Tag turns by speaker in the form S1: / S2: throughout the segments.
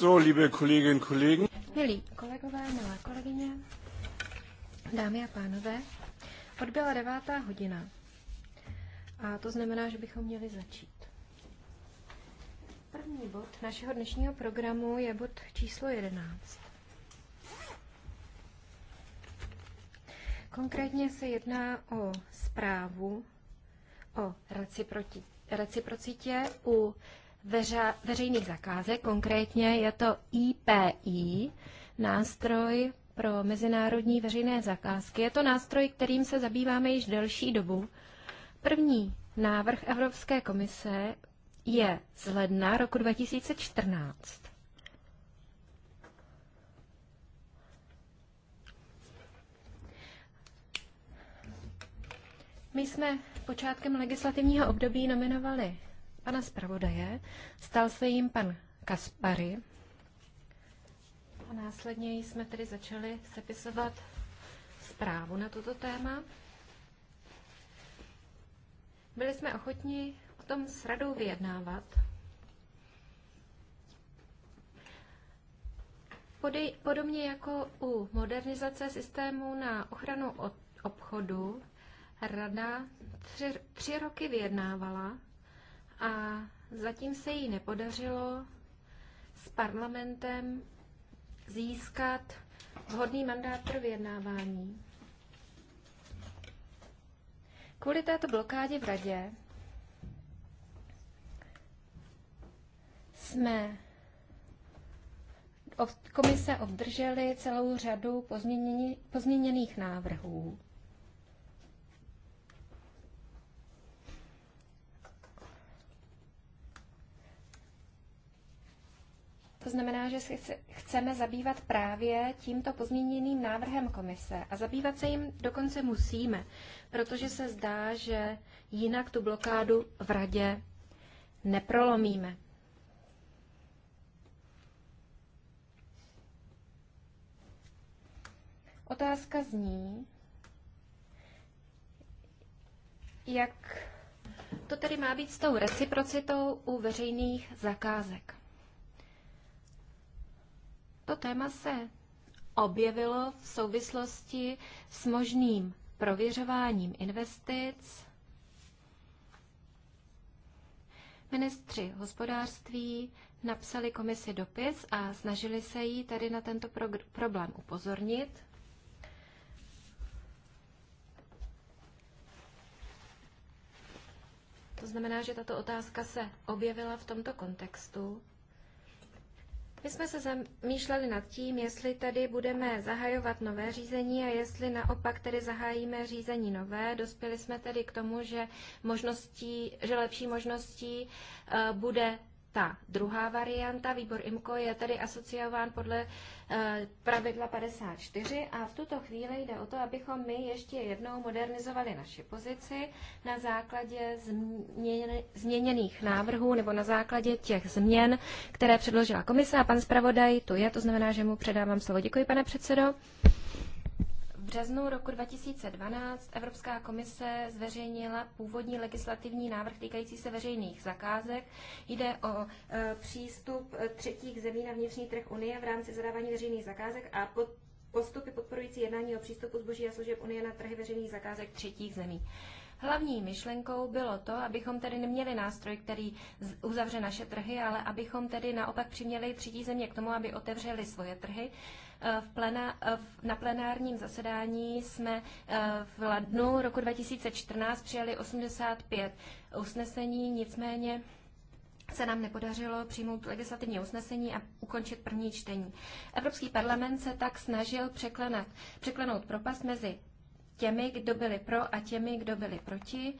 S1: So, liebe Kolleginnen Kollegen.
S2: Milí kolegové, milé kolegyně, dámy a pánové, odbyla devátá hodina. A to znamená, že bychom měli začít. První bod našeho dnešního programu je bod číslo 11. Konkrétně se jedná o zprávu o reciprocitě u veře, veřejných zakázek, konkrétně je to IPI, nástroj pro mezinárodní veřejné zakázky. Je to nástroj, kterým se zabýváme již delší dobu. První návrh Evropské komise je z ledna roku 2014. My jsme počátkem legislativního období nominovali pana zpravodaje. Stal se jim pan Kaspary. A následně jsme tedy začali sepisovat zprávu na toto téma. Byli jsme ochotni o tom s radou vyjednávat. Podej, podobně jako u modernizace systému na ochranu od obchodu, rada tři, tři roky vyjednávala a zatím se jí nepodařilo s parlamentem získat vhodný mandát pro vyjednávání. Kvůli této blokádě v radě jsme od komise obdrželi celou řadu pozměněných návrhů. To znamená, že se chceme zabývat právě tímto pozměněným návrhem komise a zabývat se jim dokonce musíme, protože se zdá, že jinak tu blokádu v radě neprolomíme. Otázka zní, jak to tedy má být s tou reciprocitou u veřejných zakázek. To téma se objevilo v souvislosti s možným prověřováním investic. Ministři hospodářství napsali komisi dopis a snažili se jí tady na tento problém upozornit. To znamená, že tato otázka se objevila v tomto kontextu. My jsme se zamýšleli nad tím, jestli tedy budeme zahajovat nové řízení a jestli naopak tedy zahájíme řízení nové. Dospěli jsme tedy k tomu, že, možností, že lepší možností eh, bude ta druhá varianta, výbor IMCO, je tedy asociován podle eh, pravidla 54 a v tuto chvíli jde o to, abychom my ještě jednou modernizovali naši pozici na základě změněných návrhů nebo na základě těch změn, které předložila komise a pan zpravodaj tu je, to znamená, že mu předávám slovo. Děkuji, pane předsedo březnu roku 2012 Evropská komise zveřejnila původní legislativní návrh týkající se veřejných zakázek. Jde o e, přístup e, třetích zemí na vnitřní trh Unie v rámci zadávání veřejných zakázek a pod, postupy podporující jednání o přístupu zboží a služeb Unie na trhy veřejných zakázek třetích zemí. Hlavní myšlenkou bylo to, abychom tedy neměli nástroj, který uzavře naše trhy, ale abychom tedy naopak přiměli třetí země k tomu, aby otevřeli svoje trhy Eh, v plena, eh, v, na plenárním zasedání jsme eh, v lednu roku 2014 přijali 85 usnesení, nicméně se nám nepodařilo přijmout legislativní usnesení a ukončit první čtení. Evropský parlament se tak snažil překlenat, překlenout propast mezi těmi, kdo byli pro a těmi, kdo byli proti.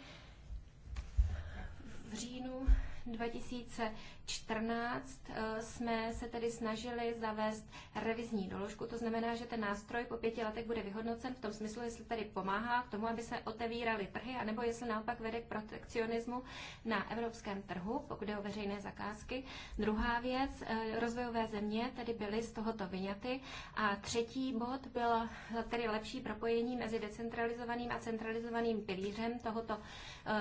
S2: V říjnu 2000 14 eh, jsme se tedy snažili zavést revizní doložku, to znamená, že ten nástroj po pěti letech bude vyhodnocen v tom smyslu, jestli tady pomáhá k tomu, aby se otevíraly trhy, anebo jestli naopak vede k protekcionismu na evropském trhu, pokud jde o veřejné zakázky. Druhá věc, eh, rozvojové země tedy byly z tohoto vyňaty. A třetí bod byl eh, tedy lepší propojení mezi decentralizovaným a centralizovaným pilířem tohoto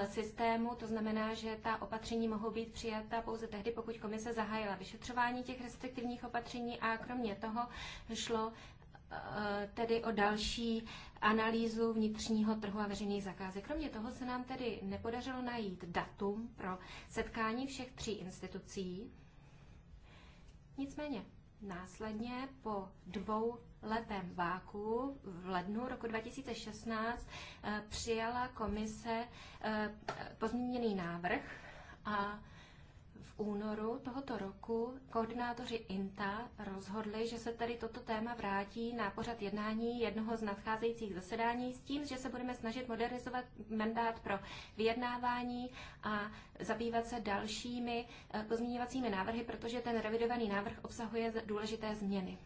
S2: systému, to znamená, že ta opatření mohou být přijata pouze tehdy, pokud komise zahájila vyšetřování těch restriktivních opatření a kromě toho šlo eh, tedy o další analýzu vnitřního trhu a veřejných zakázek. Kromě toho se nám tedy nepodařilo najít datum pro setkání všech tří institucí. Nicméně následně po dvou letém váku v lednu roku 2016 eh, přijala komise eh, pozměněný návrh a únoru tohoto roku koordinátoři INTA rozhodli, že se tady toto téma vrátí na pořad jednání jednoho z nadcházejících zasedání s tím, že se budeme snažit modernizovat mandát pro vyjednávání a zabývat se dalšími eh, pozměňovacími návrhy, protože ten revidovaný návrh obsahuje důležité změny.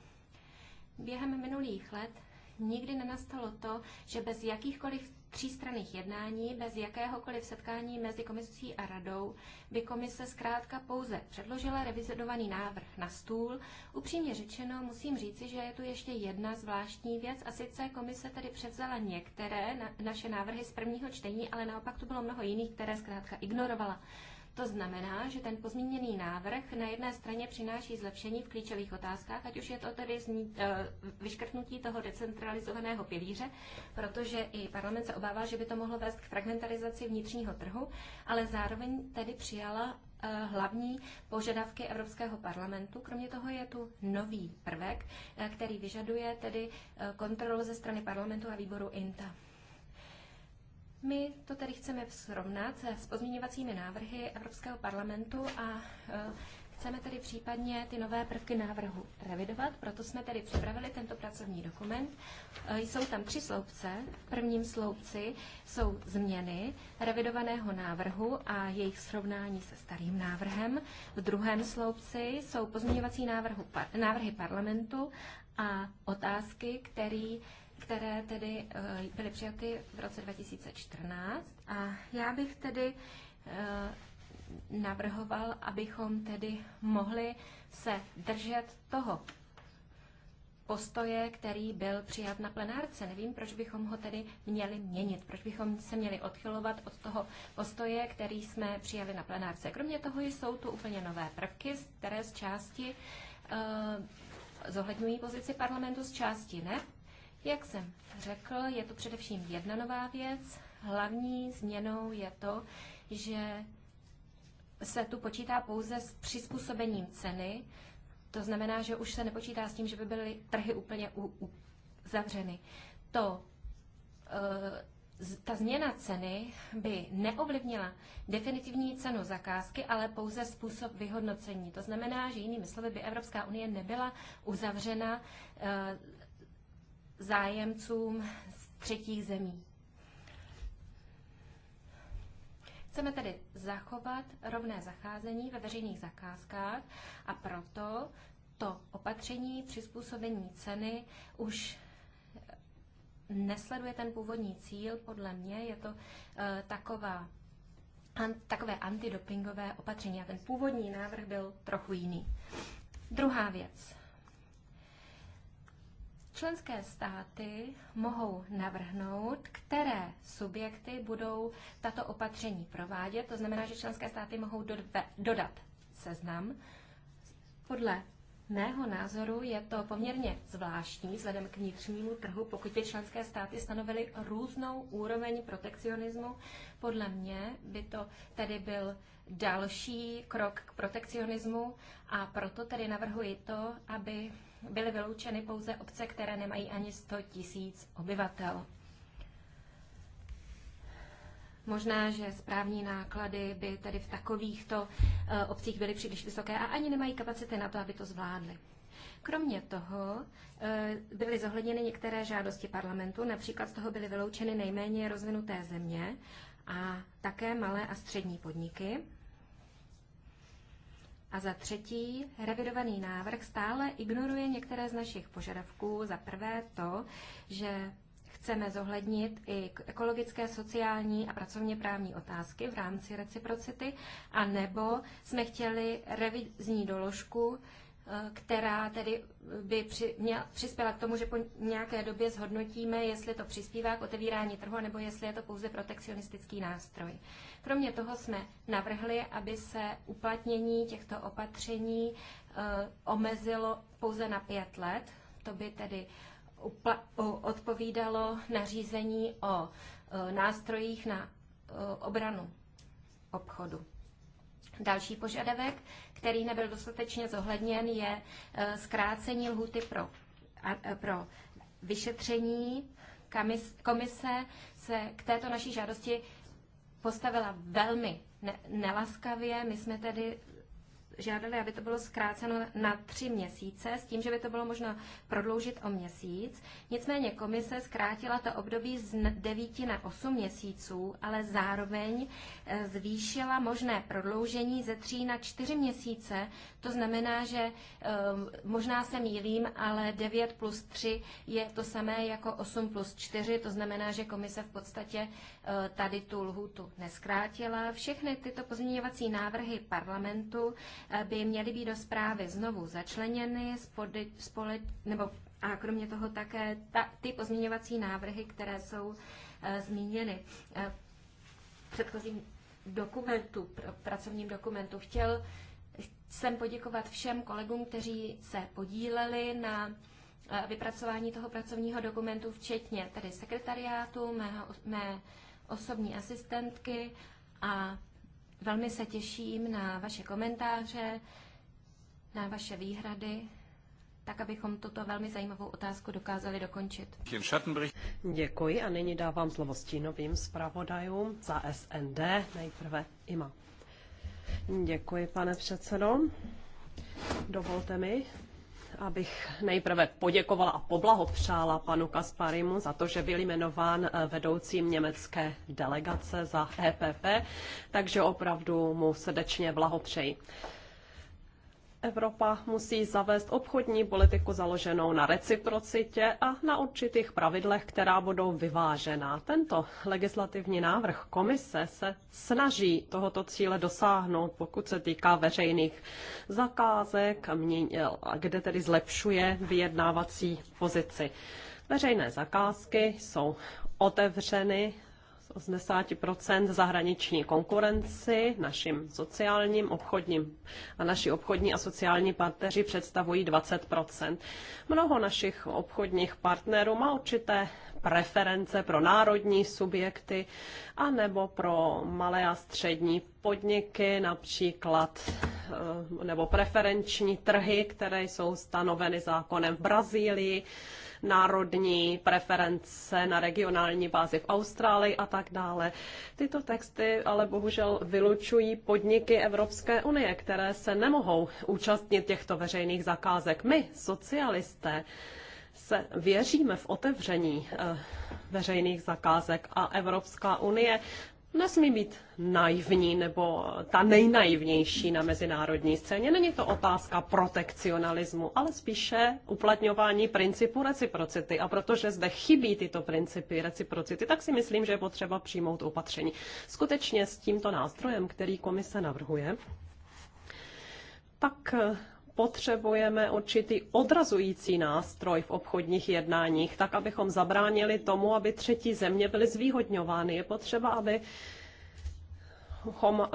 S2: Během minulých let nikdy nenastalo to, že bez jakýchkoliv třístranných jednání bez jakéhokoliv setkání mezi komisí a radou by komise zkrátka pouze předložila revizovaný návrh na stůl. Upřímně řečeno musím říci, že je tu ještě jedna zvláštní věc a sice komise tady převzala některé na, naše návrhy z prvního čtení, ale naopak tu bylo mnoho jiných, které zkrátka ignorovala. To znamená, že ten pozměněný návrh na jedné straně přináší zlepšení v klíčových otázkách, ať už je to tedy eh, vyškrtnutí toho decentralizovaného pilíře, protože i parlament se obává, že by to mohlo vést k fragmentarizaci vnitřního trhu, ale zároveň tedy přijala eh, hlavní požadavky Evropského parlamentu. Kromě toho je tu nový prvek, eh, který vyžaduje tedy kontrolu ze strany parlamentu a výboru INTA. My to tedy chceme srovnat s pozměňovacími návrhy Evropského parlamentu a e, chceme tedy případně ty nové prvky návrhu revidovat, proto jsme tedy připravili tento pracovní dokument. E, jsou tam tři sloupce. V prvním sloupci jsou změny revidovaného návrhu a jejich srovnání se starým návrhem. V druhém sloupci jsou pozměňovací návrhu, návrhy parlamentu a otázky, který, které tedy eh, byly přijaty v roce 2014. A já bych tedy eh, navrhoval, abychom tedy mohli se držet toho postoje, který byl přijat na plenárce. Nevím, proč bychom ho tedy měli měnit, proč bychom se měli odchylovat od toho postoje, který jsme přijali na plenárce. Kromě toho jsou tu úplně nové prvky, které z části uh, zohledňují pozici parlamentu, z části ne. Jak jsem řekl, je to především jedna nová věc. Hlavní změnou je to, že se tu počítá pouze s přizpůsobením ceny. To znamená, že už se nepočítá s tím, že by byly trhy úplně zavřeny. To, eh, ta změna ceny by neovlivnila definitivní cenu zakázky, ale pouze způsob vyhodnocení. To znamená, že jinými slovy by Evropská unie nebyla uzavřena eh, zájemcům z třetích zemí. Chceme tedy zachovat rovné zacházení ve veřejných zakázkách a proto to opatření přizpůsobení ceny už eh, nesleduje ten původní cíl. Podle mě je to e, taková, an, takové antidopingové opatření a ten původní návrh byl trochu jiný. Druhá věc. Členské státy mohou navrhnout, které subjekty budou tato opatření provádět. To znamená, že členské státy mohou dodat seznam. Podle mého názoru je to poměrně zvláštní vzhledem k vnitřnímu trhu, pokud by členské státy stanovily různou úroveň protekcionismu. Podle mě by to tedy byl další krok k protekcionismu a proto tedy navrhuji to, aby byly vyloučeny pouze obce, které nemají ani 100 tisíc obyvatel. Možná, že správní náklady by tedy v takovýchto eh, obcích byly příliš vysoké a ani nemají kapacity na to, aby to zvládly. Kromě toho eh, byly zohledněny některé žádosti parlamentu, například z toho byly vyloučeny nejméně rozvinuté země a také malé a střední podniky. A za třetí, revidovaný návrh stále ignoruje některé z našich požadavků. Za prvé to, že chceme zohlednit i ekologické, sociální a pracovně právní otázky v rámci reciprocity, a nebo jsme chtěli revizní doložku Eh, která tedy by při, měl, přispěla k tomu, že po nějaké době zhodnotíme, jestli to přispívá k otevírání trhu, nebo jestli je to pouze protekcionistický nástroj. Kromě toho jsme navrhli, aby se uplatnění těchto opatření e, omezilo pouze na pět let. To by tedy upla- odpovídalo nařízení o e, nástrojích na e, obranu obchodu. Další požadavek, který nebyl dostatečně zohledněn, je eh, zkrácení lhuty pro, eh, pro vyšetření. Komise se k této naší žádosti postavila velmi nelaskavě. My jsme tedy žádali, aby to bylo zkráceno na tři měsíce, s tím, že by to bylo možno prodloužit o měsíc. Nicméně komise zkrátila to období z 9 na 8 měsíců, ale zároveň e, zvýšila možné prodloužení ze 3 na 4 měsíce. To znamená, že e, možná se mýlím, ale 9 plus 3 je to samé jako 8 plus 4, to znamená, že komise v podstatě e, tady tu lhutu neskrátila. Všechny tyto pozměňovací návrhy parlamentu by měly být do zprávy znovu začleněny spody, spole, nebo a kromě toho také ta, ty pozměňovací návrhy, které jsou uh, zmíněny uh, v předchozím dokumentu, pr pracovním dokumentu. Chtěl jsem poděkovat všem kolegům, kteří se podíleli na uh, vypracování toho pracovního dokumentu, včetně tedy sekretariátu, mé, mé osobní asistentky a Velmi se těším na vaše komentáře, na vaše výhrady, tak abychom tuto velmi zajímavou otázku dokázali dokončit.
S3: Děkuji a nyní dávám slovo stínovým zpravodajům za SND. Nejprve Ima. Děkuji, pane předsedo. Dovolte mi abych nejprve poděkovala a poblahopřála panu Kasparimu za to, že byl jmenován eh, vedoucím německé delegace za EPP, takže opravdu mu srdečně blahopřeji. Evropa musí zavést obchodní politiku založenou na reciprocitě a na určitých pravidlech, která budou vyvážená. Tento legislativní návrh komise se snaží tohoto cíle dosáhnout, pokud se týká veřejných zakázek, kde tedy zlepšuje vyjednávací pozici. Veřejné zakázky jsou otevřeny 80% zahraniční konkurenci našim sociálním, obchodním a naši obchodní a sociální partneři představují 20%. Mnoho našich obchodních partnerů má určité preference pro národní subjekty a nebo pro malé a střední podniky, například eh, nebo preferenční trhy, které jsou stanoveny zákonem v Brazílii národní preference na regionální bázi v Austrálii a tak dále. Tyto texty ale bohužel vylučují podniky Evropské unie, které se nemohou účastnit těchto veřejných zakázek. My, socialisté, se věříme v otevření eh, veřejných zakázek a Evropská unie nesmí být naivní nebo ta nejnaivnější na mezinárodní scéně. Není to otázka protekcionalismu, ale spíše uplatňování principu reciprocity. A protože zde chybí tyto principy reciprocity, tak si myslím, že je potřeba přijmout opatření. Skutečně s tímto nástrojem, který komise navrhuje, tak potřebujeme určitý odrazující nástroj v obchodních jednáních, tak abychom zabránili tomu, aby třetí země byly zvýhodňovány. Je potřeba, aby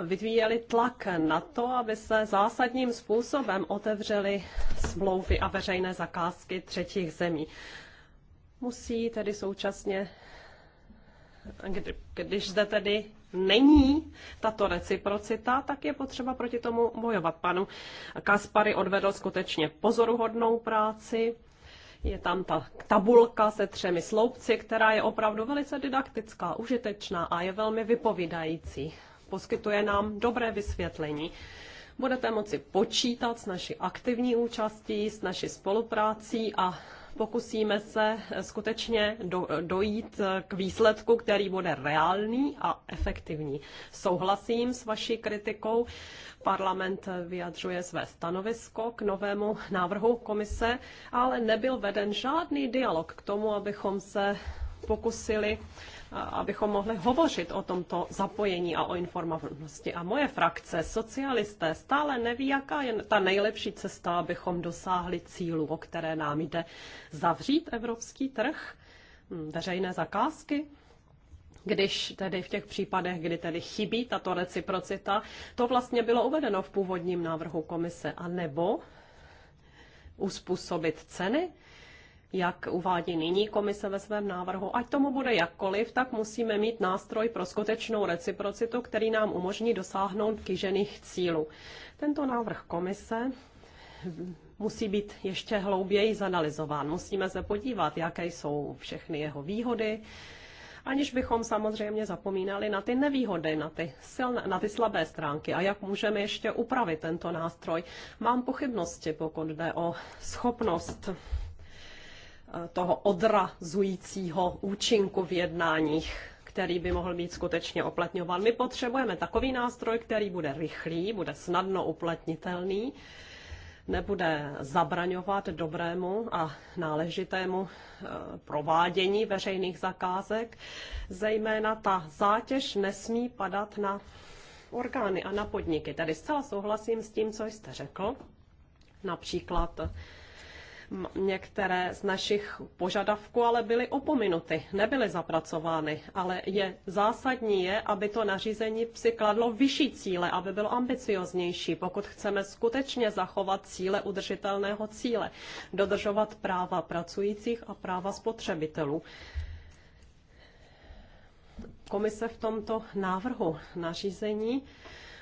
S3: vyvíjeli tlak na to, aby se zásadním způsobem otevřely smlouvy a veřejné zakázky třetích zemí. Musí tedy současně, když zde tedy není tato reciprocita, tak je potřeba proti tomu bojovat. Panu Kaspary odvedl skutečně pozoruhodnou práci. Je tam ta tabulka se třemi sloupci, která je opravdu velice didaktická, užitečná a je velmi vypovídající. Poskytuje nám dobré vysvětlení. Budete moci počítat s naší aktivní účastí, s naší spoluprácí a pokusíme se eh, skutečně do, eh, dojít eh, k výsledku, který bude reálný a efektivní. Souhlasím s vaší kritikou. Parlament vyjadřuje své stanovisko k novému návrhu komise, ale nebyl veden žádný dialog k tomu, abychom se pokusili uh, abychom mohli hovořit o tomto zapojení a o informovanosti. A moje frakce, socialisté, stále neví, jaká je ta nejlepší cesta, abychom dosáhli cílu, o které nám jde zavřít evropský trh, hm, veřejné zakázky když tedy v těch případech, kdy tedy chybí tato reciprocita, to vlastně bylo uvedeno v původním návrhu komise, a nebo uspůsobit ceny jak uvádí nyní komise ve svém návrhu. Ať tomu bude jakkoliv, tak musíme mít nástroj pro skutečnou reciprocitu, který nám umožní dosáhnout kýžených cílů. Tento návrh komise musí být ještě hlouběji zanalizován. Musíme se podívat, jaké jsou všechny jeho výhody, aniž bychom samozřejmě zapomínali na ty nevýhody, na ty, silné, na ty slabé stránky a jak můžeme ještě upravit tento nástroj. Mám pochybnosti, pokud jde o schopnost toho odrazujícího účinku v jednáních, který by mohl být skutečně uplatňován. My potřebujeme takový nástroj, který bude rychlý, bude snadno uplatnitelný, nebude zabraňovat dobrému a náležitému e, provádění veřejných zakázek. Zejména ta zátěž nesmí padat na orgány a na podniky. Tady zcela souhlasím s tím, co jste řekl. Například Některé z našich požadavků ale byly opominuty, nebyly zapracovány, ale je zásadní je, aby to nařízení si kladlo vyšší cíle, aby bylo ambicioznější, pokud chceme skutečně zachovat cíle udržitelného cíle, dodržovat práva pracujících a práva spotřebitelů. Komise v tomto návrhu nařízení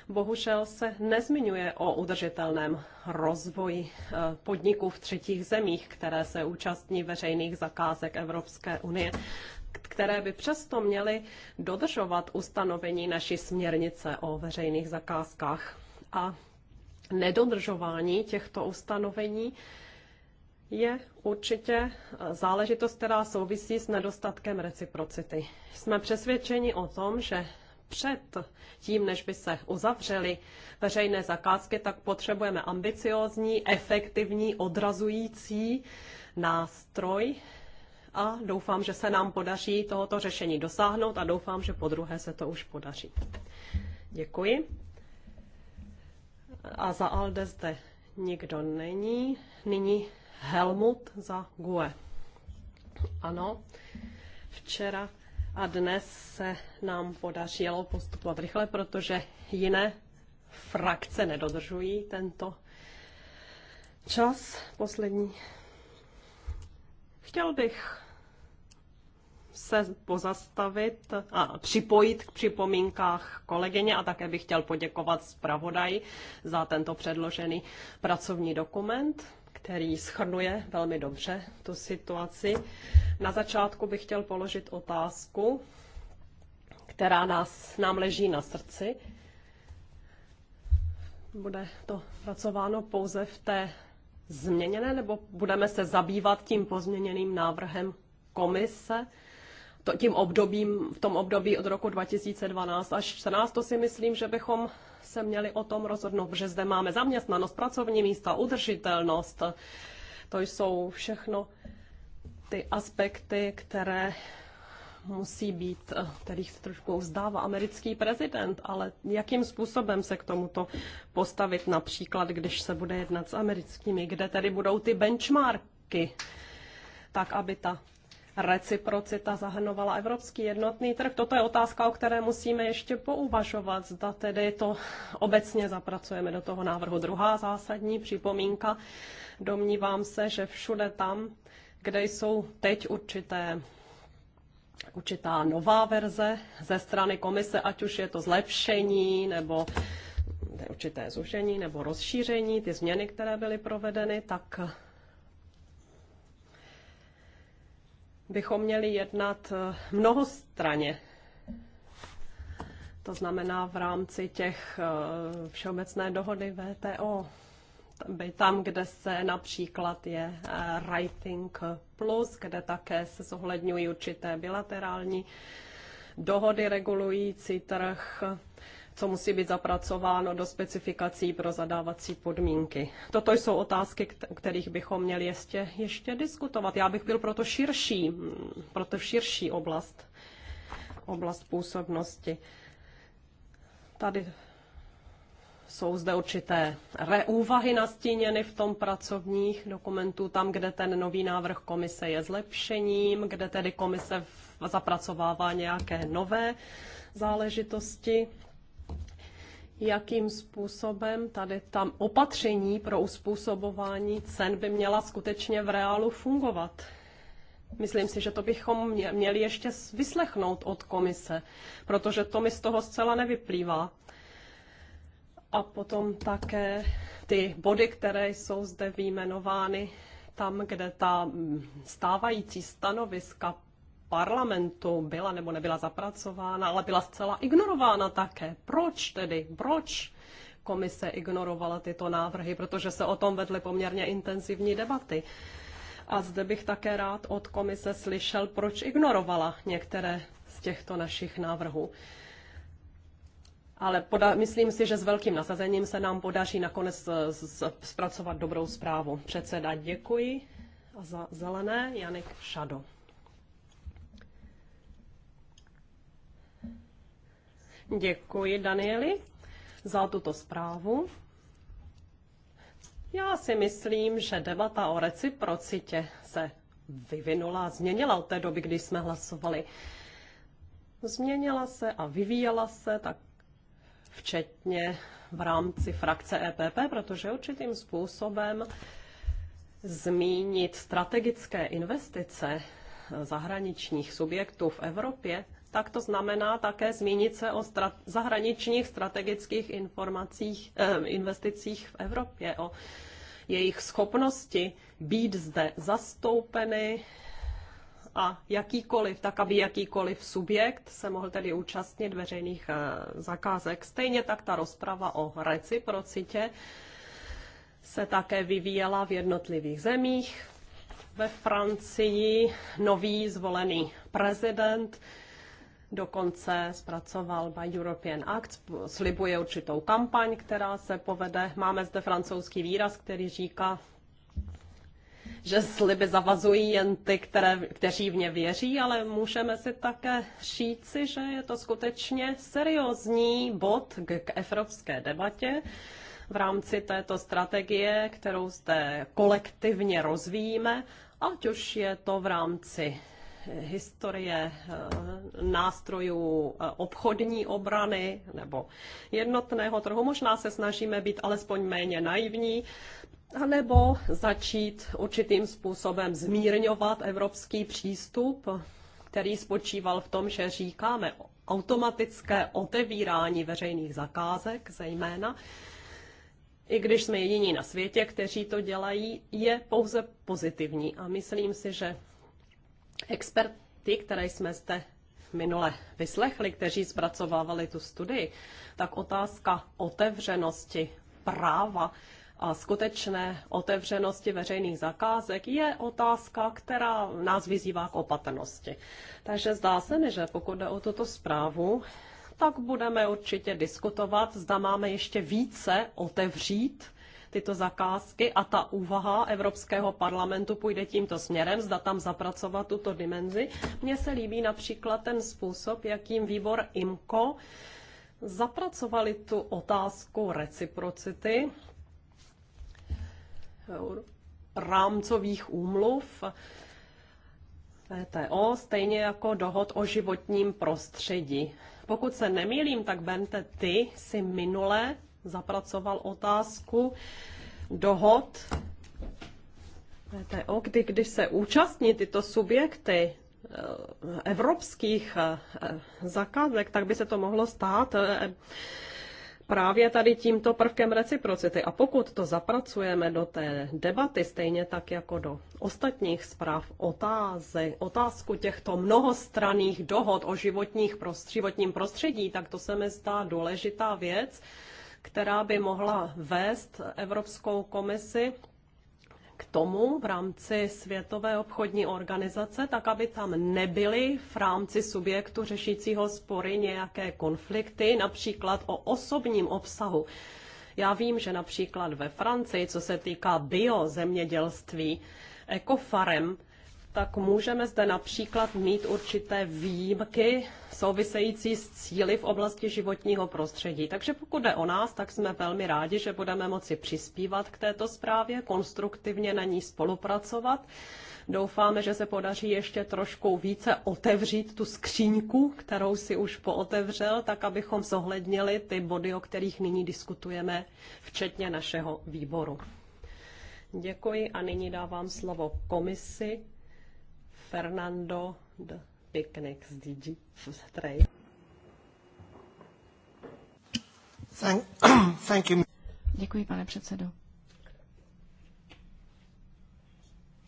S3: bohužel se nezmiňuje o udržitelném rozvoji eh, podniků v třetích zemích, které se účastní veřejných zakázek Evropské unie které by přesto měly dodržovat ustanovení naší směrnice o veřejných zakázkách. A nedodržování těchto ustanovení je určitě eh, záležitost, která souvisí s nedostatkem reciprocity. Jsme přesvědčeni o tom, že před tím, než by se uzavřely veřejné zakázky, tak potřebujeme ambiciózní, efektivní, odrazující nástroj, a doufám, že se nám podaří tohoto řešení dosáhnout a doufám, že po druhé se to už podaří. Děkuji. A za Alde zde nikdo není. Nyní Helmut za GUE. Ano, včera a dnes se nám podařilo postupovat rychle, protože jiné frakce nedodržují tento čas poslední. Chtěl bych se pozastavit a připojit k připomínkách kolegyně a také bych chtěl poděkovat zpravodaji za tento předložený pracovní dokument který schrnuje velmi dobře tu situaci. Na začátku bych chtěl položit otázku, která nás, nám leží na srdci. Bude to pracováno pouze v té změněné, nebo budeme se zabývat tím pozměněným návrhem komise, to, tím obdobím, v tom období od roku 2012 až 2014, to si myslím, že bychom se měli o tom rozhodnout, protože zde máme zaměstnanost, pracovní místa, udržitelnost. To jsou všechno ty aspekty, které musí být, tedy se trošku vzdává americký prezident, ale jakým způsobem se k tomuto postavit například, když se bude jednat s americkými, kde tedy budou ty benchmarky, tak aby ta reciprocita zahrnovala evropský jednotný trh. Toto je otázka, o které musíme ještě pouvažovat. Zda tedy to obecně zapracujeme do toho návrhu. Druhá zásadní připomínka. Domnívám se, že všude tam, kde jsou teď určité určitá nová verze ze strany komise, ať už je to zlepšení nebo určité zužení nebo rozšíření, ty změny, které byly provedeny, tak bychom měli jednat eh, mnohostraně. To znamená v rámci těch eh, všeobecné dohody VTO. By tam, kde se například je eh, Writing Plus, kde také se zohledňují určité bilaterální dohody regulující trh co musí být zapracováno do specifikací pro zadávací podmínky. Toto jsou otázky, o kterých bychom měli ještě, ještě diskutovat. Já bych byl proto širší, mm, proto širší oblast, oblast působnosti. Tady jsou zde určité úvahy nastíněny v tom pracovních dokumentu, tam, kde ten nový návrh komise je zlepšením, kde tedy komise zapracovává nějaké nové záležitosti jakým způsobem tady tam opatření pro uspůsobování cen by měla skutečně v reálu fungovat. Myslím si, že to bychom měli ještě vyslechnout od komise, protože to mi z toho zcela nevyplývá. A potom také ty body, které jsou zde výjmenovány, tam, kde ta stávající stanoviska parlamentu byla nebo nebyla zapracována, ale byla zcela ignorována také. Proč tedy? Proč komise ignorovala tyto návrhy? Protože se o tom vedly poměrně intenzivní debaty. A zde bych také rád od komise slyšel, proč ignorovala některé z těchto našich návrhů. Ale poda- myslím si, že s velkým nasazením se nám podaří nakonec eh, zpracovat dobrou zprávu. Předseda, děkuji. A za zelené Janik Šado. Děkuji, Danieli, za tuto zprávu. Já si myslím, že debata o reciprocitě se vyvinula, změnila od té doby, kdy jsme hlasovali. Změnila se a vyvíjela se tak včetně v rámci frakce EPP, protože určitým způsobem zmínit strategické investice zahraničních subjektů v Evropě tak to znamená také zmínit se o strat- zahraničních strategických informacích, eh, investicích v Evropě, o jejich schopnosti být zde zastoupeny a jakýkoliv, tak aby jakýkoliv subjekt se mohl tedy účastnit veřejných eh, zakázek. Stejně tak ta rozprava o reciprocitě se také vyvíjela v jednotlivých zemích. Ve Francii nový zvolený prezident dokonce zpracoval by European Act, slibuje určitou kampaň, která se povede. Máme zde francouzský výraz, který říká, že sliby zavazují jen ty, které, kteří v ně věří, ale můžeme si také říci, že je to skutečně seriózní bod k, k evropské debatě v rámci této strategie, kterou zde kolektivně rozvíjíme, ať už je to v rámci historie eh, nástrojů eh, obchodní obrany nebo jednotného trhu. Možná se snažíme být alespoň méně naivní, anebo začít určitým způsobem zmírňovat evropský přístup, který spočíval v tom, že říkáme automatické otevírání veřejných zakázek zejména, i když jsme jediní na světě, kteří to dělají, je pouze pozitivní. A myslím si, že Experty, které jsme zde minule vyslechli, kteří zpracovávali tu studii, tak otázka otevřenosti práva a skutečné otevřenosti veřejných zakázek je otázka, která nás vyzývá k opatrnosti. Takže zdá se mi, že pokud jde o tuto zprávu, tak budeme určitě diskutovat, zda máme ještě více otevřít tyto zakázky a ta úvaha Evropského parlamentu půjde tímto směrem, zda tam zapracovat tuto dimenzi. Mně se líbí například ten způsob, jakým výbor IMCO zapracovali tu otázku reciprocity rámcových úmluv VTO, stejně jako dohod o životním prostředí. Pokud se nemýlím, tak Bente, ty si minule zapracoval otázku dohod VTO, kdy, když se účastní tyto subjekty eh, evropských eh, eh, zakázek, tak by se to mohlo stát právě tady tímto prvkem reciprocity. A pokud to zapracujeme do té debaty, stejně tak jako do ostatních zpráv, otáze, otázku těchto mnohostraných dohod o životních prostř, životním prostředí, tak to se mi zdá důležitá věc, která by mohla vést Evropskou komisi k tomu v rámci Světové obchodní organizace, tak aby tam nebyly v rámci subjektu řešícího spory nějaké konflikty, například o osobním obsahu. Já vím, že například ve Francii, co se týká biozemědělství, ekofarem, tak můžeme zde například mít určité výjimky související s cíly v oblasti životního prostředí. Takže pokud jde o nás, tak jsme velmi rádi, že budeme moci přispívat k této zprávě, konstruktivně na ní spolupracovat. Doufáme, že se podaří ještě trošku více otevřít tu skříňku, kterou si už pootevřel, tak abychom zohlednili ty body, o kterých nyní diskutujeme, včetně našeho výboru. Děkuji a nyní dávám slovo komisi Fernando de Picnic z DG Trade.
S4: Thank, thank you. Děkuji, pane předsedo.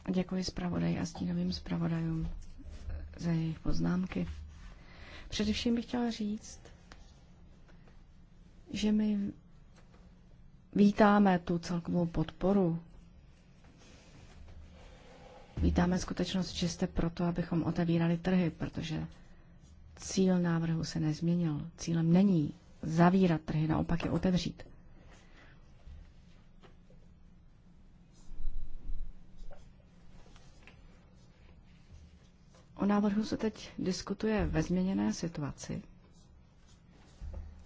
S4: A děkuji zpravodaj a stínovým zpravodajům za jejich poznámky. Především bych chtěla říct, že my vítáme tu celkovou podporu Vítáme skutečnost, že jste proto, abychom otevírali trhy, protože cíl návrhu se nezměnil. Cílem není zavírat trhy, naopak je otevřít. O návrhu se teď diskutuje ve změněné situaci.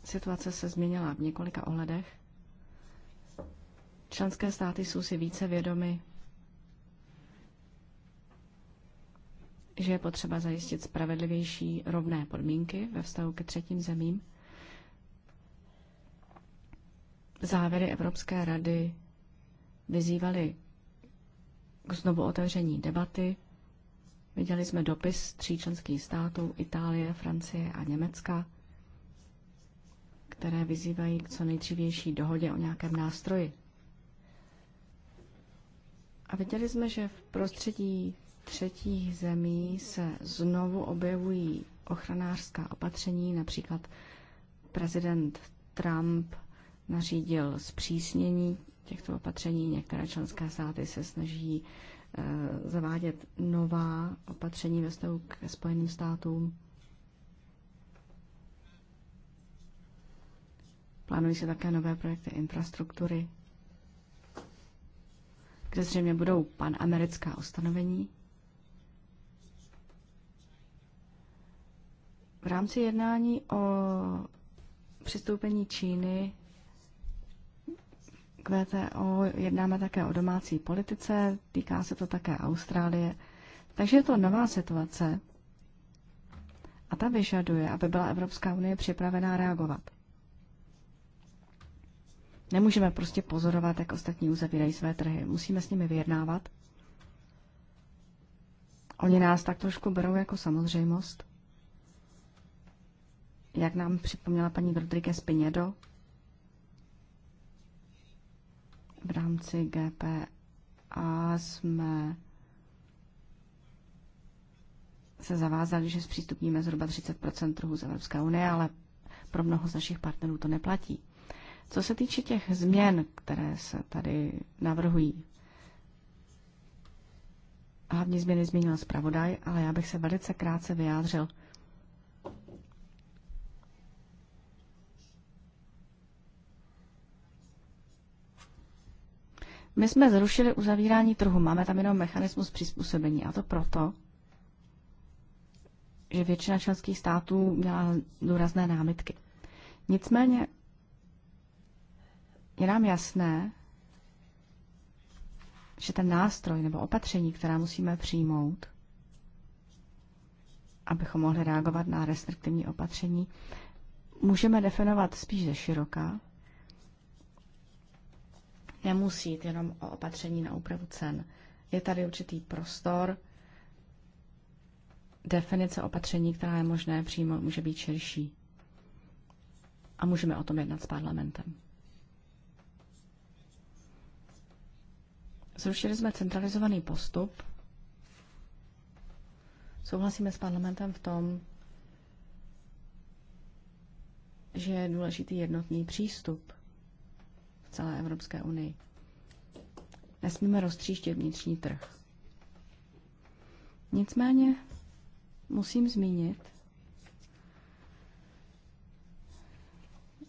S4: Situace se změnila v několika ohledech. Členské státy jsou si více vědomy že je potřeba zajistit spravedlivější rovné podmínky ve vztahu ke třetím zemím. Závěry Evropské rady vyzývaly k znovu otevření debaty. Viděli jsme dopis tří členských států Itálie, Francie a Německa, které vyzývají k co nejdřívější dohodě o nějakém nástroji. A viděli jsme, že v prostředí třetích zemí se znovu objevují ochranářská opatření, například prezident Trump nařídil zpřísnění těchto opatření. Některé členské státy se snaží e, zavádět nová opatření ve vztahu k Spojeným státům. Plánují se také nové projekty infrastruktury, kde zřejmě budou panamerická ustanovení. V rámci jednání o přistoupení Číny k VTO jednáme také o domácí politice, týká se to také Austrálie. Takže je to nová situace a ta vyžaduje, aby byla Evropská unie připravená reagovat. Nemůžeme prostě pozorovat, jak ostatní uzavírají své trhy. Musíme s nimi vyjednávat. Oni nás tak trošku berou jako samozřejmost. Jak nám připomněla paní Rodriguez Pinedo, v rámci GPA jsme se zavázali, že zpřístupníme zhruba 30 trhu z Evropské unie, ale pro mnoho z našich partnerů to neplatí. Co se týče těch změn, které se tady navrhují, hlavní změny změnil zpravodaj, ale já bych se velice krátce vyjádřil – My jsme zrušili uzavírání trhu, máme tam jenom mechanismus přizpůsobení a to proto, že většina členských států měla důrazné námitky. Nicméně je nám jasné, že ten nástroj nebo opatření, která musíme přijmout, abychom mohli reagovat na restriktivní opatření, můžeme definovat spíš ze široka Nemusí jít jenom o opatření na úpravu cen. Je tady určitý prostor, definice opatření, která je možné přijmout, může být širší. A můžeme o tom jednat s parlamentem. Zrušili jsme centralizovaný postup. Souhlasíme s parlamentem v tom, že je důležitý jednotný přístup celé Evropské unii. Nesmíme roztříštět vnitřní trh. Nicméně musím zmínit,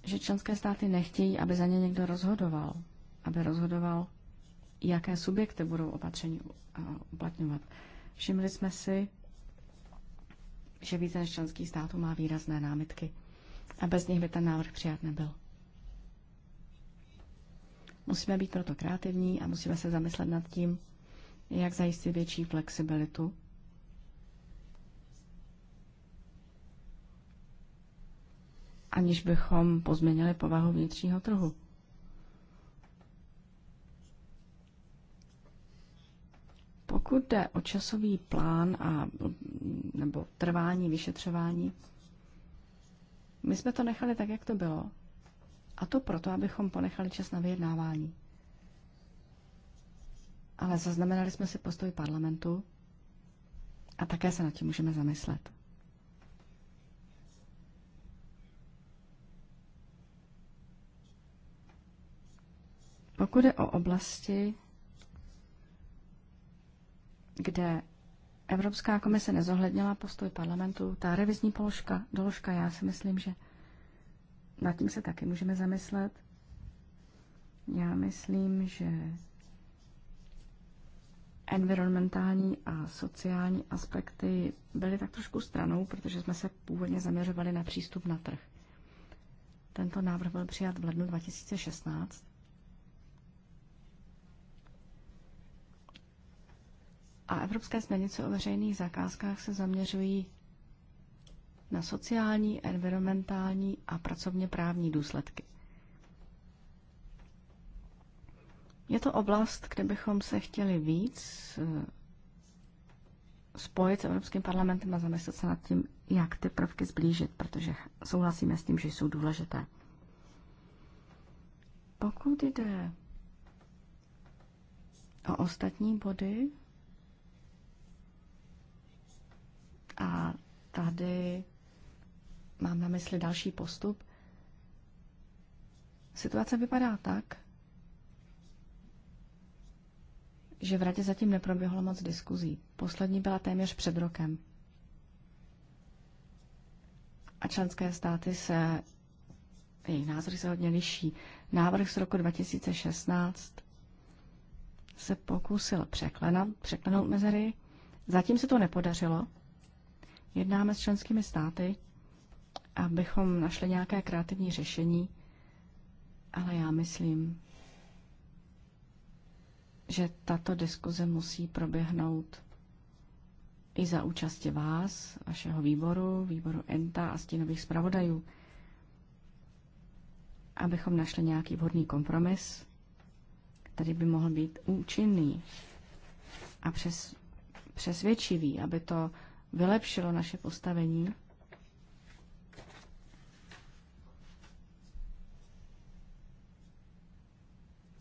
S4: že členské státy nechtějí, aby za ně někdo rozhodoval, aby rozhodoval, jaké subjekty budou opatření uh, uplatňovat. Všimli jsme si, že více než členských států má výrazné námitky a bez nich by ten návrh přijat nebyl. Musíme být proto kreativní a musíme se zamyslet nad tím, jak zajistit větší flexibilitu. aniž bychom pozměnili povahu vnitřního trhu. Pokud jde o časový plán a, nebo trvání vyšetřování, my jsme to nechali tak, jak to bylo. A to proto, abychom ponechali čas na vyjednávání. Ale zaznamenali jsme si postoj parlamentu a také se nad tím můžeme zamyslet. Pokud je o oblasti, kde Evropská komise nezohlednila postoj parlamentu, ta revizní položka, doložka, já si myslím, že nad tím se taky můžeme zamyslet. Já myslím, že environmentální a sociální aspekty byly tak trošku stranou, protože jsme se původně zaměřovali na přístup na trh. Tento návrh byl přijat v lednu 2016. A evropské směrnice o veřejných zakázkách se zaměřují na sociální, environmentální a pracovně právní důsledky. Je to oblast, kde bychom se chtěli víc eh, spojit s Evropským parlamentem a zamyslet se nad tím, jak ty prvky zblížit, protože souhlasíme s tím, že jsou důležité. Pokud jde o ostatní body, a tady mám na mysli další postup, situace vypadá tak, že v radě zatím neproběhlo moc diskuzí. Poslední byla téměř před rokem. A členské státy se, jejich názory se hodně liší. Návrh z roku 2016 se pokusil překlenat, překlenout mezery. Zatím se to nepodařilo. Jednáme s členskými státy, abychom našli nějaké kreativní řešení, ale já myslím, že tato diskuze musí proběhnout i za účasti vás, vašeho výboru, výboru ENTA a stínových zpravodajů, abychom našli nějaký vhodný kompromis, který by mohl být účinný a přes, přesvědčivý, aby to vylepšilo naše postavení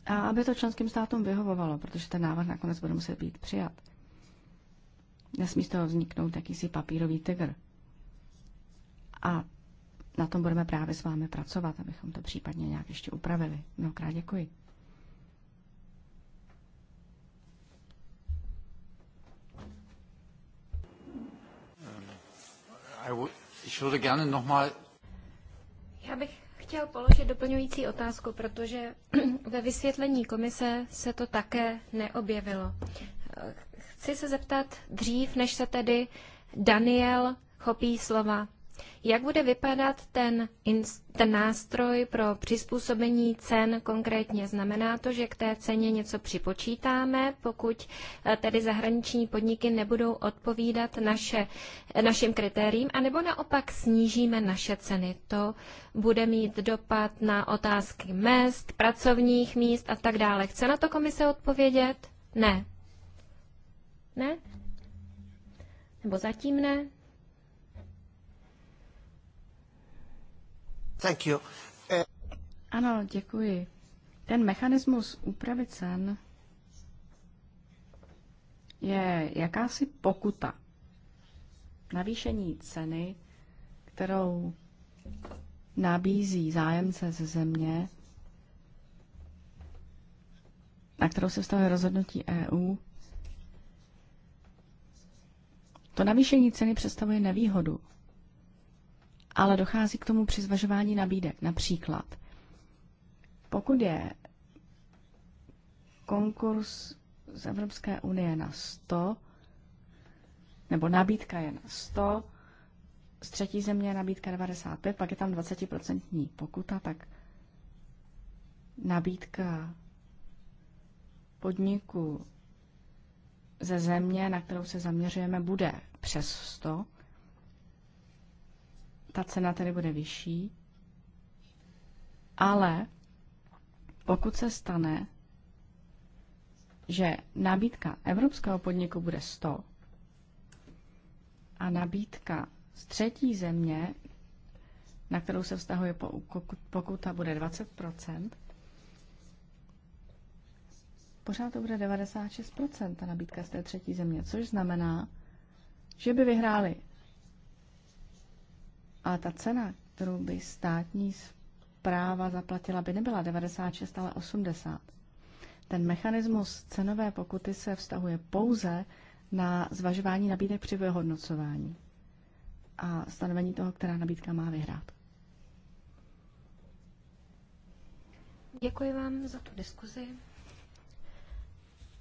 S4: a aby to členským státům vyhovovalo, protože ten návrh nakonec bude muset být přijat. Nesmí z toho vzniknout jakýsi papírový tygr. A na tom budeme právě s vámi pracovat, abychom to případně nějak ještě upravili. Mnohokrát děkuji.
S2: Já bych chtěl položit doplňující otázku, protože ve vysvětlení komise se to také neobjevilo. Chci se zeptat dřív, než se tedy Daniel chopí slova, jak bude vypadat ten, ten nástroj pro přizpůsobení cen konkrétně? Znamená to, že k té ceně něco připočítáme, pokud eh, tedy zahraniční podniky nebudou odpovídat naše, našim kritériím, anebo naopak snížíme naše ceny. To bude mít dopad na otázky mest, pracovních míst a tak dále. Chce na to komise odpovědět? Ne. Ne? Nebo zatím ne?
S4: Ano, děkuji. Ten mechanismus úpravy cen je jakási pokuta. Navýšení ceny, kterou nabízí zájemce ze země, na kterou se vztahuje rozhodnutí EU, to navýšení ceny představuje nevýhodu ale dochází k tomu při zvažování nabídek. Například, pokud je konkurs z Evropské unie na 100, nebo nabídka je na 100, z třetí země je nabídka 95, pak je tam 20% pokuta, tak nabídka podniku ze země, na kterou se zaměřujeme, bude přes 100, ta cena tedy bude vyšší, ale pokud se stane, že nabídka evropského podniku bude 100 a nabídka z třetí země, na kterou se vztahuje pokuta, bude 20 pořád to bude 96 ta nabídka z té třetí země, což znamená, že by vyhráli a ta cena, kterou by státní zpráva zaplatila, by nebyla 96, ale 80. Ten mechanismus cenové pokuty se vztahuje pouze na zvažování nabídek při vyhodnocování a stanovení toho, která nabídka má vyhrát.
S2: Děkuji vám za tu diskuzi.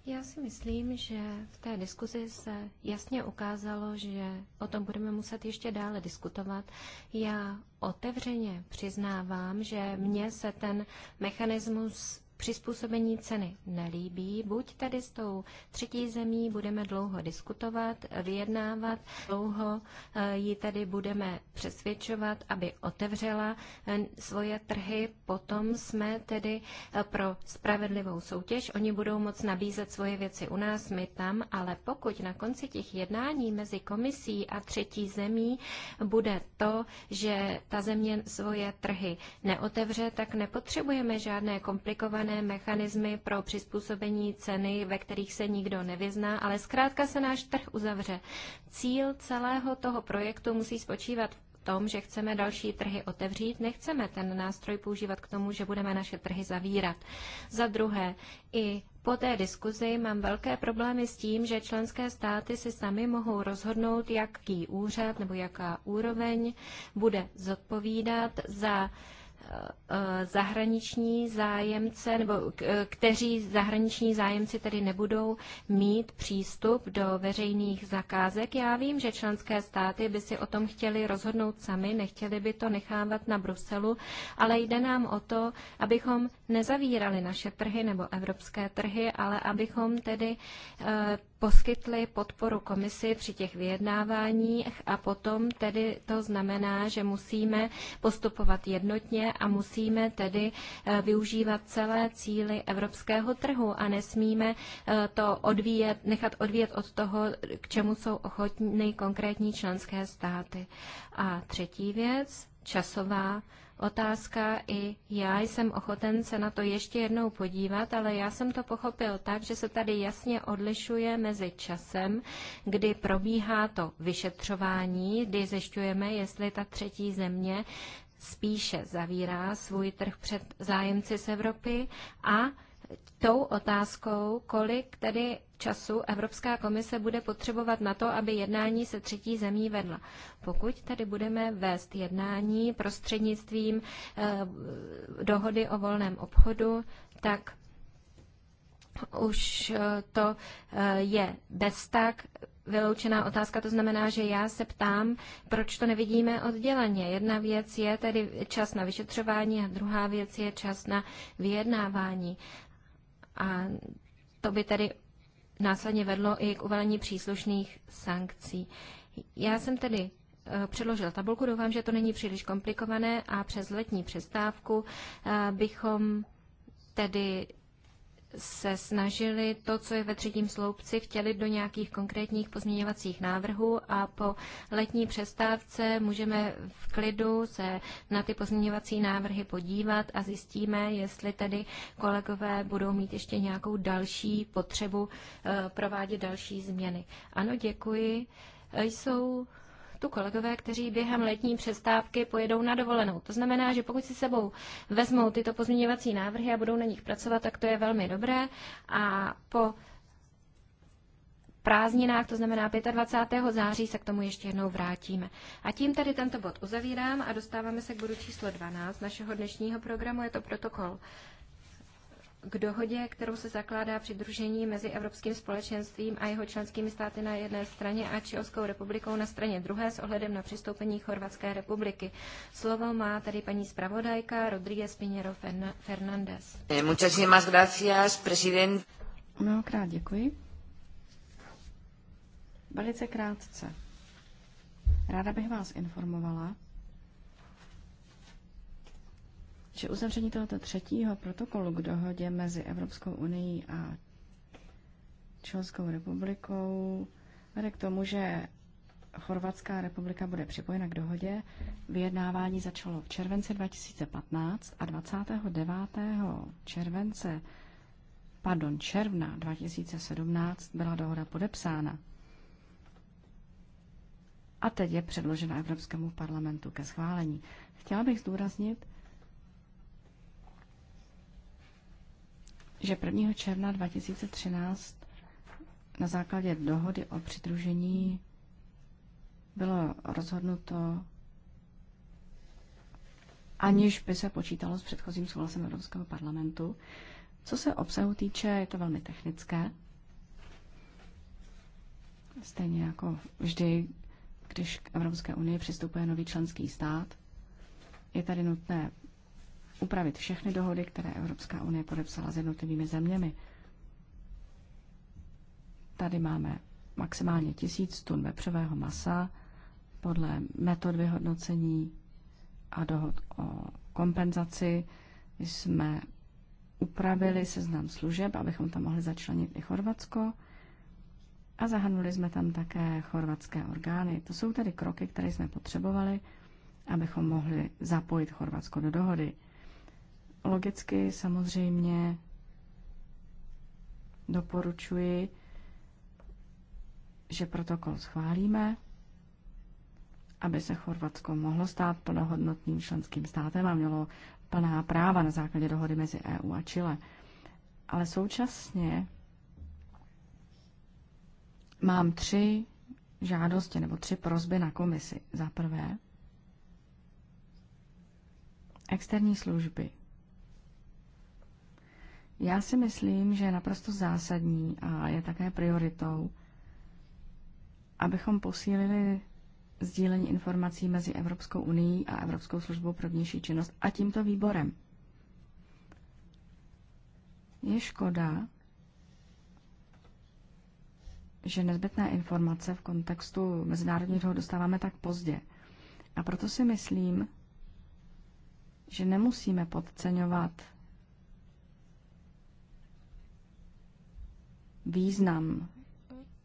S2: Já si myslím, že v té diskuzi se jasně ukázalo, že o tom budeme muset ještě dále diskutovat. Já otevřeně přiznávám, že mně se ten mechanismus přizpůsobení ceny nelíbí. Buď tady s tou třetí zemí budeme dlouho diskutovat, vyjednávat, dlouho eh, ji tady budeme přesvědčovat, aby otevřela eh, svoje trhy, potom jsme tedy eh, pro spravedlivou soutěž. Oni budou moc nabízet svoje věci u nás, my tam, ale pokud na konci těch jednání mezi komisí a třetí zemí bude to, že ta země svoje trhy neotevře, tak nepotřebujeme žádné komplikované žádné mechanismy pro přizpůsobení ceny, ve kterých se nikdo nevyzná, ale zkrátka se náš trh uzavře. Cíl celého toho projektu musí spočívat v tom, že chceme další trhy otevřít, nechceme ten nástroj používat k tomu, že budeme naše trhy zavírat. Za druhé, i po té diskuzi mám velké problémy s tím, že členské státy si sami mohou rozhodnout, jaký úřad nebo jaká úroveň bude zodpovídat za Eh, zahraniční zájemce, nebo eh, kteří zahraniční zájemci tedy nebudou mít přístup do veřejných zakázek. Já vím, že členské státy by si o tom chtěli rozhodnout sami, nechtěli by to nechávat na Bruselu, ale jde nám o to, abychom nezavírali naše trhy nebo evropské trhy, ale abychom tedy eh, poskytli podporu komisi při těch vyjednáváních a potom tedy to znamená, že musíme postupovat jednotně a musíme tedy eh, využívat celé cíly evropského trhu a nesmíme eh, to odvíjet, nechat odvíjet od toho, k čemu jsou ochotní konkrétní členské státy. A třetí věc, časová otázka. I já jsem ochoten se na to ještě jednou podívat, ale já jsem to pochopil tak, že se tady jasně odlišuje mezi časem, kdy probíhá to vyšetřování, kdy zjišťujeme, jestli ta třetí země spíše zavírá svůj trh před zájemci z Evropy a tou otázkou, kolik tedy času Evropská komise bude potřebovat na to, aby jednání se třetí zemí vedla. Pokud tady budeme vést jednání prostřednictvím eh, dohody o volném obchodu, tak už eh, to eh, je bez tak vyloučená otázka, to znamená, že já se ptám, proč to nevidíme odděleně. Jedna věc je tedy čas na vyšetřování a druhá věc je čas na vyjednávání. A to by tedy následně vedlo i k uvalení příslušných sankcí. Já jsem tedy e, předložil tabulku, doufám, že to není příliš komplikované a přes letní přestávku e, bychom tedy se snažili to, co je ve třetím sloupci, vtělit do nějakých konkrétních pozměňovacích návrhů a po letní přestávce můžeme v klidu se na ty pozměňovací návrhy podívat a zjistíme, jestli tedy kolegové budou mít ještě nějakou další potřebu eh, provádět další změny. Ano, děkuji. Eh, jsou tu kolegové, kteří během letní přestávky pojedou na dovolenou. To znamená, že pokud si sebou vezmou tyto pozměňovací návrhy a budou na nich pracovat, tak to je velmi dobré. A po prázdninách, to znamená 25. září, se k tomu ještě jednou vrátíme. A tím tady tento bod uzavírám a dostáváme se k bodu číslo 12 našeho dnešního programu, je to protokol k dohodě, kterou se zakládá přidružení mezi Evropským společenstvím a jeho členskými státy na jedné straně a Čilskou republikou na straně druhé s ohledem na přistoupení Chorvatské republiky. Slovo má tady paní zpravodajka Rodríguez Piñero Fernández.
S4: Eh, muchísimas gracias, prezident. Mnohokrát děkuji. Velice krátce. Ráda bych vás informovala, že uzavření tohoto třetího protokolu k dohodě mezi Evropskou unii a českou republikou vede k tomu, že Chorvatská republika bude připojena k dohodě. Vyjednávání začalo v červenci 2015 a 29. července, pardon, června 2017 byla dohoda podepsána. A teď je předložena Evropskému parlamentu ke schválení. Chtěla bych zdůraznit, že 1. června 2013 na základě dohody o přidružení bylo rozhodnuto, aniž by se počítalo s předchozím souhlasem Evropského parlamentu. Co se obsahu týče, je to velmi technické. Stejně jako vždy, když k Evropské unii přistupuje nový členský stát, je tady nutné upravit všechny dohody, které Evropská unie podepsala s jednotlivými zeměmi. Tady máme maximálně tisíc tun vepřového masa podle metod vyhodnocení a dohod o kompenzaci. Jsme upravili seznam služeb, abychom tam mohli začlenit i Chorvatsko a zahrnuli jsme tam také chorvatské orgány. To jsou tedy kroky, které jsme potřebovali, abychom mohli zapojit Chorvatsko do dohody. Logicky samozřejmě doporučuji, že protokol schválíme, aby se Chorvatsko mohlo stát plnohodnotným členským státem a mělo plná práva na základě dohody mezi EU a Chile. Ale současně mám tři žádosti nebo tři prozby na komisi. Za prvé, externí služby já si myslím, že je naprosto zásadní a je také prioritou, abychom posílili sdílení informací mezi Evropskou unii a Evropskou službou pro vnější činnost a tímto výborem. Je škoda, že nezbytné informace v kontextu mezinárodního dohod dostáváme tak pozdě. A proto si myslím, že nemusíme podceňovat význam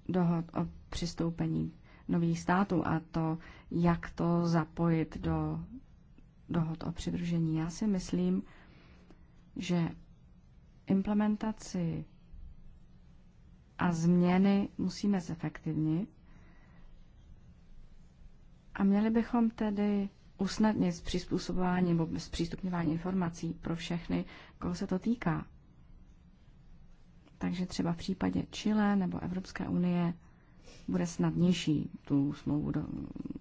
S4: dohod o přistoupení nových států a to, jak to zapojit do dohod o přidružení. Já si myslím, že implementaci a změny musíme zefektivnit a měli bychom tedy usnadnit s přizpůsobování nebo zpřístupňování informací pro všechny, koho se to týká. Takže třeba v případě Chile nebo Evropské unie bude snadnější tu smlouvu do,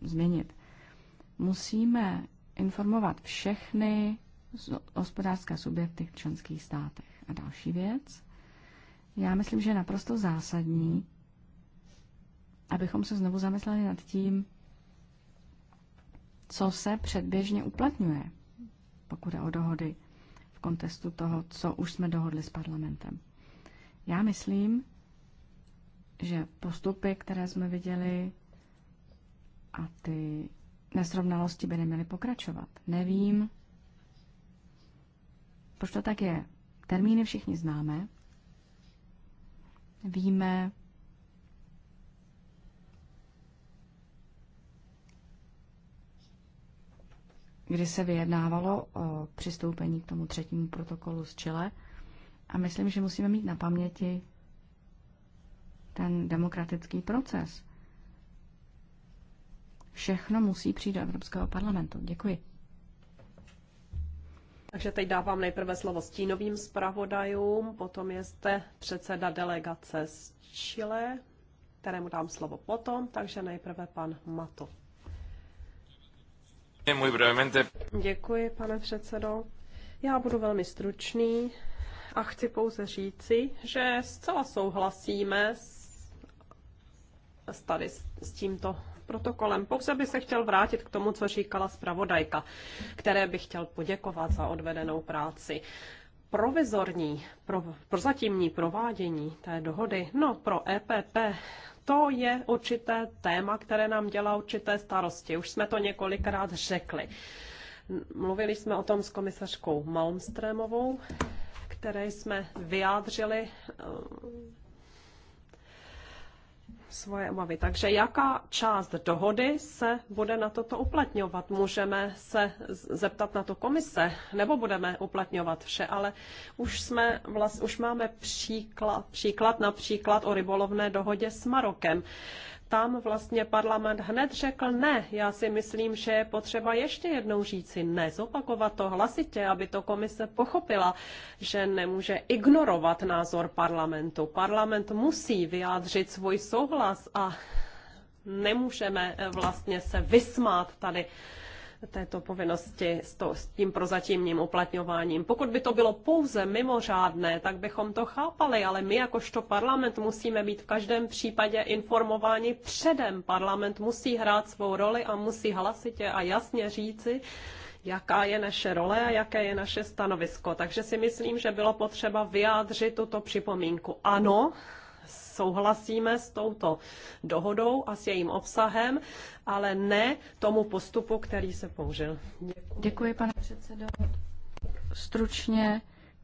S4: změnit. Musíme informovat všechny hospodářské subjekty v členských státech. A další věc, já myslím, že je naprosto zásadní, abychom se znovu zamysleli nad tím, co se předběžně uplatňuje, pokud je o dohody v kontextu toho, co už jsme dohodli s parlamentem. Já myslím, že postupy, které jsme viděli, a ty nesrovnalosti by neměly pokračovat. Nevím, proč to tak je. Termíny všichni známe. Víme, kdy se vyjednávalo o přistoupení k tomu třetímu protokolu z Chile – a myslím, že musíme mít na paměti ten demokratický proces. Všechno musí přijít do Evropského parlamentu. Děkuji.
S3: Takže teď dávám nejprve slovo stínovým zpravodajům, potom je zde předseda delegace z Chile, kterému dám slovo potom, takže nejprve pan Mato. Děkuji, pane předsedo. Já budu velmi stručný a chci pouze říci, že zcela souhlasíme s, tady, s tímto protokolem. Pouze by se chtěl vrátit k tomu, co říkala zpravodajka, které bych chtěl poděkovat za odvedenou práci. Provizorní, pro, prozatímní provádění té dohody, no pro EPP, to je určité téma, které nám dělá určité starosti. Už jsme to několikrát řekli. Mluvili jsme o tom s komisařkou Malmströmovou, které jsme vyjádřili eh, svoje obavy. Takže jaká část dohody se bude na toto uplatňovat? Můžeme se zeptat na to komise, nebo budeme uplatňovat vše, ale už, jsme, vlast, už máme příklad, příklad například o rybolovné dohodě s Marokem. Uh, tam vlastně parlament hned řekl ne. Já si myslím, že je potřeba ještě jednou říci ne, zopakovat to hlasitě, aby to komise pochopila, že nemůže ignorovat názor parlamentu. Parlament musí vyjádřit svůj souhlas a nemůžeme eh, vlastně se vysmát tady této povinnosti s, to, s tím prozatímním uplatňováním. Pokud by to bylo pouze mimořádné, tak bychom to chápali, ale my jakožto parlament musíme být v každém případě informováni předem. Parlament musí hrát svou roli a musí hlasitě a jasně říci, jaká je naše role a jaké je naše stanovisko. Takže si myslím, že bylo potřeba vyjádřit tuto připomínku. Ano, souhlasíme s touto dohodou a s jejím obsahem, ale ne tomu postupu, který se použil. Děkuji, Děkuji
S4: pane předsedo. Stručně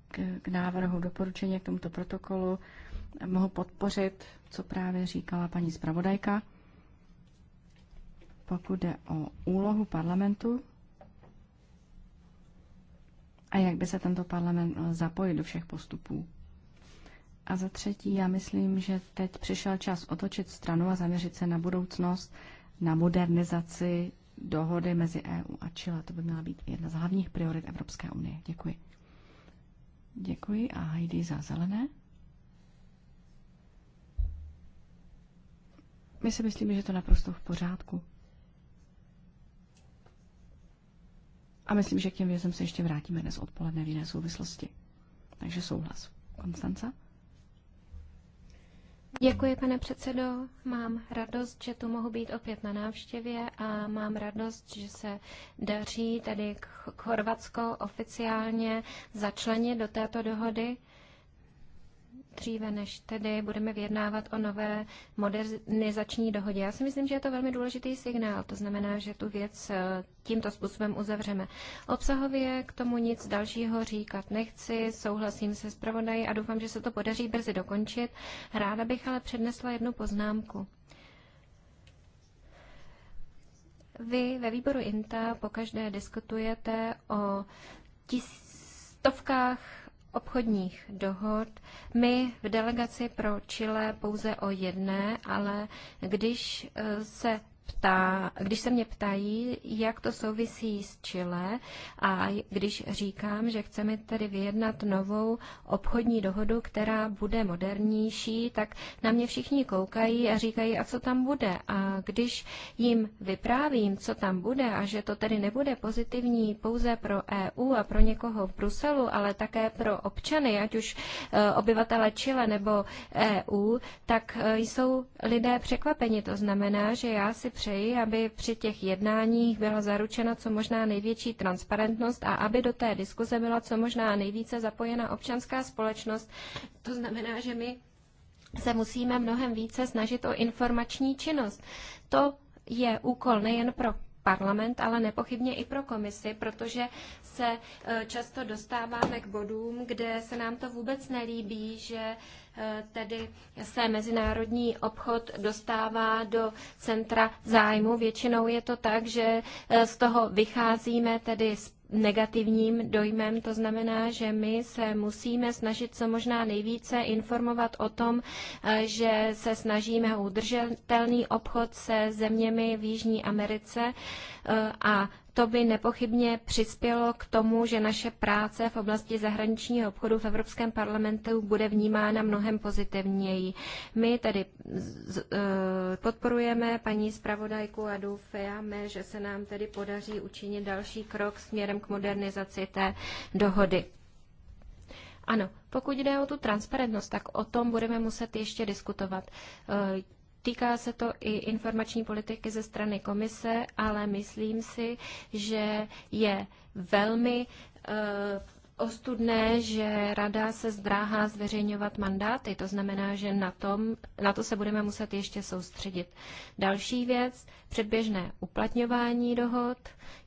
S4: k, k návrhu doporučení k tomuto protokolu mohu podpořit, co právě říkala paní zpravodajka. Pokud jde o úlohu parlamentu a jak by se tento parlament zapojil do všech postupů a za třetí, já myslím, že teď přišel čas otočit stranu a zaměřit se na budoucnost, na modernizaci dohody mezi EU a Chile. To by měla být jedna z hlavních priorit Evropské unie. Děkuji. Děkuji a Heidi za zelené. My si myslíme, že to naprosto v pořádku. A myslím, že k těm věcem se ještě vrátíme dnes odpoledne v jiné souvislosti. Takže souhlas. Konstanca?
S2: Děkuji, pane předsedo. Mám radost, že tu mohu být opět na návštěvě a mám radost, že se daří tady Chorvatsko oficiálně začlenit do této dohody dříve než tedy budeme vyjednávat o nové modernizační dohodě. Já si myslím, že je to velmi důležitý signál, to znamená, že tu věc eh, tímto způsobem uzavřeme. Obsahově k tomu nic dalšího říkat nechci, souhlasím se pravodají a doufám, že se to podaří brzy dokončit. Ráda bych ale přednesla jednu poznámku. Vy ve výboru INTA pokaždé diskutujete o tis- stovkách obchodních dohod. My v delegaci pro Chile pouze o jedné, ale když eh, se ptá, když se mě ptají, jak to souvisí s Chile a když říkám, že chceme tedy vyjednat novou obchodní dohodu, která bude modernější, tak na mě všichni koukají a říkají, a co tam bude. A když jim vyprávím, co tam bude a že to tedy nebude pozitivní pouze pro EU a pro někoho v Bruselu, ale také pro občany, ať už eh, obyvatele Chile nebo EU, tak eh, jsou lidé překvapeni. To znamená, že já si přeji, aby při těch jednáních byla zaručena co možná největší transparentnost a aby do té diskuze byla co možná nejvíce zapojena občanská společnost. To znamená, že my se musíme mnohem více snažit o informační činnost. To je úkol nejen pro parlament, ale nepochybně i pro komisi, protože se e, často dostáváme k bodům, kde se nám to vůbec nelíbí, že Eh, tedy se mezinárodní obchod dostává do centra zájmu. Většinou je to tak, že eh, z toho vycházíme tedy z negativním dojmem. To znamená, že my se musíme snažit co možná nejvíce informovat o tom, eh, že se snažíme udržetelný obchod se zeměmi v Jižní Americe a to by nepochybně přispělo k tomu, že naše práce v oblasti zahraničního obchodu v Evropském parlamentu bude vnímána mnohem pozitivněji. My tedy
S1: eh,
S2: podporujeme paní zpravodajku a doufáme, že se nám tedy podaří učinit další krok směrem k modernizaci té dohody. Ano, pokud jde o tu transparentnost, tak o tom budeme muset ještě diskutovat. Eh, Týká se to i informační politiky ze strany komise, ale myslím si, že je velmi eh, ostudné, že rada se zdráhá zveřejňovat mandáty. To znamená, že na, tom, na to se budeme muset ještě soustředit. Další věc, předběžné uplatňování dohod.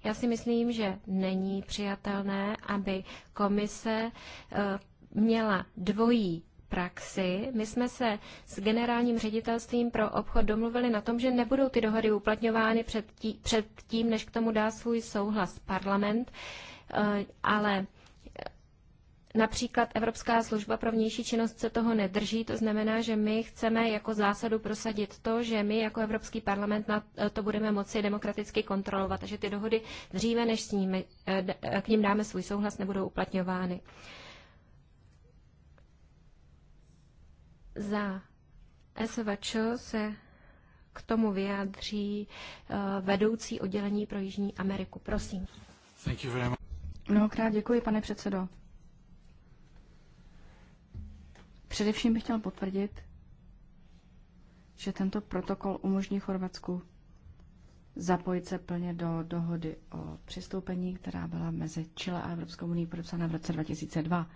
S2: Já si myslím, že není přijatelné, aby komise eh, měla dvojí praxi. My jsme se s generálním ředitelstvím pro obchod domluvili na tom, že nebudou ty dohody uplatňovány před tím, před tím než k tomu dá svůj souhlas parlament, eh, ale eh, Například Evropská služba pro vnější činnost se toho nedrží, to znamená, že my chceme jako zásadu prosadit to, že my jako Evropský parlament na eh, to budeme moci demokraticky kontrolovat a že ty dohody dříve, než s nimi, k ním dáme svůj souhlas, nebudou uplatňovány. Za SVČ se k tomu vyjádří eh, vedoucí oddělení pro Jižní Ameriku. Prosím.
S1: Thank you very much.
S4: Mnohokrát děkuji, pane předsedo. Především bych chtěl potvrdit, že tento protokol umožní Chorvatsku zapojit se plně do dohody o přistoupení, která byla mezi Chile a Evropskou unii podepsána v roce 2002.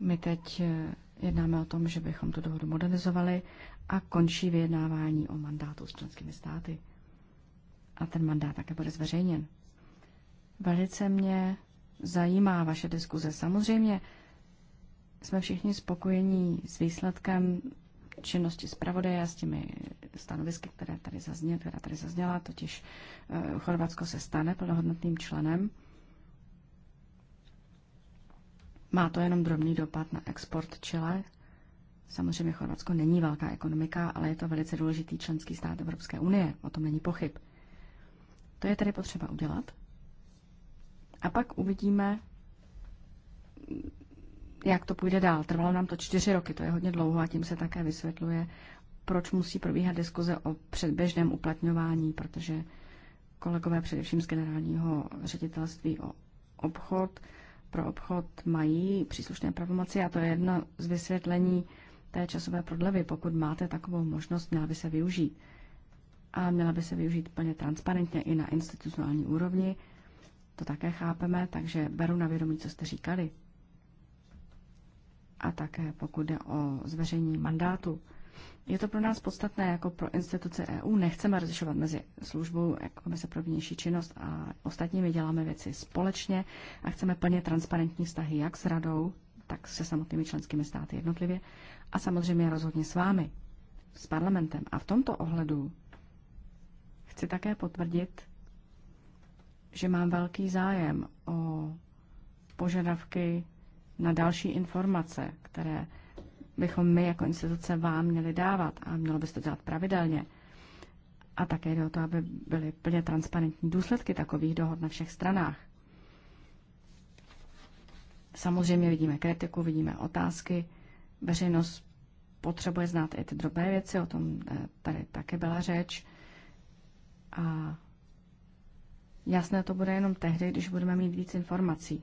S4: My teď eh, Jednáme o tom, že bychom tu dohodu modernizovali a končí vyjednávání o mandátu s členskými státy. A ten mandát také bude zveřejněn. Velice mě zajímá vaše diskuze. Samozřejmě jsme všichni spokojení s výsledkem činnosti zpravodaje a s těmi stanovisky, které tady zazněly, která tady zazněla, totiž eh, Chorvatsko se stane plnohodnotným členem Má to jenom drobný dopad na export Chile. Samozřejmě Chorvatsko není velká ekonomika, ale je to velice důležitý členský stát Evropské unie, o tom není pochyb. To je tedy potřeba udělat. A pak uvidíme, jak to půjde dál. Trvalo nám to čtyři roky, to je hodně dlouho a tím se také vysvětluje, proč musí probíhat diskuze o předběžném uplatňování, protože kolegové především z generálního ředitelství o obchod pro obchod mají příslušné pravomoci a to je jedno z vysvětlení té časové prodlevy. Pokud máte takovou možnost, měla by se využít. A měla by se využít plně transparentně i na institucionální úrovni. To také chápeme, takže beru na vědomí, co jste říkali. A také pokud jde o zveřejnění mandátu, je to pro nás podstatné jako pro instituce EU. Nechceme rozlišovat mezi službou mezi jako pro vnější činnost a ostatními. Děláme věci společně a chceme plně transparentní vztahy jak s radou, tak se samotnými členskými státy jednotlivě a samozřejmě rozhodně s vámi, s parlamentem. A v tomto ohledu chci také potvrdit, že mám velký zájem o požadavky na další informace, které bychom my jako instituce vám měli dávat a mělo byste to dělat pravidelně. A také jde o to, aby byly plně transparentní důsledky takových dohod na všech stranách. Samozřejmě vidíme kritiku, vidíme otázky. Veřejnost potřebuje znát i ty drobné věci, o tom eh, tady také byla řeč. A jasné to bude jenom tehdy, když budeme mít víc informací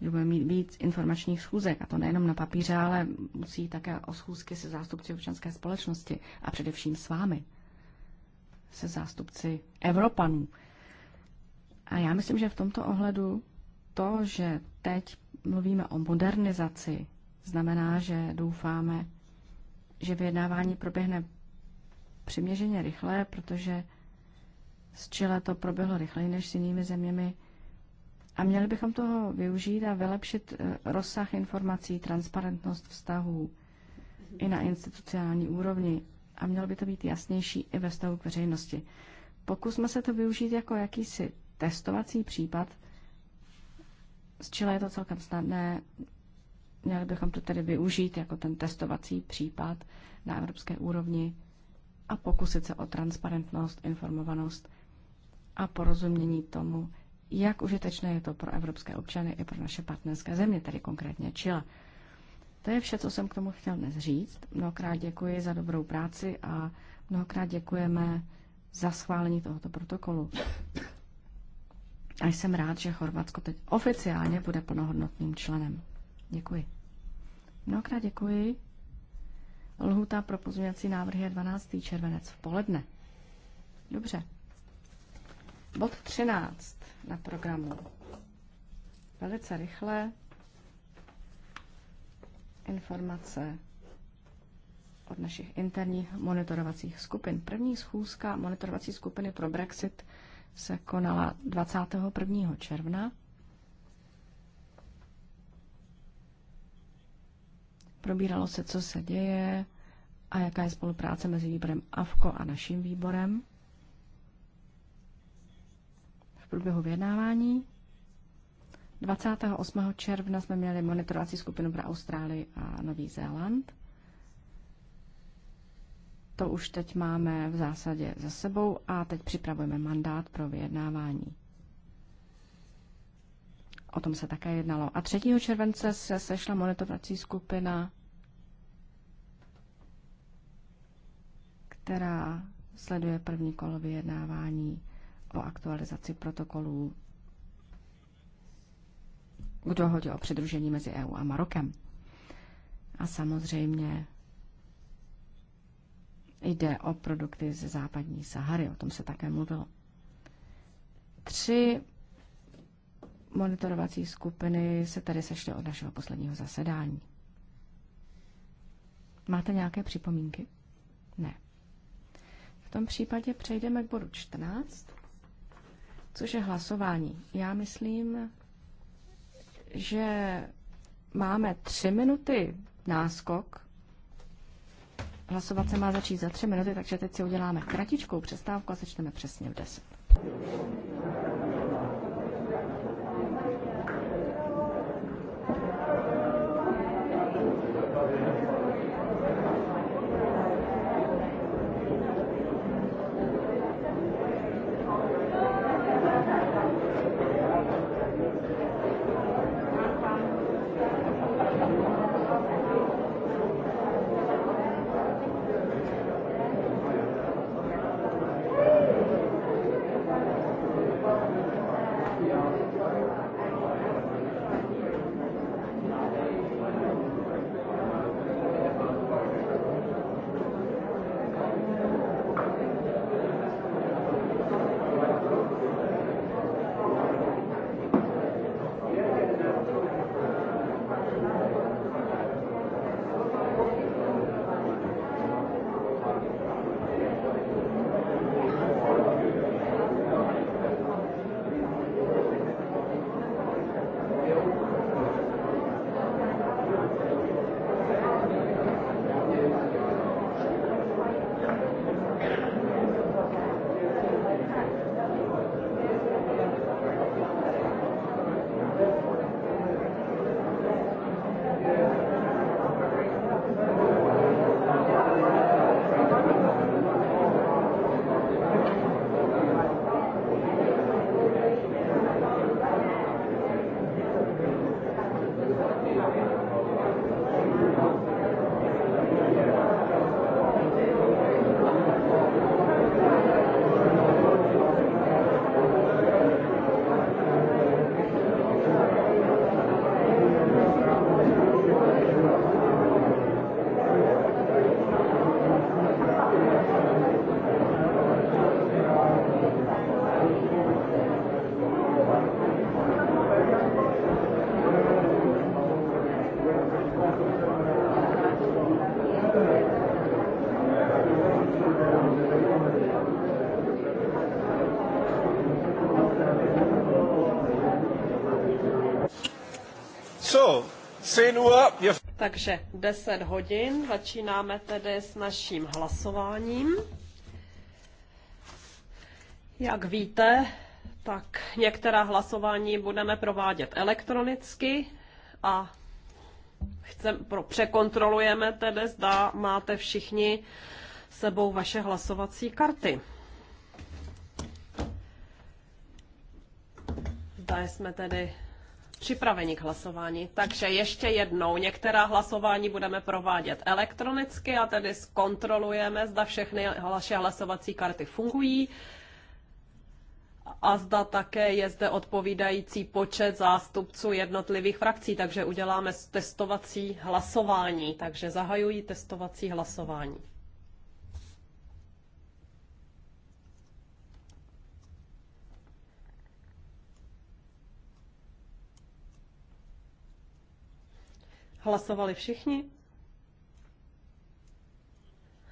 S4: že bude mít víc informačních schůzek, a to nejenom na papíře, ale musí také o schůzky se zástupci občanské společnosti a především s vámi, se zástupci Evropanů. A já myslím, že v tomto ohledu to, že teď mluvíme o modernizaci, znamená, že doufáme, že vyjednávání proběhne přiměřeně rychle, protože z Chile to proběhlo rychleji než s jinými zeměmi a měli bychom toho využít a vylepšit eh, rozsah informací, transparentnost vztahů i na institucionální úrovni. A mělo by to být jasnější i ve vztahu k veřejnosti. Pokusme se to využít jako jakýsi testovací případ, z čeho je to celkem snadné. Měli bychom to tedy využít jako ten testovací případ na evropské úrovni a pokusit se o transparentnost, informovanost a porozumění tomu, jak užitečné je to pro evropské občany i pro naše partnerské země, tedy konkrétně Chile. To je vše, co jsem k tomu chtěl dnes říct. Mnohokrát děkuji za dobrou práci a mnohokrát děkujeme za schválení tohoto protokolu. A jsem rád, že Chorvatsko teď oficiálně bude plnohodnotným členem. Děkuji. Mnohokrát děkuji. Lhuta pro pozměňovací návrhy je 12. červenec v poledne. Dobře, Bod 13 na programu. Velice rychle informace od našich interních monitorovacích skupin. První schůzka monitorovací skupiny pro Brexit se konala 21. června. Probíralo se, co se děje a jaká je spolupráce mezi výborem AFKO a naším výborem průběhu vyjednávání. 28. června jsme měli monitorovací skupinu pro Austrálii a Nový Zéland. To už teď máme v zásadě za sebou a teď připravujeme mandát pro vyjednávání. O tom se také jednalo. A 3. července se sešla monitorovací skupina, která sleduje první kolo vyjednávání po aktualizaci protokolů k dohodě o přidružení mezi EU a Marokem. A samozřejmě jde o produkty ze západní Sahary, o tom se také mluvilo. Tři monitorovací skupiny se tady sešly od našeho posledního zasedání. Máte nějaké připomínky? Ne. V tom případě přejdeme k bodu 14 což je hlasování. Já myslím, že máme tři minuty náskok. Hlasovat se má začít za tři minuty, takže teď si uděláme kratičkou přestávku a začneme přesně v deset.
S3: Takže 10 hodin, začínáme tedy s naším hlasováním. Jak víte, tak některá hlasování budeme provádět elektronicky a chcem, pro, překontrolujeme tedy, zda máte všichni sebou vaše hlasovací karty. Zda jsme tedy připraveni k hlasování. Takže ještě jednou, některá hlasování budeme provádět elektronicky a tedy zkontrolujeme, zda všechny naše hlasovací karty fungují a zda také je zde odpovídající počet zástupců jednotlivých frakcí, takže uděláme testovací hlasování. Takže zahajují testovací hlasování. Hlasovali všichni?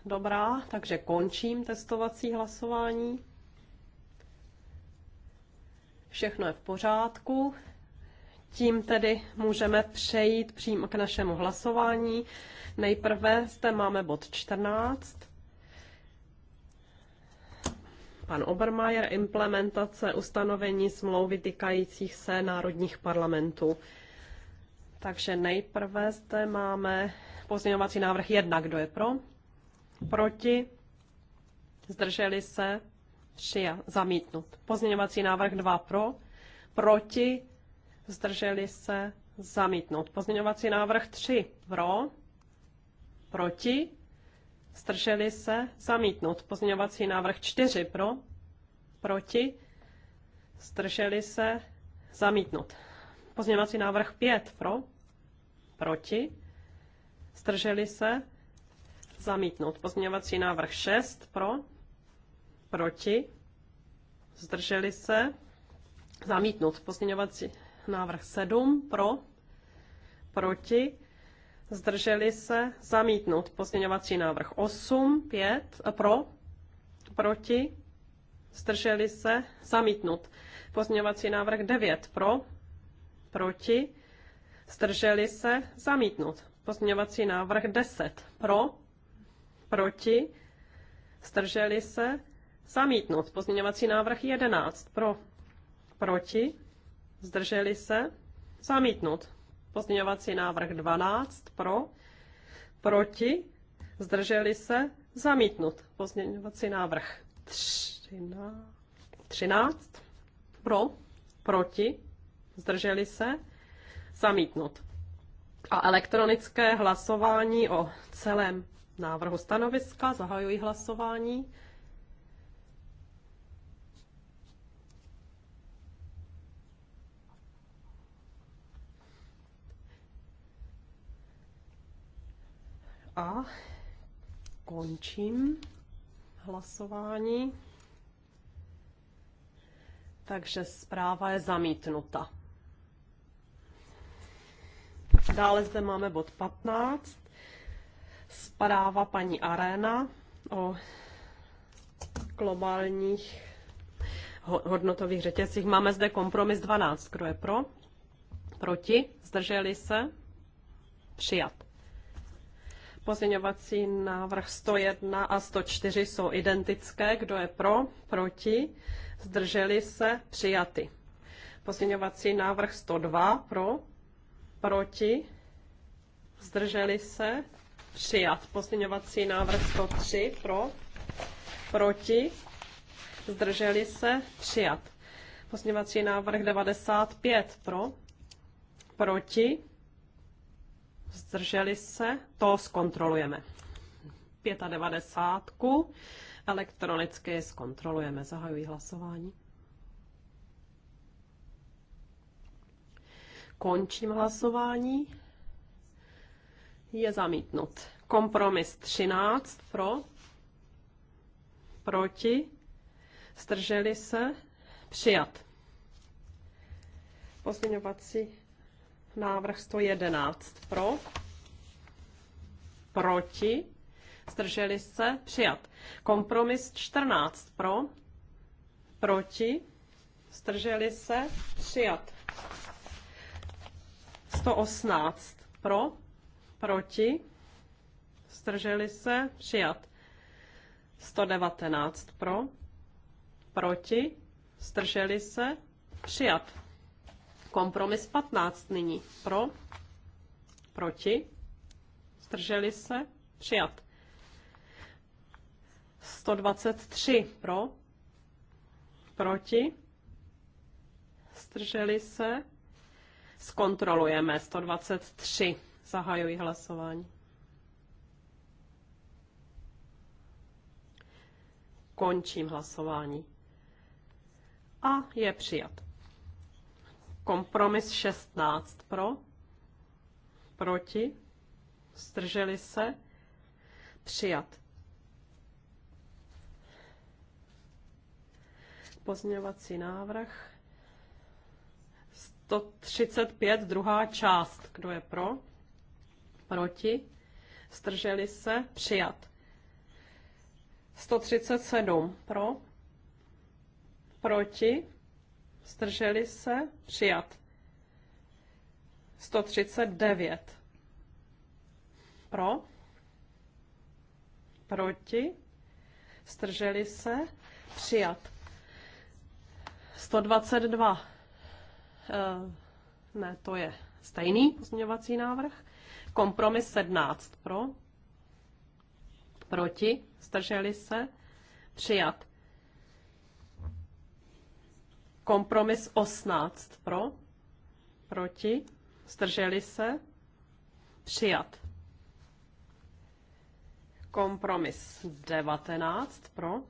S3: Dobrá, takže končím testovací hlasování. Všechno je v pořádku. Tím tedy můžeme přejít přímo k našemu hlasování. Nejprve zde máme bod 14. Pan Obermayer, implementace ustanovení smlouvy týkajících se národních parlamentů. Takže nejprve zde máme pozměňovací návrh 1. Kdo je pro? Proti? Zdrželi se? Přijat. Zamítnut. Pozměňovací návrh 2 pro? Proti? Zdrželi se? Zamítnut. Pozměňovací návrh 3 pro? Proti? Zdrželi se? Zamítnut. Pozměňovací návrh 4 pro? Proti? Zdrželi se? Zamítnut. Pozměňovací návrh 5 pro? proti, zdrželi se, zamítnout. Pozměňovací návrh 6 pro, proti, zdrželi se, zamítnout. Pozměňovací návrh 7 pro, proti, zdrželi se, zamítnout. Pozměňovací návrh 8, 5 pro, proti, zdrželi se, Zamítnout. Pozměňovací návrh 9 pro, proti, Zdrželi se? zamítnout. Pozměňovací návrh 10. Pro? Proti? Zdrželi se? zamítnout. Pozměňovací návrh 11. Pro? Proti? Zdrželi se? zamítnout. Pozměňovací návrh 12. Pro? Proti? Zdrželi se? zamítnout. Pozměňovací návrh 13. 13. Pro? Proti? Zdrželi se? Zamítnut. A elektronické hlasování o celém návrhu stanoviska. Zahajuji hlasování. A končím hlasování. Takže zpráva je zamítnuta. Dále zde máme bod 15. Spadáva paní Arena o globálních hodnotových řetězcích. Máme zde kompromis 12. Kdo je pro? Proti? Zdrželi se? Přijat. Pozměňovací návrh 101 a 104 jsou identické. Kdo je pro? Proti? Zdrželi se? Přijaty. Pozměňovací návrh 102 pro? proti, zdrželi se, přijat. Pozměňovací návrh 103 pro, proti, zdrželi se, přijat. Pozměňovací návrh 95 pro, proti, zdrželi se, to zkontrolujeme. 95. Elektronicky zkontrolujeme. Zahajuji hlasování. Končím hlasování. Je zamítnut. Kompromis 13 pro, proti, strželi se, přijat. Pozměňovací návrh 111 pro, proti, strželi se, přijat. Kompromis 14 pro, proti, strželi se, přijat. 118 pro, proti, zdrželi se, přijat. 119 pro, proti, zdrželi se, přijat. Kompromis 15 nyní pro, proti, zdrželi se, přijat. 123 pro, proti, zdrželi se, Zkontrolujeme 123. Zahajuji hlasování. Končím hlasování. A je přijat. Kompromis 16 pro, proti, zdrželi se, přijat. Pozměňovací návrh 135, druhá část. Kdo je pro? Proti? Zdrželi se? Přijat. 137 pro? Proti? Zdrželi se? Přijat. 139 pro? Proti? Zdrželi se? Přijat. 122 Eh, ne, to je stejný pozměňovací návrh. Kompromis 17 pro, proti, zdrželi se, přijat. Kompromis 18 pro, proti, zdrželi se, přijat. Kompromis 19 pro,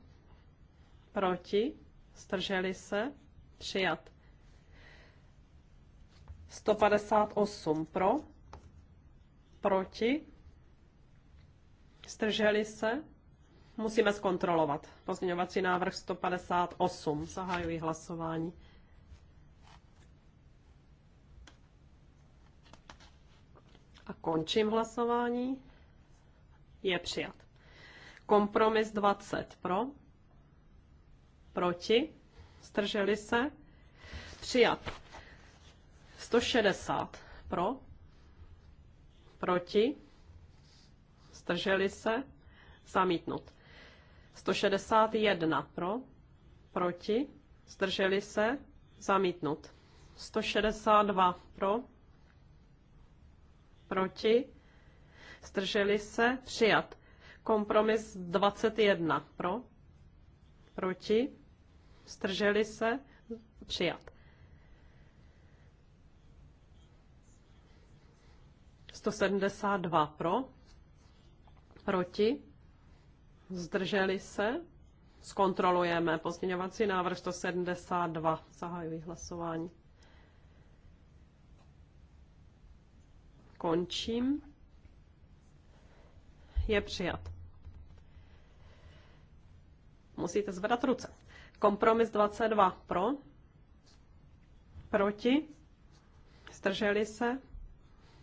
S3: proti, zdrželi se, přijat. 158 pro, proti, zdrželi se, musíme zkontrolovat. Pozměňovací návrh 158, zahajuji hlasování. A končím hlasování. Je přijat. Kompromis 20 pro, proti, zdrželi se, přijat. 160 pro, proti, zdrželi se, zamítnut. 161 pro, proti, zdrželi se, zamítnut. 162 pro, proti, zdrželi se, přijat. Kompromis 21 pro, proti, zdrželi se, přijat. 172 pro, proti, zdrželi se, zkontrolujeme pozměňovací návrh 172, zahajuji hlasování. Končím. Je přijat. Musíte zvedat ruce. Kompromis 22 pro, proti, zdrželi se,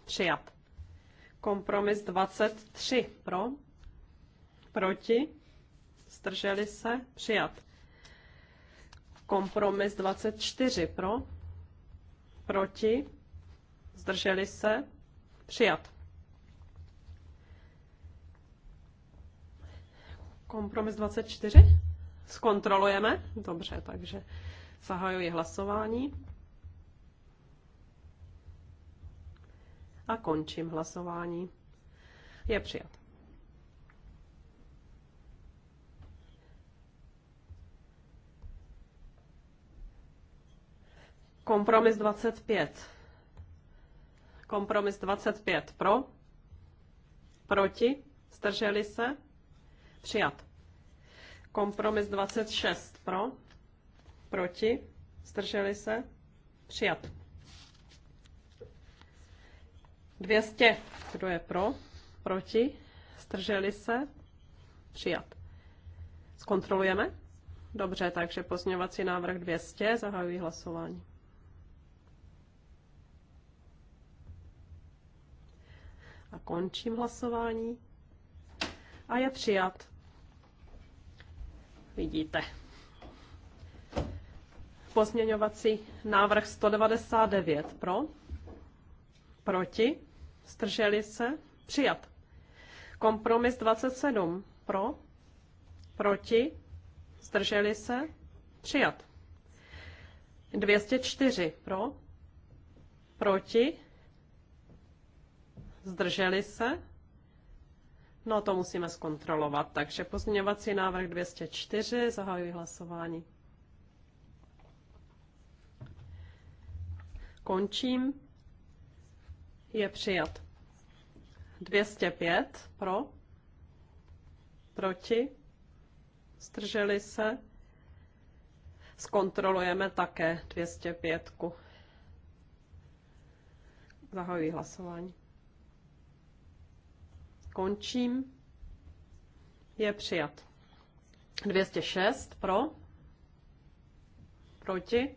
S3: přijat. Kompromis 23 pro, proti, zdrželi se, přijat. Kompromis 24 pro, proti, zdrželi se, přijat. Kompromis 24? Zkontrolujeme? Dobře, takže zahajuji hlasování. A končím hlasování. Je přijat. Kompromis 25. Kompromis 25 pro, proti, zdrželi se, přijat. Kompromis 26 pro, proti, zdrželi se, přijat. 200. Kdo je pro? Proti? Strželi se? Přijat. Zkontrolujeme? Dobře, takže pozměňovací návrh 200. Zahajují hlasování. A končím hlasování. A je přijat. Vidíte. Pozměňovací návrh 199 pro, proti, Zdrželi se? Přijat. Kompromis 27. Pro? Proti? Zdrželi se? Přijat. 204. Pro? Proti? Zdrželi se? No to musíme zkontrolovat. Takže pozměňovací návrh 204. Zahajuji hlasování. Končím je přijat. 205 pro, proti, zdrželi se. Zkontrolujeme také 205. Zahajuji hlasování. Končím. Je přijat. 206 pro, proti,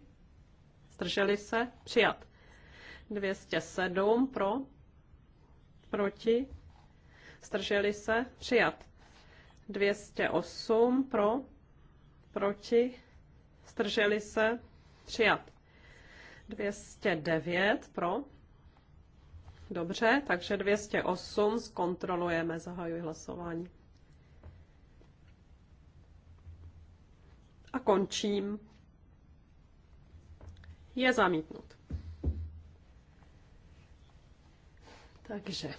S3: zdrželi se, přijat. 207 pro, proti, strželi se, přijat. 208 pro, proti, strželi se, přijat. 209 pro, dobře, takže 208 zkontrolujeme, zahajuji hlasování. A končím. Je zamítnut. Takže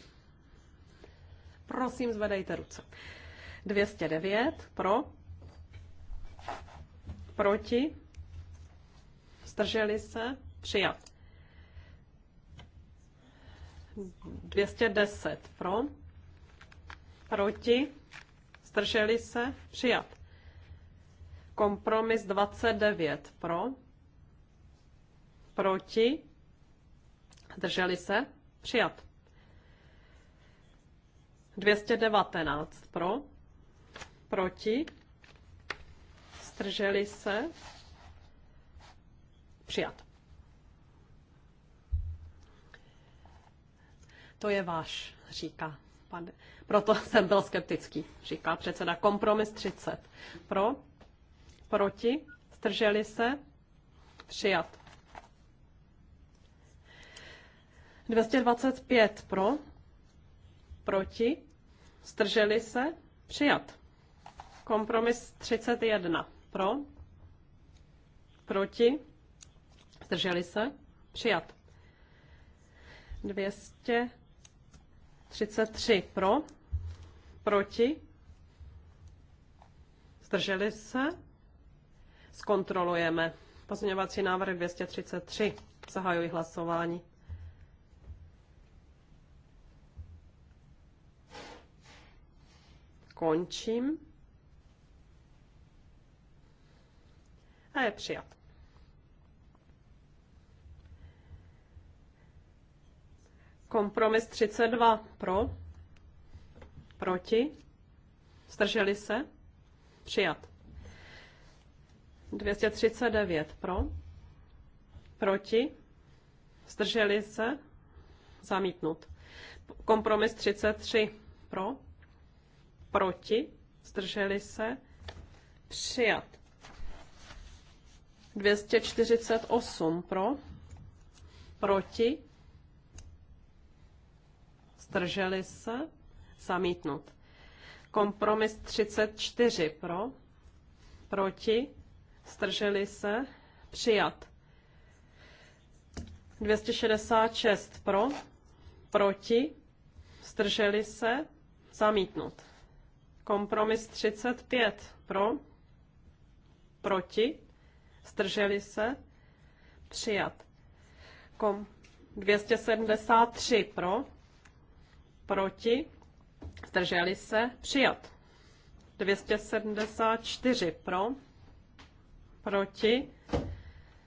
S3: prosím, zvedejte ruce. 209 pro, proti, zdrželi se, přijat. 210 pro, proti, zdrželi se, přijat. Kompromis 29 pro, proti, zdrželi se, přijat. 219 pro, proti, strželi se, přijat. To je váš, říká pane. Proto jsem byl skeptický, říká předseda. Kompromis 30. Pro, proti, strželi se, přijat. 225 pro, proti, zdrželi se, přijat. Kompromis 31 pro, proti, zdrželi se, přijat. 233 pro, proti, zdrželi se, zkontrolujeme. Pozměňovací návrh 233. Zahajuji hlasování. končím. A je přijat. Kompromis 32 pro, proti, strželi se, přijat. 239 pro, proti, strželi se, zamítnut. Kompromis 33 pro, proti, zdrželi se, přijat. 248 pro, proti, zdrželi se, zamítnut. Kompromis 34 pro, proti, zdrželi se, přijat. 266 pro, proti, zdrželi se, zamítnut. Kompromis 35 pro, proti, zdrželi se, přijat. Kom 273 pro, proti, zdrželi se, přijat. 274 pro, proti,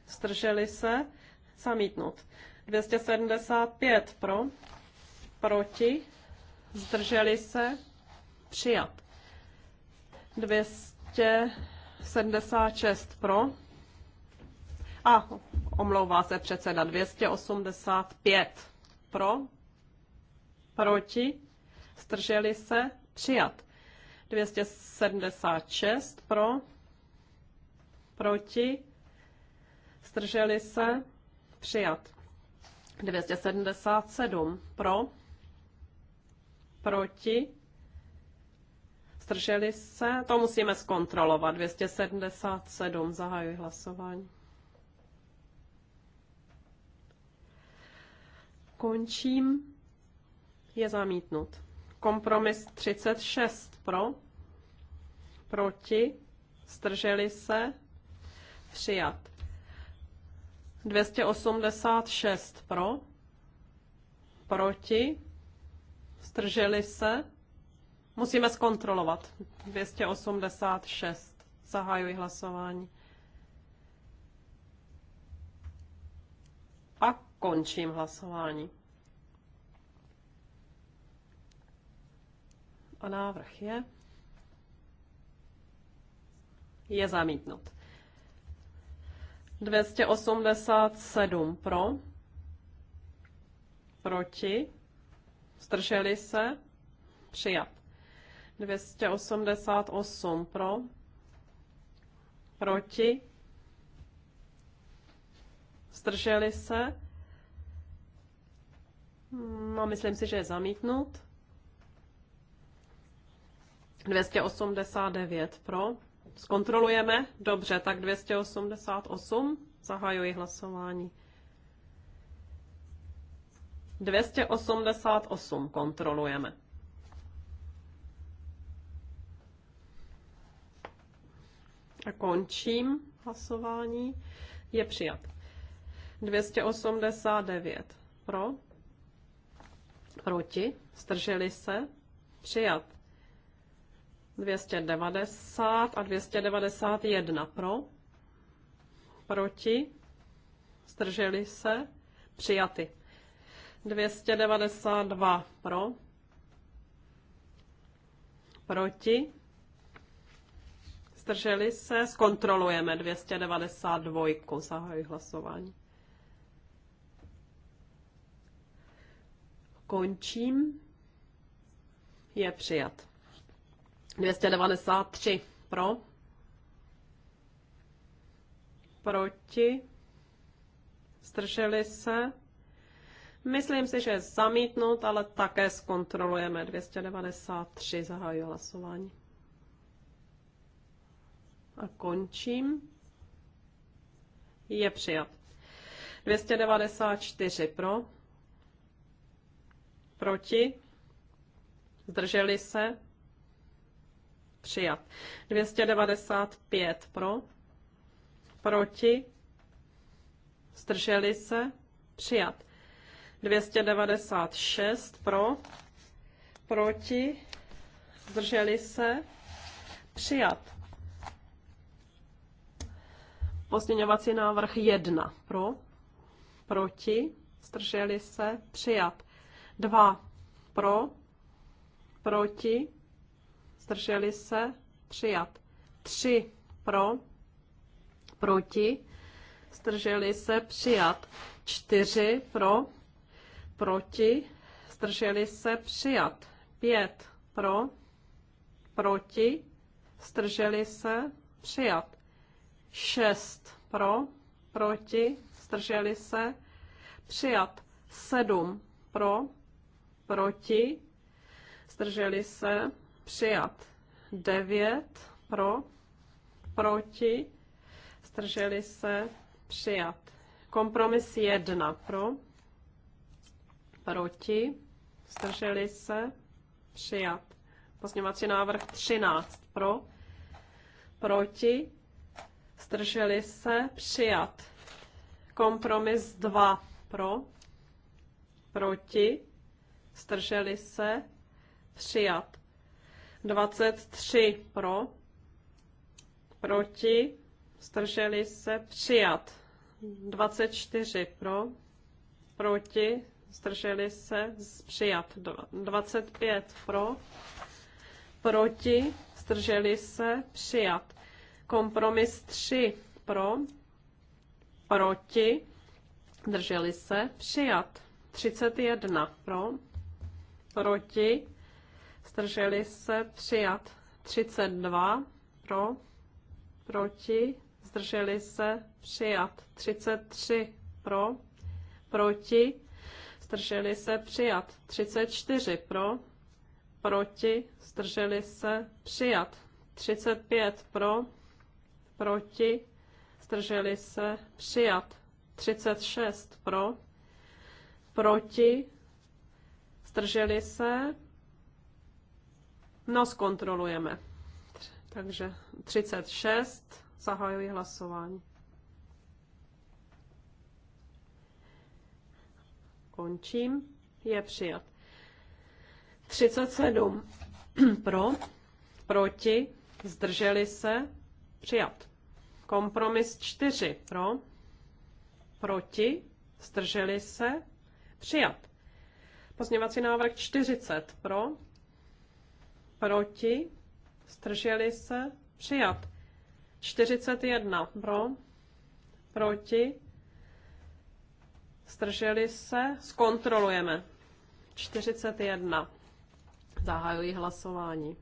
S3: zdrželi se, zamítnut. 275 pro, proti, zdrželi se, přijat. 276 pro. A omlouvá se předseda 285 pro. Proti. Strželi se. Přijat. 276 pro. Proti. Strželi se. Přijat. 277 pro. Proti Zdrželi se? To musíme zkontrolovat. 277 zahajuji hlasování. Končím. Je zamítnut. Kompromis 36 pro. Proti. Zdrželi se? Přijat. 286 pro. Proti. Zdrželi se? Musíme zkontrolovat. 286. Zahajuji hlasování. A končím hlasování. A návrh je. Je zamítnut. 287 pro, proti, Strželi se, přijat. 288 pro, proti, zdrželi se. No, myslím si, že je zamítnut. 289 pro. Zkontrolujeme. Dobře, tak 288. Zahajuji hlasování. 288 kontrolujeme. A Končím hlasování. Je přijat. 289 pro, proti, strželi se, přijat. 290 a 291 pro, proti, strželi se, přijaty. 292 pro, proti, zdrželi se, zkontrolujeme 292, zahajuji hlasování. Končím. Je přijat. 293 pro. Proti. Zdrželi se. Myslím si, že je zamítnut, ale také zkontrolujeme. 293 zahájí hlasování a končím. Je přijat. 294 pro, proti, zdrželi se, přijat. 295 pro, proti, zdrželi se, přijat. 296 pro, proti, zdrželi se, přijat. Pozměňovací návrh 1 pro, proti, strželi se, přijat. 2 pro, proti, strželi se, přijat. 3 pro, proti, strželi se, přijat. 4 pro, proti, strželi se, přijat. 5 pro, proti, strželi se, přijat. 6 pro, proti, zdrželi se, přijat 7 pro, proti, zdrželi se, přijat 9 pro, proti, zdrželi se, přijat. Kompromis 1 pro, proti, zdrželi se, přijat. pozněvací návrh 13 pro, proti, Zdrželi se? Přijat. Kompromis 2 pro. Proti. Zdrželi se? Přijat. 23 pro. Proti. Zdrželi se? Přijat. 24 pro. Proti. Zdrželi se? Přijat. 25 pro. Proti. Zdrželi se? Přijat. Kompromis 3 pro, proti, drželi se, přijat. 31 pro, proti, zdrželi se, přijat. 32 pro, proti, zdrželi se, přijat. 33 pro, proti, zdrželi se, přijat. 34 pro, proti, zdrželi se, přijat. 35 pro, proti, zdrželi se, přijat. 36 pro, proti, zdrželi se, no zkontrolujeme. Takže 36, zahajuji hlasování. Končím, je přijat. 37 pro, proti, zdrželi se, Přijat. Kompromis 4 pro, proti, zdrželi se, přijat. Pozměvací návrh 40 pro, proti, zdrželi se, přijat. 41 pro, proti, zdrželi se, zkontrolujeme. 41. Zahajuji hlasování.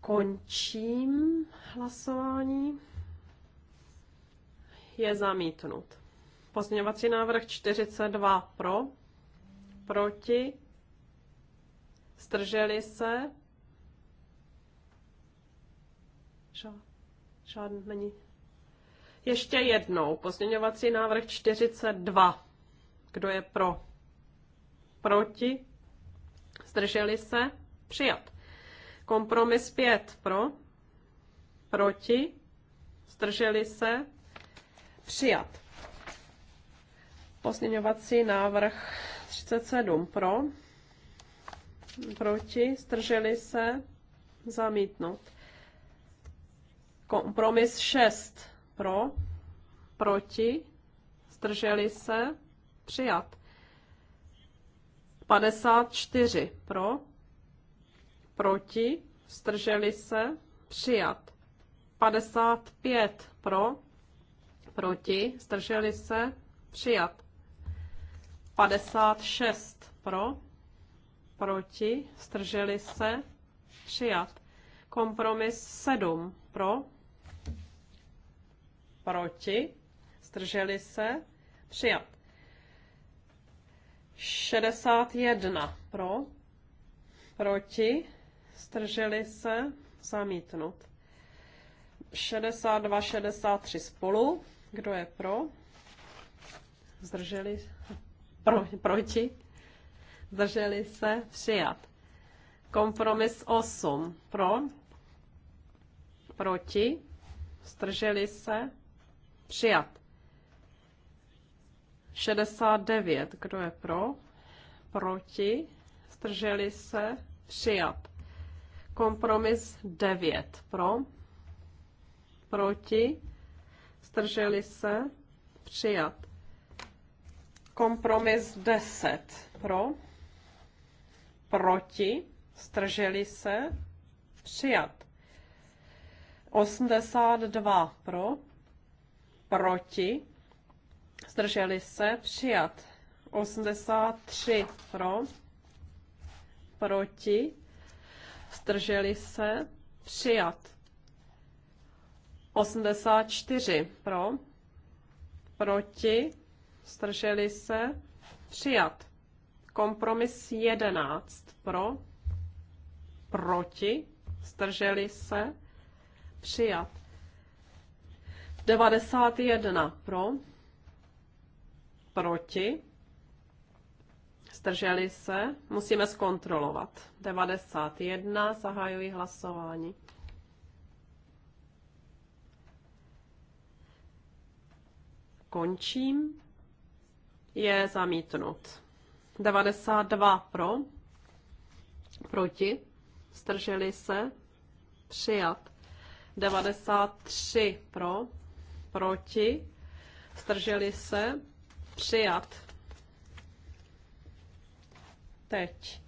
S3: Končím hlasování. Je zamítnut. Pozměňovací návrh 42 pro, proti, zdrželi se, žádný není. Ještě jednou, pozměňovací návrh 42. Kdo je pro? Proti? Zdrželi se? Přijat. Kompromis 5 pro, proti, zdrželi se, přijat. Pozměňovací návrh 37 pro, proti, zdrželi se, zamítnout. Kompromis 6 pro, proti, zdrželi se, přijat. 54 pro, proti, zdrželi se, přijat. 55 pro, proti, zdrželi se, přijat. 56 pro, proti, zdrželi se, přijat. Kompromis 7 pro, proti, zdrželi se, přijat. 61 pro, proti, Zdrželi se? Zamítnut. 62, 63 spolu. Kdo je pro? Zdrželi Pro, proti? Zdrželi se? Přijat. Kompromis 8. Pro? Proti? Zdrželi se? Přijat. 69. Kdo je pro? Proti? Zdrželi se? Přijat. Kompromis 9 pro, proti, strželi se, přijat. Kompromis 10 pro, proti, strželi se, přijat. 82 pro, proti, strželi se, přijat. 83 pro, proti, zdrželi se, přijat. 84 pro, proti, zdrželi se, přijat. Kompromis 11 pro, proti, zdrželi se, přijat. 91 pro, proti, zdrželi se, musíme zkontrolovat. 91, zahajuji hlasování. Končím. Je zamítnut. 92 pro, proti, zdrželi se, přijat. 93 pro, proti, zdrželi se, přijat teď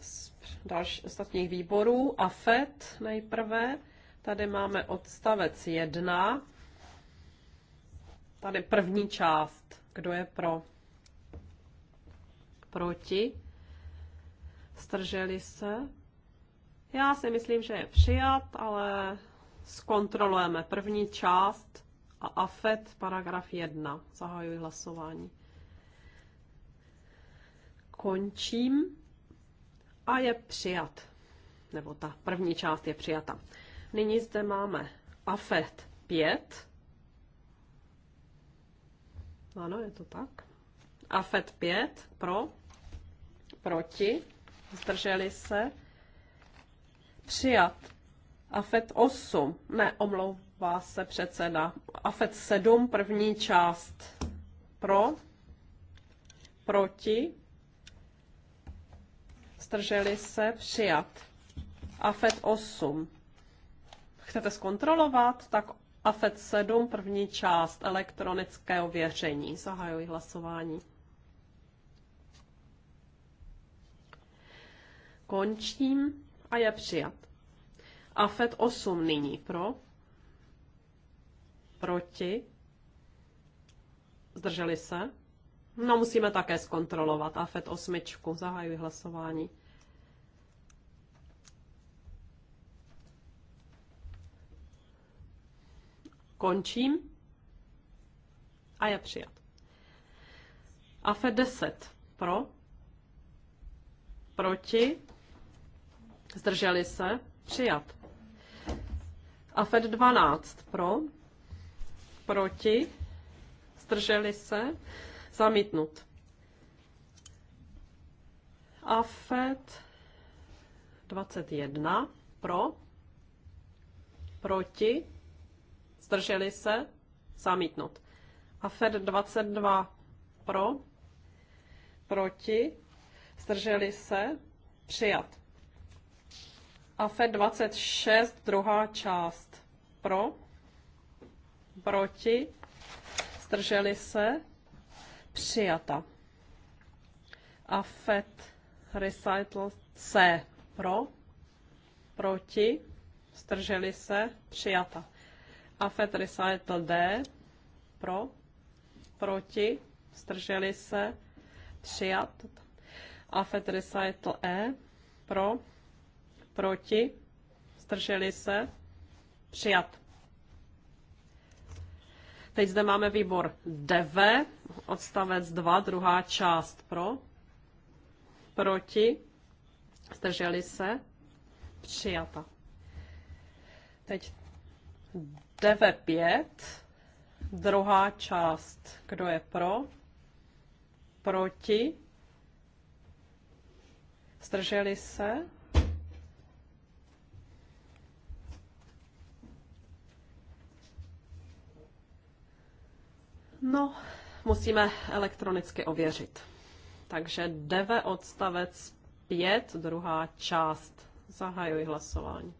S3: z další, ostatních výborů a FED nejprve. Tady máme odstavec 1. Tady první část. Kdo je pro? Proti? Strželi se? Já si myslím, že je přijat, ale zkontrolujeme první část a AFET paragraf 1. Zahajuji hlasování končím a je přijat. Nebo ta první část je přijata. Nyní zde máme AFET 5. Ano, je to tak. AFET 5 pro, proti, zdrželi se, přijat. AFET 8, ne, omlouvá se předseda. AFET 7, první část pro, proti, zdrželi se, přijat. AFET 8. Chcete zkontrolovat? Tak AFET 7, první část elektronické ověření. Zahajuji hlasování. Končím a je přijat. AFET 8 nyní pro, proti, zdrželi se. No musíme také zkontrolovat AFET 8. Zahajuji hlasování. Končím. A je přijat. AFE 10 pro, proti, zdrželi se, přijat. AFED 12 pro, proti, zdrželi se, zamítnut. AFED 21 pro, proti, zdrželi se, zamítnout. A FED 22 pro, proti, zdrželi se, přijat. A FED 26 druhá část pro, proti, zdrželi se, přijata. A FED recital C pro, proti, zdrželi se, přijata. AFET Recital D pro, proti, strželi se, přijat. AFET Recital E pro, proti, strželi se, přijat. Teď zde máme výbor DV, odstavec 2, druhá část pro, proti, strželi se, přijata. Teď DV5, druhá část, kdo je pro, proti, zdrželi se, No, musíme elektronicky ověřit. Takže DV odstavec 5, druhá část. Zahajuji hlasování.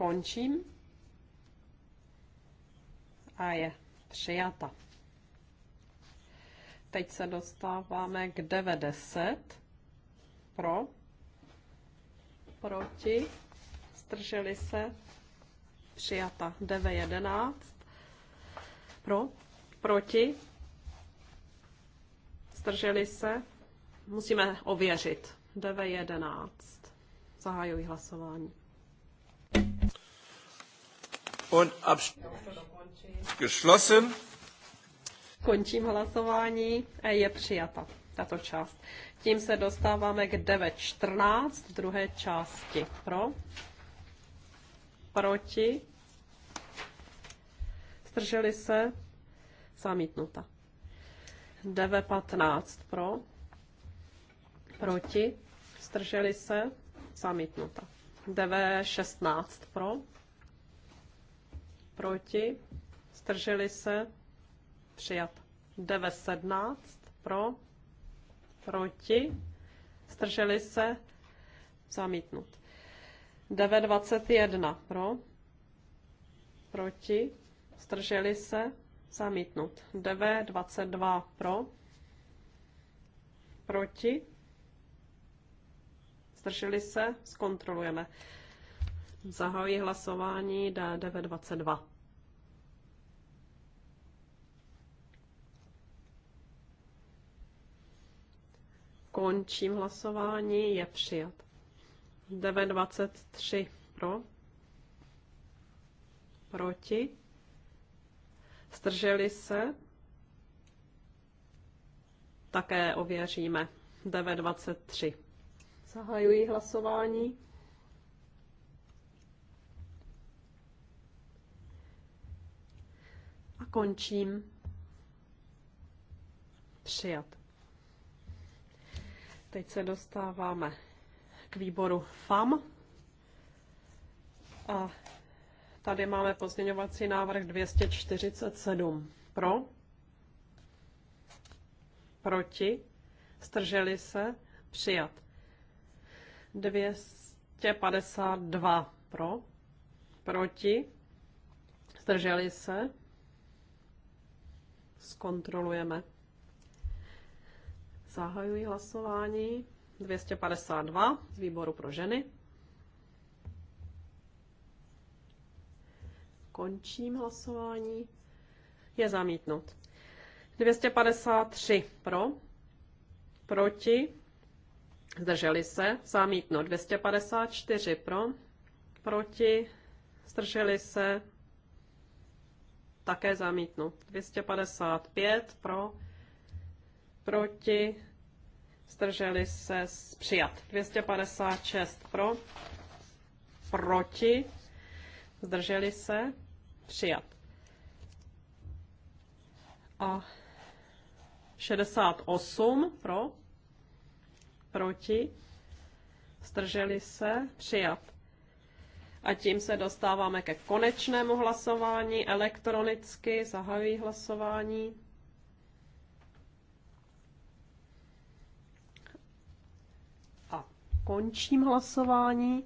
S3: Končím. A je přijata. Teď se dostáváme k 90 Pro. Proti. strželi se. Přijata. 9.11. Pro. Proti. strželi se. Musíme ověřit. 9.11. Zahajuji hlasování
S1: und
S2: geschlossen.
S3: Končím hlasování a je přijata tato část. Tím se dostáváme k 9.14 druhé části. Pro? Proti? Strželi se? Zamítnuta. 9.15 pro? Proti? Strželi se? Zamítnuta. 9.16 pro? proti, zdrželi se, přijat. 9.17 pro, proti, zdrželi se, zamítnut. 9.21 pro, proti, zdrželi se, zamítnut. 9.22 pro, proti, zdrželi se, zkontrolujeme. Zahajuji hlasování D922. Končím hlasování, je přijat. 9.23 pro, proti, strželi se, také ověříme. 9.23. Zahajuji hlasování. A končím. Přijat. Teď se dostáváme k výboru FAM. A tady máme pozměňovací návrh 247. Pro? Proti? Strželi se? Přijat. 252 pro, proti, strželi se, zkontrolujeme. Zahajuji hlasování 252 z výboru pro ženy. Končím hlasování. Je zamítnut. 253 pro, proti, zdrželi se, zamítnut. 254 pro, proti, zdrželi se, také zamítnut. 255 pro, proti, zdrželi se přijat. 256 pro, proti, zdrželi se přijat. A 68 pro, proti, zdrželi se přijat. A tím se dostáváme ke konečnému hlasování elektronicky. zahajují hlasování. Končím hlasování.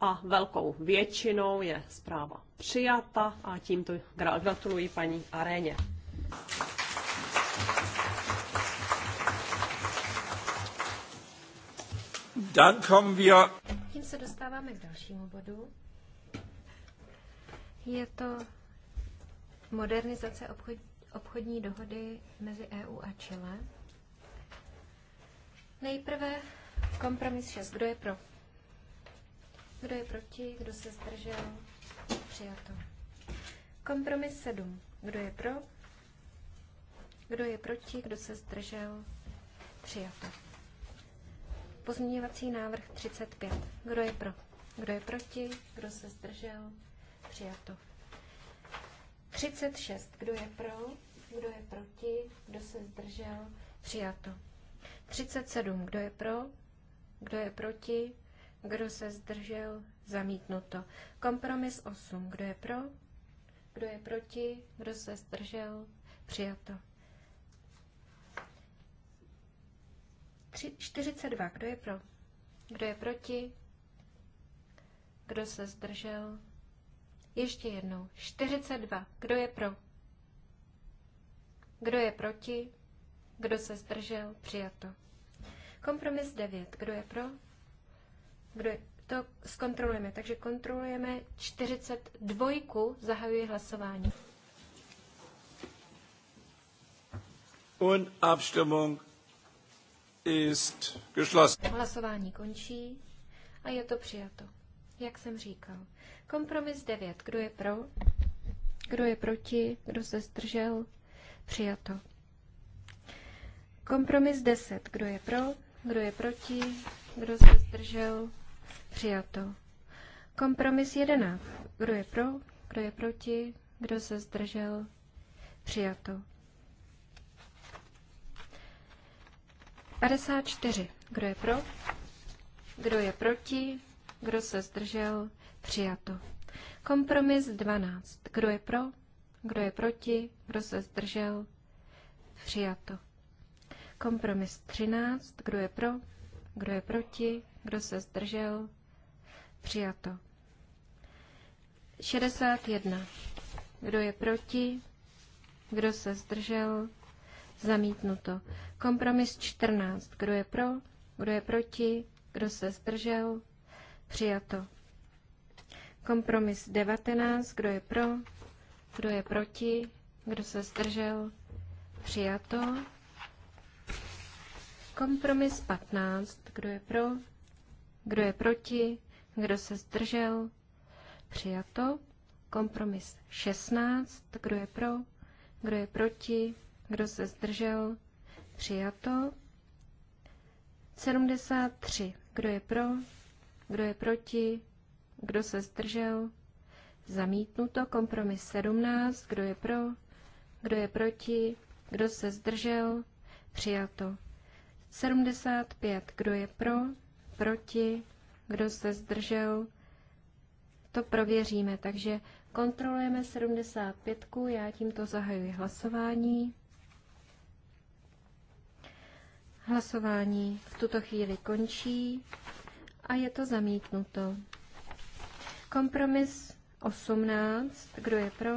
S3: A velkou většinou je zpráva přijata a tímto gratuluji paní Aréně.
S2: Tím se dostáváme k dalšímu bodu. Je to modernizace obchod, obchodní dohody mezi EU a Chile. Nejprve kompromis 6. Kdo je pro? Kdo je proti? Kdo se zdržel? Přijato. Kompromis 7. Kdo je pro? Kdo je proti? Kdo se zdržel? Přijato. Pozměňovací návrh 35. Kdo je pro? Kdo je proti? Kdo se zdržel? Přijato. 36. Kdo je pro?
S4: Kdo je proti? Kdo se
S2: zdržel? Přijato. 37. Kdo je pro? Kdo je proti? Kdo se zdržel? Zamítnuto. Kompromis 8. Kdo je pro? Kdo je proti? Kdo se zdržel? Přijato. 42. Kdo je pro? Kdo je proti? Kdo se zdržel? Ještě jednou. 42. Kdo je pro? Kdo je proti? Kdo se zdržel? Přijato. Kompromis 9. Kdo je pro? Kdo je? To zkontrolujeme. Takže kontrolujeme 42. Zahajuji hlasování. Und Abstimmung ist geschlossen. Hlasování končí a je to přijato. Jak jsem říkal. Kompromis 9. Kdo je pro? Kdo je proti? Kdo se zdržel? Přijato. Kompromis 10. Kdo je pro? Kdo je proti? Kdo se zdržel? Přijato. Kompromis 11. Kdo je pro? Kdo je proti? Kdo se zdržel? Přijato. 54. Kdo je pro? Kdo je proti? Kdo se zdržel? Přijato. Kompromis 12. Kdo je pro? Kdo je proti? Kdo se zdržel? Přijato. Kompromis 13. Kdo je pro? Kdo je proti? Kdo se zdržel? Přijato. 61. Kdo je proti? Kdo se zdržel? Zamítnuto. Kompromis 14. Kdo je pro? Kdo je proti? Kdo se zdržel? Přijato. Kompromis 19. Kdo je pro? Kdo je proti? Kdo se zdržel? Přijato. Kompromis 15. Kdo je pro? Kdo je proti? Kdo se zdržel? Přijato. Kompromis 16. Kdo je pro? Kdo je proti? Kdo se zdržel? Přijato. 73. Kdo je pro? Kdo je proti? Kdo se zdržel? Zamítnuto. Kompromis 17. Kdo je pro? Kdo je proti? Kdo se zdržel? Přijato. 75. Kdo je pro? Proti? Kdo se zdržel? To prověříme. Takže kontrolujeme 75. Já tímto zahajuji hlasování. Hlasování v tuto chvíli končí a je to zamítnuto. Kompromis 18. Kdo je pro?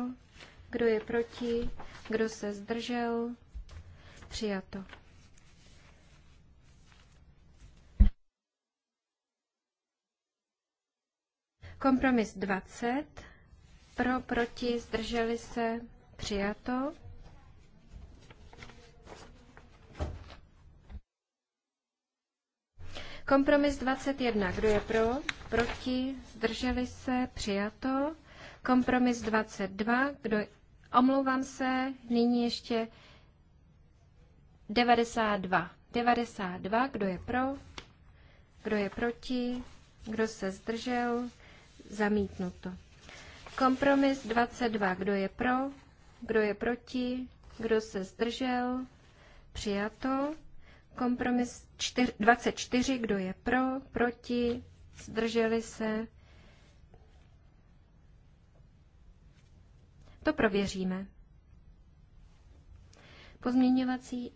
S2: Kdo je proti? Kdo se zdržel? Přijato. Kompromis 20. Pro, proti, zdrželi se, přijato. Kompromis 21. Kdo je pro? Proti? Zdrželi se? Přijato. Kompromis 22. Kdo je? Omlouvám se, nyní ještě 92. 92. Kdo je pro? Kdo je proti? Kdo se zdržel? Zamítnuto. Kompromis 22. Kdo je pro? Kdo je proti? Kdo se zdržel? Přijato. Kompromis 24. Kdo je pro? Proti? Zdrželi se? To prověříme. Pozměňovací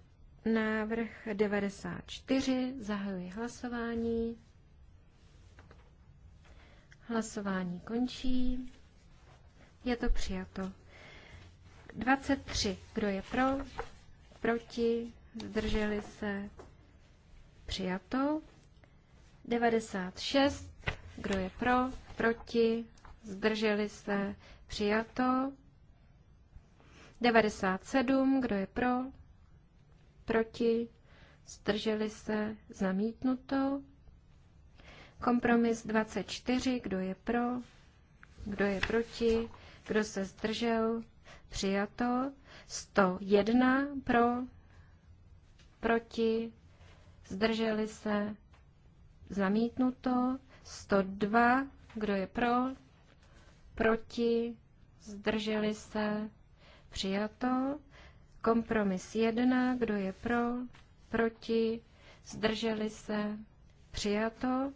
S2: návrh 94. Zahajuji hlasování. Hlasování končí. Je to přijato. 23. Kdo je pro? Proti? Zdrželi se? Přijato. 96. Kdo je pro? Proti? Zdrželi se? Přijato. 97. Kdo je pro? Proti? Zdrželi se? Zamítnuto. Kompromis 24, kdo je pro, kdo je proti, kdo se zdržel, přijato. 101 pro, proti, zdrželi se, zamítnuto. 102, kdo je pro, proti, zdrželi se, přijato. Kompromis 1, kdo je pro, proti, zdrželi se, přijato.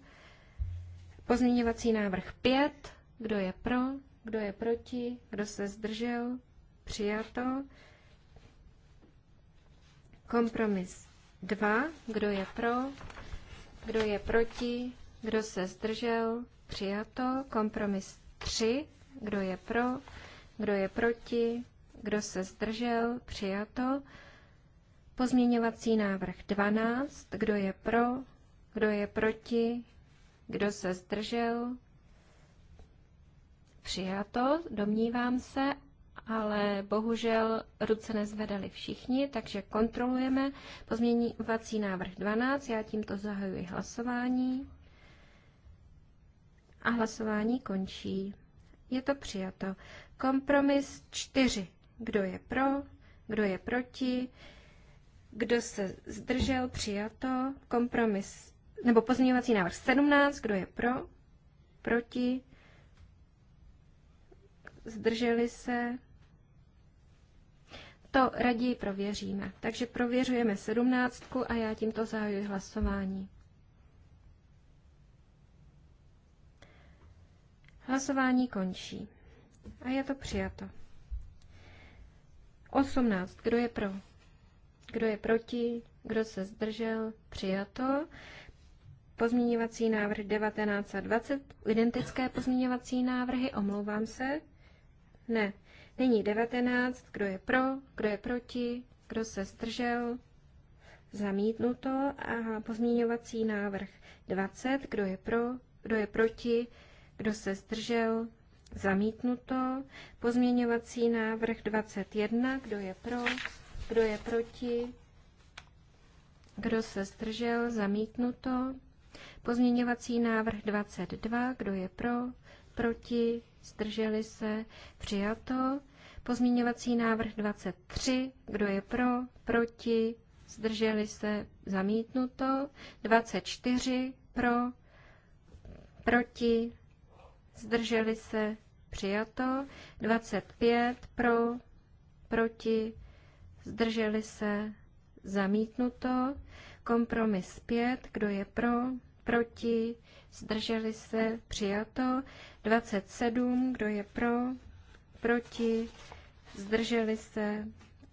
S2: Pozměňovací návrh 5. Kdo je pro? Kdo je proti? Kdo se zdržel? Přijato. Kompromis 2. Kdo je pro? Kdo je proti? Kdo se zdržel? Přijato. Kompromis 3. Kdo je pro? Kdo je proti? Kdo se zdržel? Přijato. Pozměňovací návrh 12. Kdo je pro? Kdo je proti? Kdo se zdržel? Přijato, domnívám se, ale bohužel ruce nezvedali všichni, takže kontrolujeme pozměňovací návrh 12. Já tímto zahajuji hlasování a hlasování končí. Je to přijato. Kompromis 4. Kdo je pro, kdo je proti, kdo se zdržel, přijato. Kompromis nebo pozměňovací návrh 17, kdo je pro, proti, zdrželi se, to raději prověříme. Takže prověřujeme 17 a já tímto zahajuji hlasování. Hlasování končí. A je to přijato. 18. Kdo je pro? Kdo je proti? Kdo se zdržel? Přijato. Pozměňovací návrh 19 a 20, identické pozměňovací návrhy, omlouvám se. Ne, není 19, kdo je pro, kdo je proti, kdo se zdržel, zamítnuto. A pozměňovací návrh 20, kdo je pro, kdo je proti, kdo se zdržel, zamítnuto. Pozměňovací návrh 21, kdo je pro, kdo je proti, kdo se zdržel, zamítnuto. Pozměňovací návrh 22, kdo je pro, proti, zdrželi se, přijato. Pozměňovací návrh 23, kdo je pro, proti, zdrželi se, zamítnuto. 24, pro, proti, zdrželi se, přijato. 25, pro, proti, zdrželi se, zamítnuto. Kompromis 5, kdo je pro, proti, zdrželi se, přijato. 27, kdo je pro, proti, zdrželi se,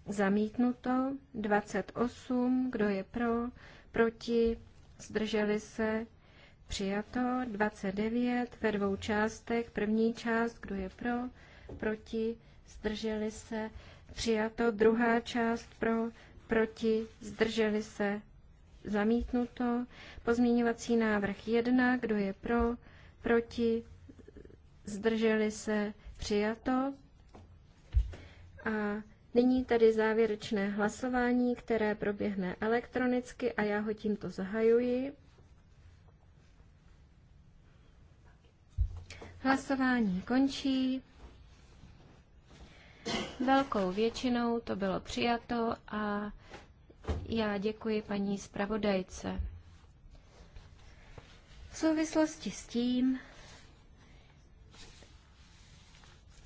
S2: zamítnuto. 28, kdo je pro, proti, zdrželi se, přijato. 29, ve dvou částech, první část, kdo je pro, proti, zdrželi se, přijato. Druhá část pro, proti, zdrželi se, zamítnuto. Pozměňovací návrh 1, kdo je pro, proti, zdrželi se, přijato. A nyní tady závěrečné hlasování, které proběhne elektronicky a já ho tímto zahajuji. Hlasování končí. Velkou většinou to bylo přijato a já děkuji paní zpravodajce. V souvislosti s tím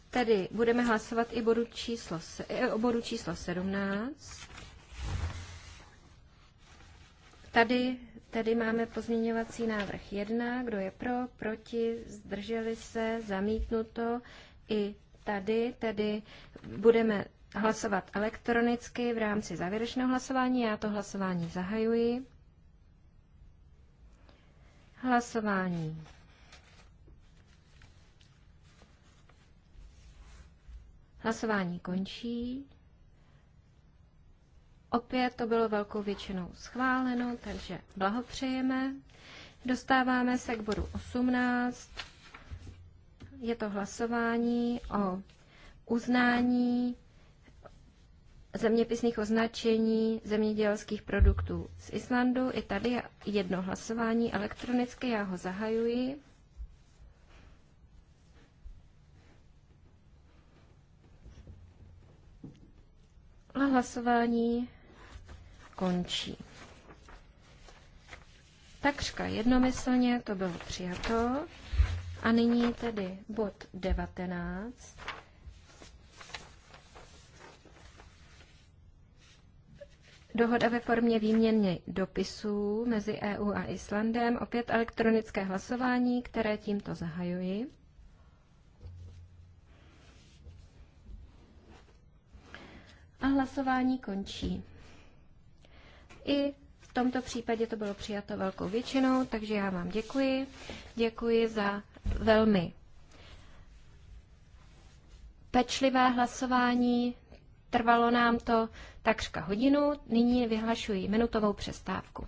S2: tady budeme hlasovat i bodu číslo, e, o bodu číslo 17. Tady, tady máme pozměňovací návrh 1. Kdo je pro, proti, zdrželi se, zamítnuto. I tady tedy budeme hlasovat elektronicky v rámci závěrečného hlasování. Já to hlasování zahajuji. Hlasování. Hlasování končí. Opět to bylo velkou většinou schváleno, takže blahopřejeme. Dostáváme se k bodu 18. Je to hlasování o uznání zeměpisných označení zemědělských produktů z Islandu. I tady jedno hlasování elektronicky, já ho zahajuji. A hlasování končí. Takřka jednomyslně to bylo přijato. A nyní tedy bod 19. Dohoda ve formě výměny dopisů mezi EU a Islandem, opět elektronické hlasování, které tímto zahajuji. A hlasování končí. I v tomto případě to bylo přijato velkou většinou, takže já vám děkuji. Děkuji za velmi pečlivé hlasování, Trvalo nám to takřka hodinu, nyní vyhlašuji minutovou přestávku.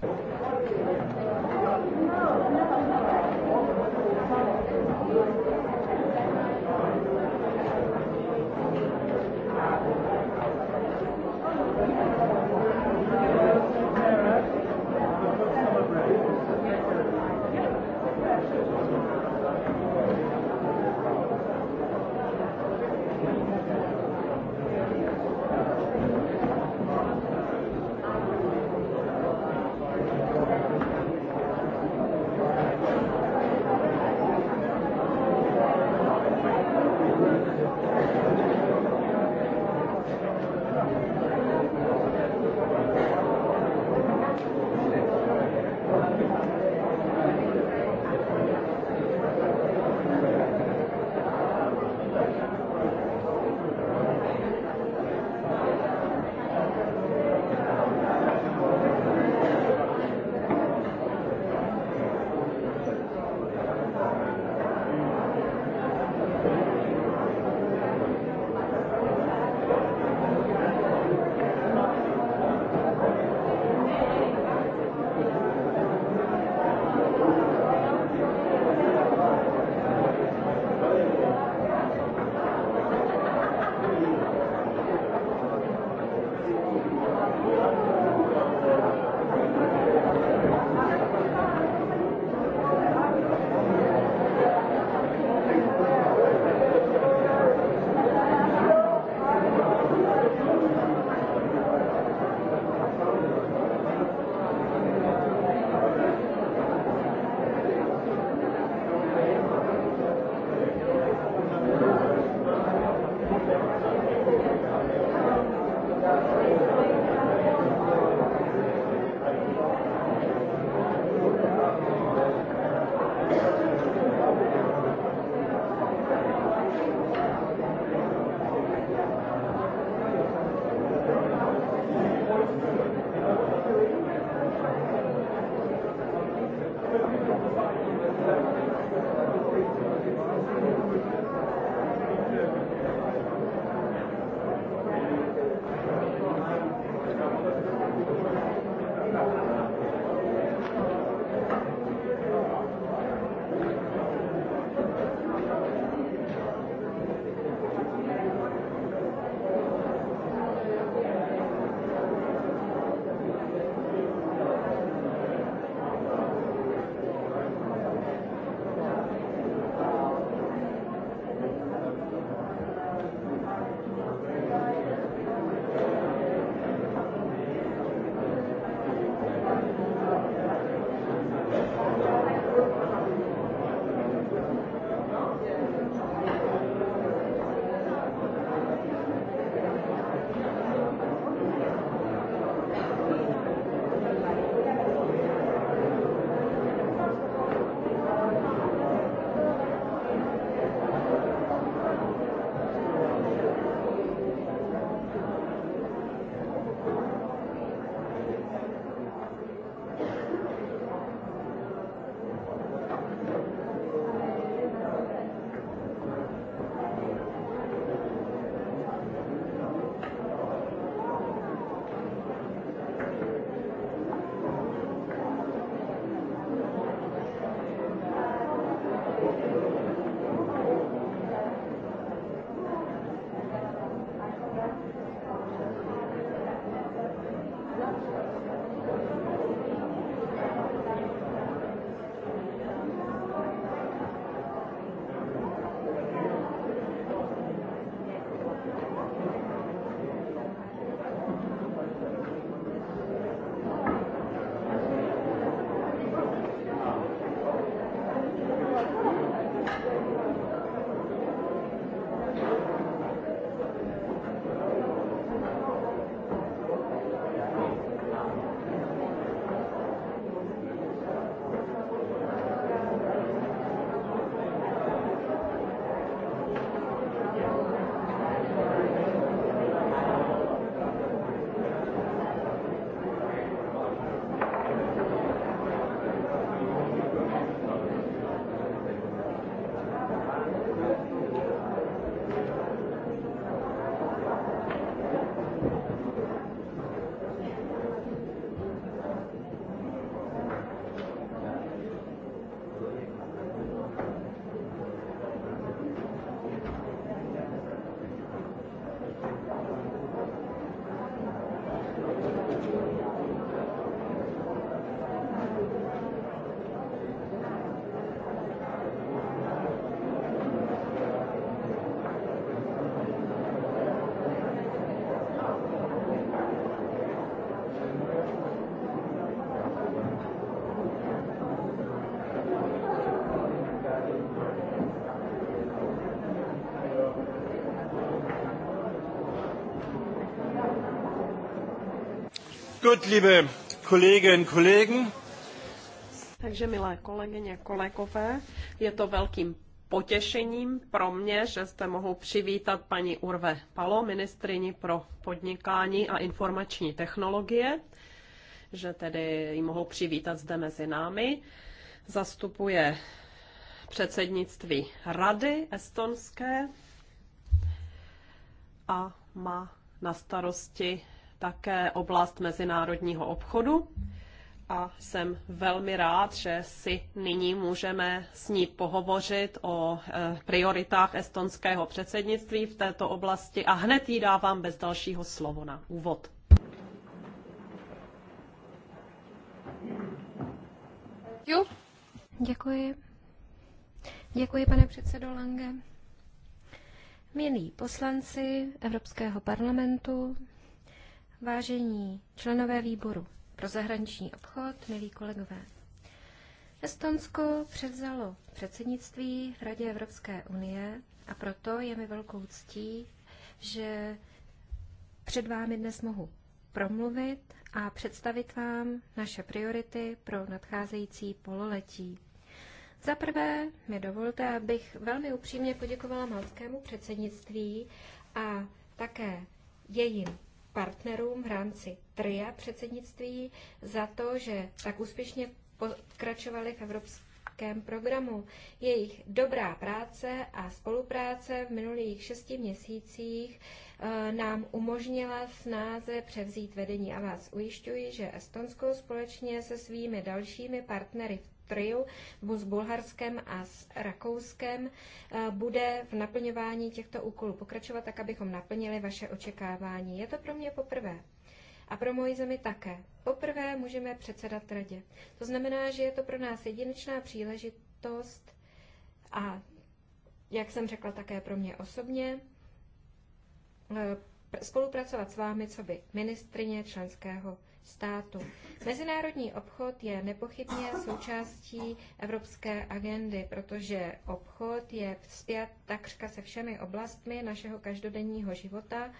S1: Gut, liebe Kolleginnen, Kollegen.
S3: Takže milé kolegyně, kolegové, je to velkým potěšením pro mě, že jste mohu přivítat paní Urve Palo, ministrini pro podnikání a informační technologie, že tedy ji mohu přivítat zde mezi námi. Zastupuje předsednictví Rady estonské a má na starosti také oblast mezinárodního obchodu a jsem velmi rád, že si nyní můžeme s ní pohovořit o e, prioritách estonského předsednictví v této oblasti a hned jí dávám bez dalšího slovo na úvod.
S2: Děkuji. Děkuji, pane předsedo Lange. Milí poslanci Evropského parlamentu, Vážení členové výboru pro zahraniční obchod, milí kolegové, Estonsko převzalo předsednictví v Radě Evropské unie a proto je mi velkou ctí, že před vámi dnes mohu promluvit a představit vám naše priority pro nadcházející pololetí. Za prvé mi dovolte, abych velmi upřímně poděkovala malskému předsednictví a také jejím partnerům v rámci TRIA předsednictví za to, že tak úspěšně pokračovali v evropském programu. Jejich dobrá práce a spolupráce v minulých šesti měsících eh, nám umožnila snáze převzít vedení a vás ujišťuji, že Estonsko společně se svými dalšími partnery v triu s Bulharskem a s Rakouskem eh, bude v naplňování těchto úkolů pokračovat tak, abychom naplnili vaše očekávání. Je to pro mě poprvé. A pro moji zemi také. Poprvé můžeme předsedat radě. To znamená, že je to pro nás jedinečná příležitost a, jak jsem řekla, také pro mě osobně, eh, spolupracovat s vámi, co by ministrině členského státu. Mezinárodní obchod je nepochybně součástí evropské agendy, protože obchod je vzpět takřka se všemi oblastmi našeho každodenního života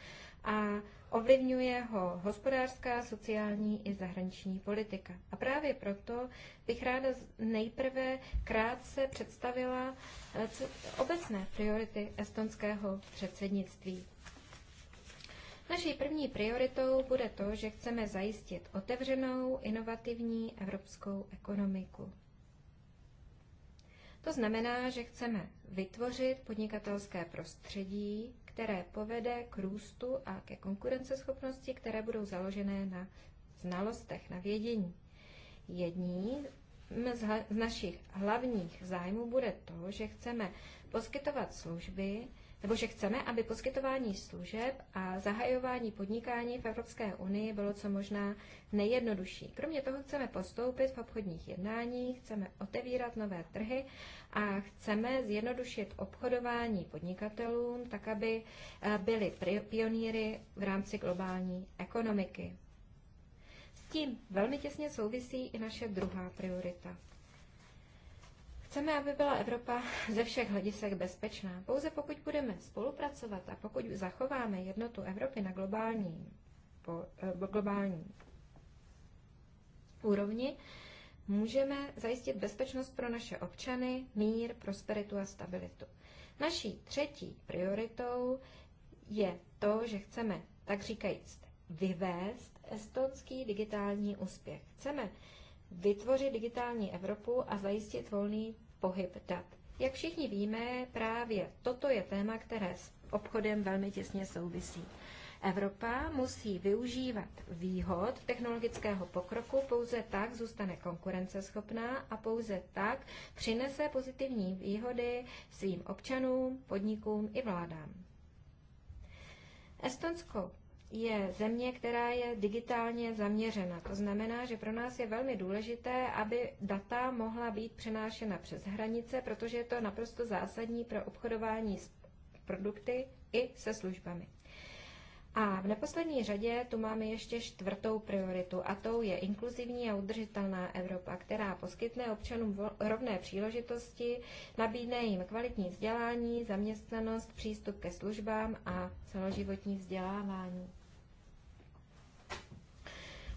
S2: a ovlivňuje ho hospodářská, sociální i zahraniční politika. A právě proto bych ráda nejprve krátce představila eh, obecné priority estonského předsednictví. Naší první prioritou bude to, že chceme zajistit otevřenou, inovativní evropskou ekonomiku. To znamená, že chceme vytvořit podnikatelské prostředí, které povede k růstu a ke konkurenceschopnosti, které budou založené na znalostech, na vědění. Jedním z našich hlavních zájmů bude to, že chceme poskytovat služby, nebo že chceme, aby poskytování služeb a zahajování podnikání v Evropské unii bylo co možná nejjednodušší. Kromě toho chceme postoupit v obchodních jednáních, chceme otevírat nové trhy a chceme zjednodušit obchodování podnikatelům, tak aby eh, byli pionýry v rámci globální ekonomiky. S tím velmi těsně souvisí i naše druhá priorita – Chceme, aby byla Evropa ze všech hledisek bezpečná. Pouze pokud budeme spolupracovat a pokud zachováme jednotu Evropy na globální, po, eh, globální úrovni, můžeme zajistit bezpečnost pro naše občany, mír, prosperitu a stabilitu. Naší třetí prioritou je to, že chceme, tak říkajíc, vyvést estonský digitální úspěch. Chceme vytvořit digitální Evropu a zajistit volný pohyb dat. Jak všichni víme, právě toto je téma, které s obchodem velmi těsně souvisí. Evropa musí využívat výhod technologického pokroku, pouze tak zůstane konkurenceschopná a pouze tak přinese pozitivní výhody svým občanům, podnikům i vládám. Estonsko je země, která je digitálně zaměřena. To znamená, že pro nás je velmi důležité, aby data mohla být přenášena přes hranice, protože je to naprosto zásadní pro obchodování s produkty i se službami. A v neposlední řadě tu máme ještě čtvrtou prioritu a tou je inkluzivní a udržitelná Evropa, která poskytne občanům rovné příležitosti, nabídne jim kvalitní vzdělání, zaměstnanost, přístup ke službám a celoživotní vzdělávání.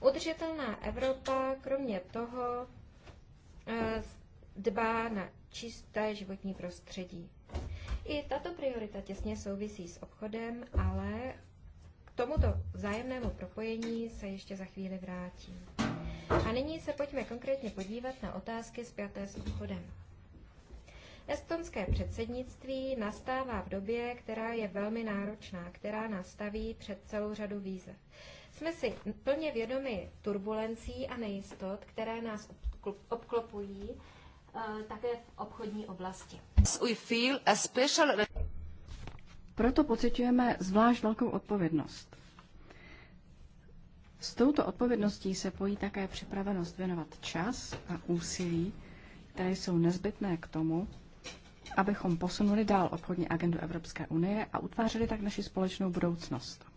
S2: Udržitelná Evropa kromě toho eh, dbá na čisté životní prostředí. I tato priorita těsně souvisí s obchodem, ale k tomuto vzájemnému propojení se ještě za chvíli vrátím. A nyní se pojďme konkrétně podívat na otázky zpěté s obchodem. Estonské předsednictví nastává v době, která je velmi náročná, která nastaví před celou řadu výzev. Jsme si plně vědomi turbulencí a nejistot, které nás obklopují eh, také v obchodní oblasti.
S4: Proto pocitujeme zvlášť velkou odpovědnost. S touto odpovědností se pojí také připravenost věnovat čas a úsilí, které jsou nezbytné k tomu, abychom posunuli dál obchodní agendu Evropské unie a utvářeli tak naši společnou budoucnost.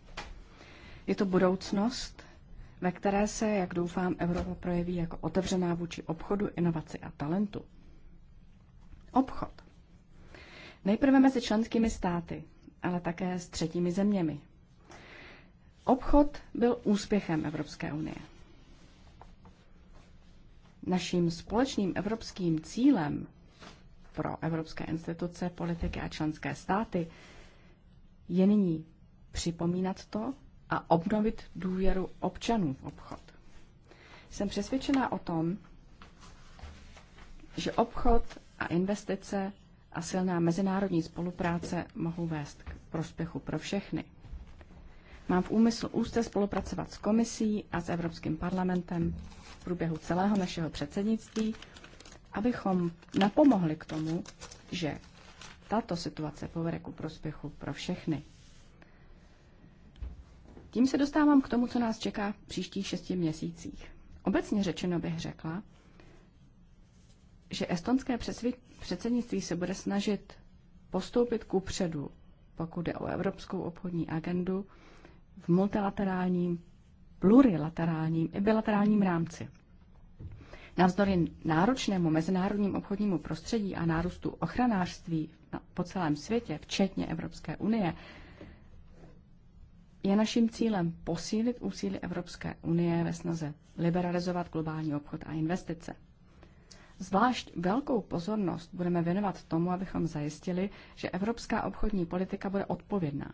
S4: Je to budoucnost, ve které se, jak doufám, Evropa projeví jako otevřená vůči obchodu, inovaci a talentu. Obchod. Nejprve mezi členskými státy, ale také s třetími zeměmi. Obchod byl úspěchem Evropské unie. Naším společným evropským cílem pro evropské instituce, politiky a členské státy je nyní připomínat to, a obnovit důvěru občanů v obchod. Jsem přesvědčená o tom, že obchod a investice a silná mezinárodní spolupráce mohou vést k prospěchu pro všechny. Mám v úmyslu úzce spolupracovat s komisí a s Evropským parlamentem v průběhu celého našeho předsednictví, abychom napomohli k tomu, že tato situace povede ku prospěchu pro všechny. Tím se dostávám k tomu, co nás čeká v příštích šesti měsících. Obecně řečeno bych řekla, že estonské předsednictví se bude snažit postoupit ku předu, pokud jde o evropskou obchodní agendu, v multilaterálním, plurilaterálním i bilaterálním rámci. Navzdory náročnému mezinárodnímu obchodnímu prostředí a nárůstu ochranářství po celém světě, včetně Evropské unie, je naším cílem posílit úsilí Evropské unie ve snaze liberalizovat globální obchod a investice. Zvlášť velkou pozornost budeme věnovat tomu, abychom zajistili, že evropská obchodní politika bude odpovědná,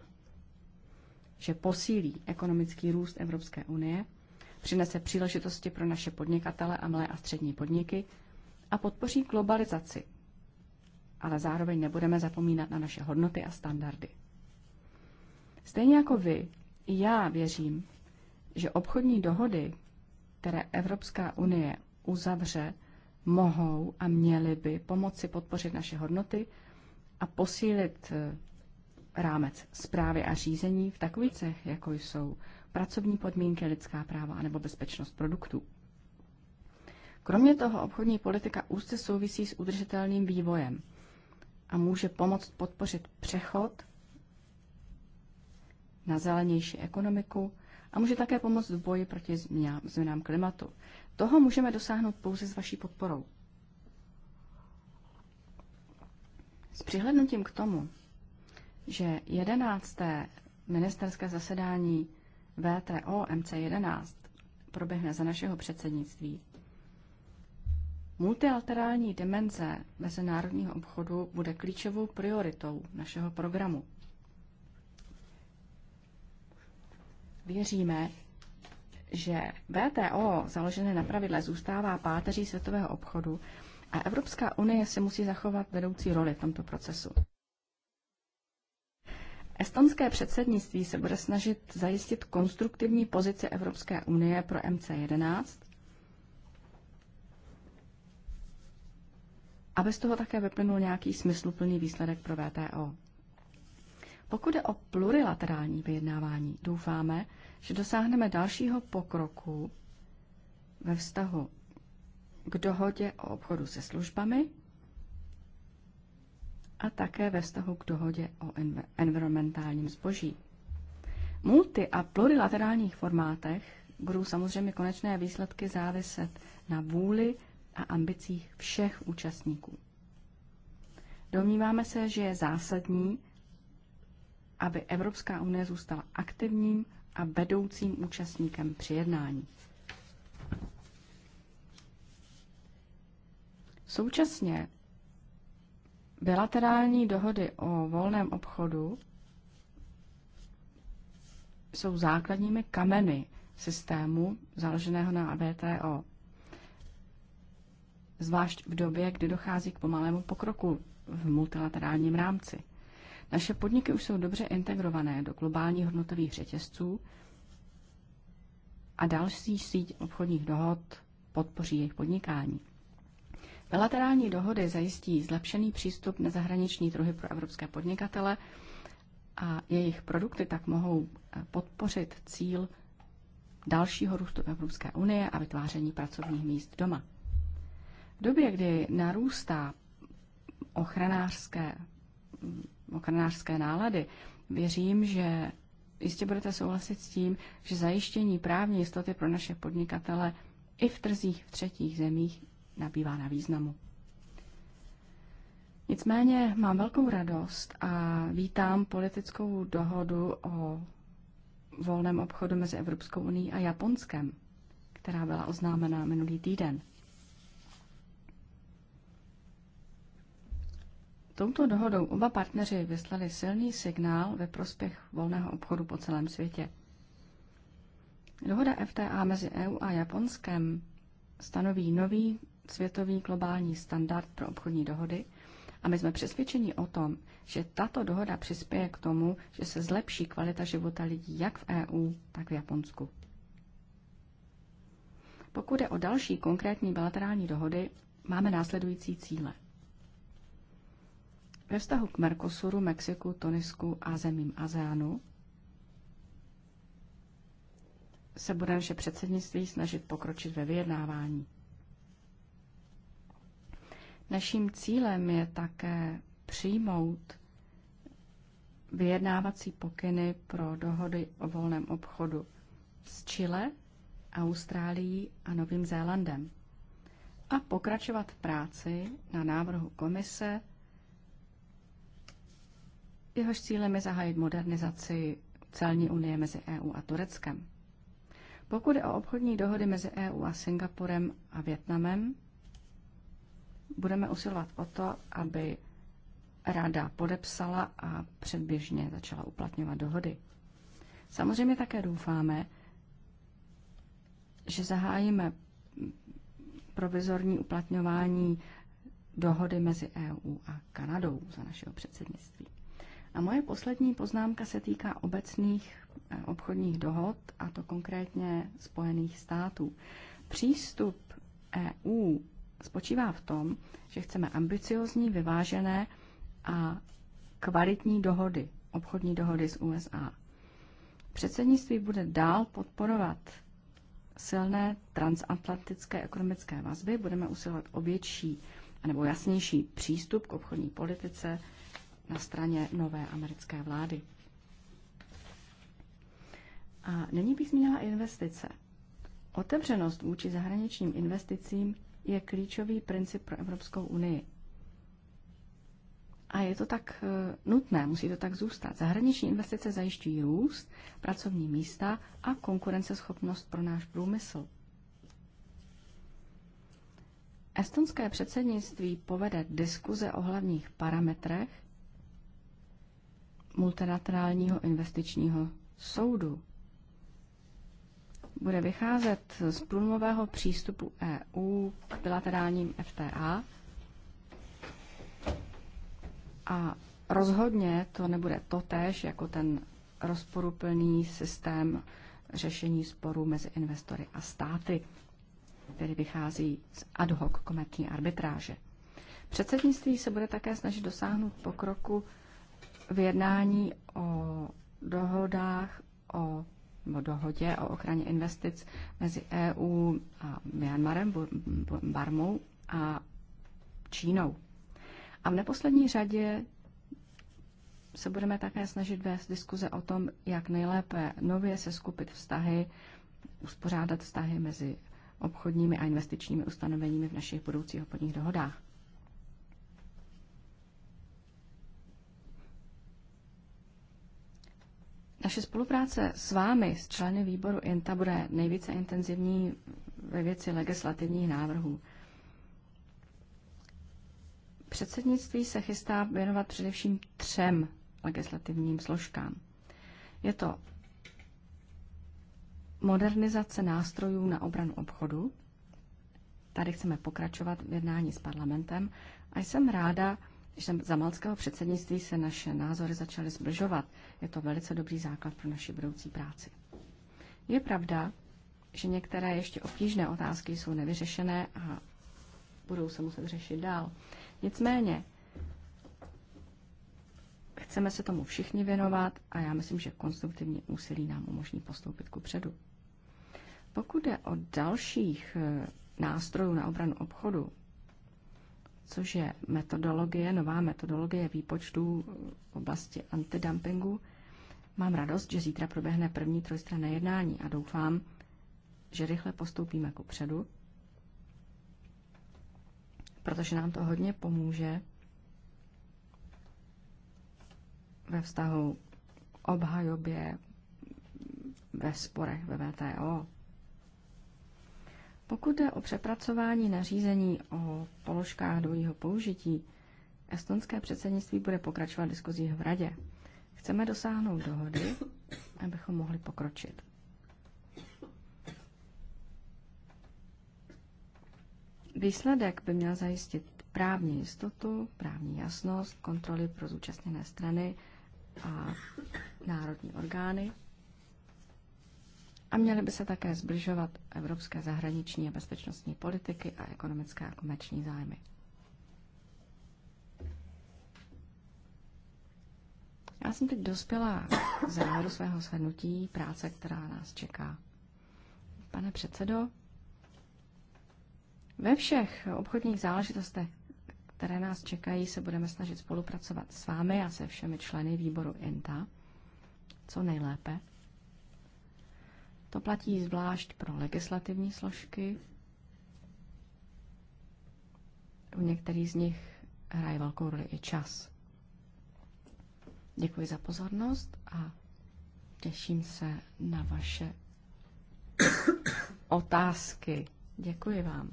S4: že posílí ekonomický růst Evropské unie, přinese příležitosti pro naše podnikatele a malé a střední podniky a podpoří globalizaci, ale zároveň nebudeme zapomínat na naše hodnoty a standardy. Stejně jako vy, já věřím, že obchodní dohody, které Evropská unie uzavře, mohou a měly by pomoci podpořit naše hodnoty a posílit eh, rámec zprávy a řízení v takových cech, jako jsou pracovní podmínky, lidská práva nebo bezpečnost produktů. Kromě toho obchodní politika úzce souvisí s udržitelným vývojem a může pomoct podpořit přechod na zelenější ekonomiku a může také pomoct v boji proti změnám, změnám klimatu. Toho můžeme dosáhnout pouze s vaší podporou. S přihlednutím k tomu, že 11. ministerské zasedání VTO MC11 proběhne za našeho předsednictví, multilaterální dimenze mezinárodního obchodu bude klíčovou prioritou našeho programu. Věříme, že VTO, založené na pravidle, zůstává páteří světového obchodu a Evropská unie se musí zachovat vedoucí roli v tomto procesu. Estonské předsednictví se bude snažit zajistit konstruktivní pozici Evropské unie pro MC11, aby z toho také vyplynul nějaký smysluplný výsledek pro VTO. Pokud je o plurilaterální vyjednávání, doufáme, že dosáhneme dalšího pokroku ve vztahu k dohodě o obchodu se službami a také ve vztahu k dohodě o env- environmentálním zboží. Multi a plurilaterálních formátech budou samozřejmě konečné výsledky záviset na vůli a ambicích všech účastníků. Domníváme se, že je zásadní, aby Evropská unie zůstala aktivním a vedoucím účastníkem při jednání. Současně bilaterální dohody o volném obchodu jsou základními kameny systému založeného na WTO. Zvlášť v době, kdy dochází k pomalému pokroku v multilaterálním rámci. Naše podniky už jsou dobře integrované do globálních hodnotových řetězců a další síť obchodních dohod podpoří jejich podnikání. Bilaterální dohody zajistí zlepšený přístup na zahraniční trhy pro evropské podnikatele a jejich produkty tak mohou eh, podpořit cíl dalšího růstu Evropské unie a vytváření pracovních míst doma. V době, kdy narůstá ochranářské ochranářské nálady, věřím, že jistě budete souhlasit s tím, že zajištění právní jistoty pro naše podnikatele i v trzích v třetích zemích nabývá na významu. Nicméně mám velkou radost a vítám politickou dohodu o volném obchodu mezi Evropskou uní a Japonskem, která byla oznámena minulý týden. Touto dohodou oba partneři vyslali silný signál ve prospěch volného obchodu po celém světě. Dohoda FTA mezi EU a Japonskem stanoví nový světový globální standard pro obchodní dohody a my jsme přesvědčeni o tom, že tato dohoda přispěje k tomu, že se zlepší kvalita života lidí jak v EU, tak v Japonsku. Pokud je o další konkrétní bilaterální dohody, máme následující cíle. Ve vztahu k Mercosuru, Mexiku, Tunisku a zemím ASEANu se bude naše předsednictví snažit pokročit ve vyjednávání. Naším cílem je také přijmout vyjednávací pokyny pro dohody o volném obchodu s Chile, Austrálií a Novým Zélandem a pokračovat v práci na návrhu komise Jehož cílem je zahájit modernizaci celní unie mezi EU a Tureckem. Pokud je o obchodní dohody mezi EU a Singapurem a Větnamem, budeme usilovat o to, aby Rada podepsala a předběžně začala uplatňovat dohody. Samozřejmě také doufáme, že zahájíme provizorní uplatňování dohody mezi EU a Kanadou za našeho předsednictví. A moje poslední poznámka se týká obecných eh, obchodních dohod, a to konkrétně Spojených států. Přístup EU spočívá v tom, že chceme ambiciozní, vyvážené a kvalitní dohody, obchodní dohody s USA. Předsednictví bude dál podporovat silné transatlantické ekonomické vazby, budeme usilovat o větší nebo jasnější přístup k obchodní politice na straně nové americké vlády. A nyní bych zmínila investice. Otevřenost vůči zahraničním investicím je klíčový princip pro Evropskou unii. A je to tak eh, nutné, musí to tak zůstat. Zahraniční investice zajišťují růst, pracovní místa a konkurenceschopnost pro náš průmysl. Estonské předsednictví povede diskuze o hlavních parametrech multilaterálního investičního soudu bude vycházet z plumového přístupu EU k bilaterálním FTA a rozhodně to nebude totéž jako ten rozporuplný systém řešení sporů mezi investory a státy, který vychází z ad hoc komerční arbitráže. Předsednictví se bude také snažit dosáhnout pokroku vyjednání o dohodách o o dohodě o ochraně investic mezi EU a Myanmarem, Barmou a Čínou. A v neposlední řadě se budeme také snažit vést diskuze o tom, jak nejlépe nově se skupit vztahy, uspořádat vztahy mezi obchodními a investičními ustanoveními v našich budoucích obchodních dohodách. Naše spolupráce s vámi, s členy výboru INTA, bude nejvíce intenzivní ve věci legislativních návrhů. Předsednictví se chystá věnovat především třem legislativním složkám. Je to modernizace nástrojů na obranu obchodu. Tady chceme pokračovat v jednání s parlamentem a jsem ráda, když jsem za malckého předsednictví se naše názory začaly zbližovat, je to velice dobrý základ pro naši budoucí práci. Je pravda, že některé ještě obtížné otázky jsou nevyřešené a budou se muset řešit dál. Nicméně, chceme se tomu všichni věnovat a já myslím, že konstruktivní úsilí nám umožní postoupit ku předu. Pokud je o dalších eh, nástrojů na obranu obchodu, což je metodologie, nová metodologie výpočtů v oblasti antidumpingu. Mám radost, že zítra proběhne první trojstranné jednání a doufám, že rychle postoupíme ku předu, protože nám to hodně pomůže ve vztahu k obhajobě ve sporech ve VTO. Pokud jde o přepracování nařízení o položkách dvojího použití, estonské předsednictví bude pokračovat diskuzí v Radě. Chceme dosáhnout dohody, abychom mohli pokročit. Výsledek by měl zajistit právní jistotu, právní jasnost, kontroly pro zúčastněné strany a národní orgány, a měly by se také zbližovat evropské zahraniční a bezpečnostní politiky a ekonomické a komerční zájmy. Já jsem teď dospěla k závěru svého shrnutí práce, která nás čeká. Pane předsedo, ve všech obchodních záležitostech, které nás čekají, se budeme snažit spolupracovat s vámi a se všemi členy výboru INTA co nejlépe. To platí zvlášť pro legislativní složky. V některých z nich hraje velkou roli i čas. Děkuji za pozornost a těším se na vaše otázky. Děkuji vám.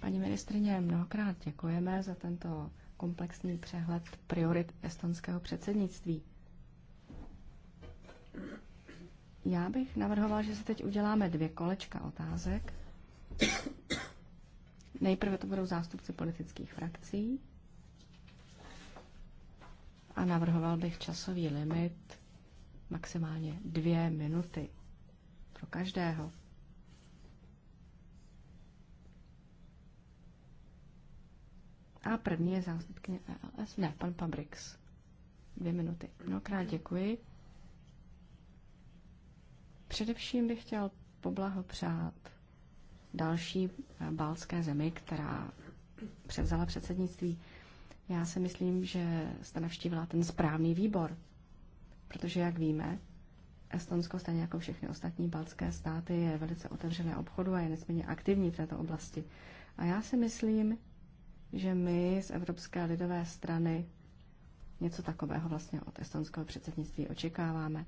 S4: Paní ministrině, mnohokrát děkujeme za tento komplexní přehled priorit estonského předsednictví. Já bych navrhoval, že si teď uděláme dvě kolečka otázek. Nejprve to budou zástupci politických frakcí a navrhoval bych časový limit maximálně dvě minuty pro každého. A první je zástupkyně ELS, ne, pan Pabrix. Dvě minuty. Mnohokrát děkuji. Především bych chtěl poblahopřát další eh, balské zemi, která převzala předsednictví. Já si myslím, že jste navštívila ten správný výbor, protože, jak víme, Estonsko, stejně jako všechny ostatní baltské státy, je velice otevřené obchodu a je nesmírně aktivní v této oblasti. A já si myslím, že my z Evropské lidové strany něco takového vlastně od estonského předsednictví očekáváme.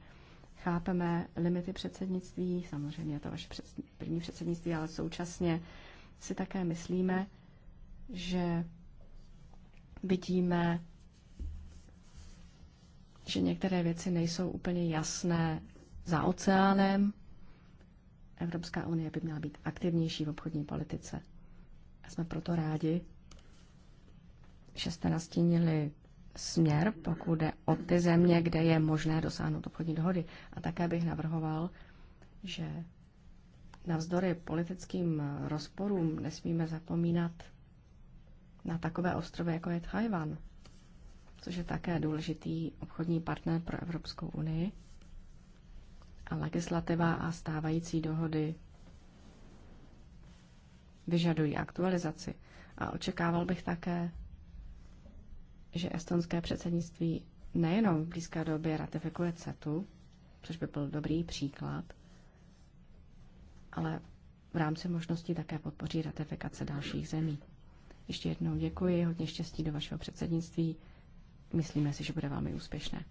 S4: Chápeme limity předsednictví, samozřejmě je to vaše před, první předsednictví, ale současně si také myslíme, že vidíme, že některé věci nejsou úplně jasné za oceánem. Evropská unie by měla být aktivnější v obchodní politice. A jsme proto rádi, že jste nastínili směr, pokud jde o ty země, kde je možné dosáhnout obchodní dohody. A také bych navrhoval, že navzdory politickým rozporům nesmíme zapomínat na takové ostrovy, jako je Tajvan, což je také důležitý obchodní partner pro Evropskou unii. A legislativa a stávající dohody vyžadují aktualizaci. A očekával bych také, že estonské předsednictví nejenom v blízké době ratifikuje CETu, což by byl dobrý příklad, ale v rámci možností také podpoří ratifikace dalších zemí. Ještě jednou děkuji, hodně štěstí do vašeho předsednictví. Myslíme si, že bude velmi úspěšné.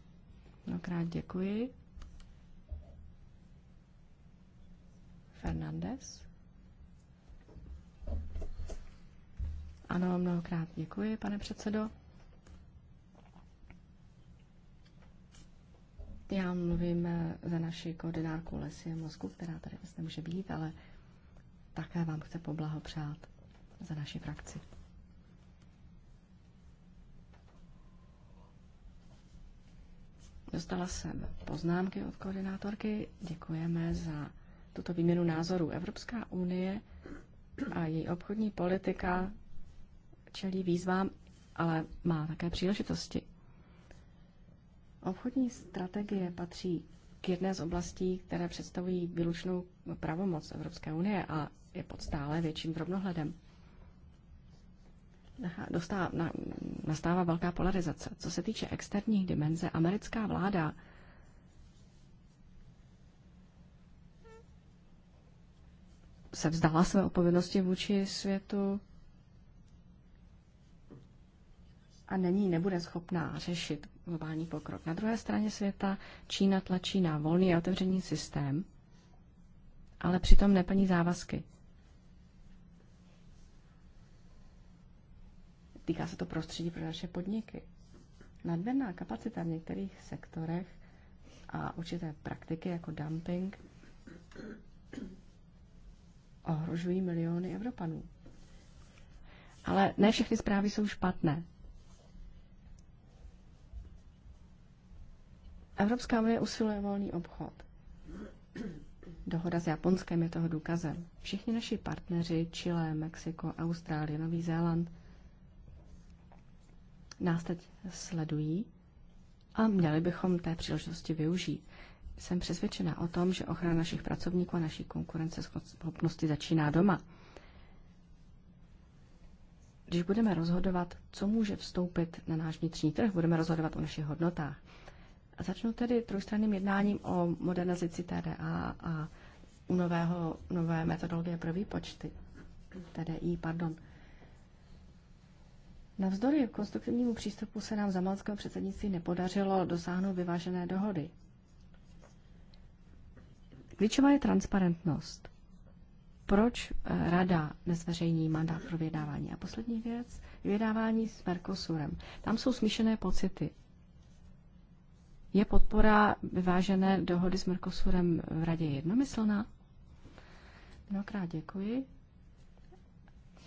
S4: Mnohokrát děkuji. Fernandez. Ano, mnohokrát děkuji, pane předsedo. Já mluvím eh, za naši koordinárku Lesy Mozku, která tady dnes nemůže být, ale také vám chce poblahopřát za naši frakci. Dostala jsem poznámky od koordinátorky. Děkujeme za tuto výměnu názorů. Evropská unie a její obchodní politika čelí výzvám, ale má také příležitosti. Obchodní strategie patří k jedné z oblastí, které představují výlučnou pravomoc Evropské unie a je pod stále větším drobnohledem. Dostává, nastává velká polarizace. Co se týče externích dimenze, americká vláda se vzdala své odpovědnosti vůči světu, a není, nebude schopná řešit globální pokrok. Na druhé straně světa Čína tlačí na volný a otevřený systém, ale přitom neplní závazky. Týká se to prostředí pro naše podniky. Nadměrná kapacita v některých sektorech a určité praktiky jako dumping ohrožují miliony Evropanů. Ale ne všechny zprávy jsou špatné. Evropská unie usiluje volný obchod. Dohoda s Japonskem je toho důkazem. Všichni naši partneři, Chile, Mexiko, Austrálie, Nový Zéland, nás teď sledují a měli bychom té příležitosti využít. Jsem přesvědčena o tom, že ochrana našich pracovníků a naší konkurenceschopnosti začíná doma. Když budeme rozhodovat, co může vstoupit na náš vnitřní trh, budeme rozhodovat o našich hodnotách. Začnu tedy trojstranným jednáním o modernizaci TDA a u nového, nové metodologie pro výpočty, TDI, pardon. Navzdory konstruktivnímu přístupu se nám za malského předsednictví nepodařilo dosáhnout vyvážené dohody. Klíčová je transparentnost. Proč eh, Rada nezveřejní mandát pro vydávání? A poslední věc, vydávání s Mercosurem. Tam jsou smíšené pocity. Je podpora vyvážené dohody s Mercosurem v radě jednomyslná? Mnohokrát děkuji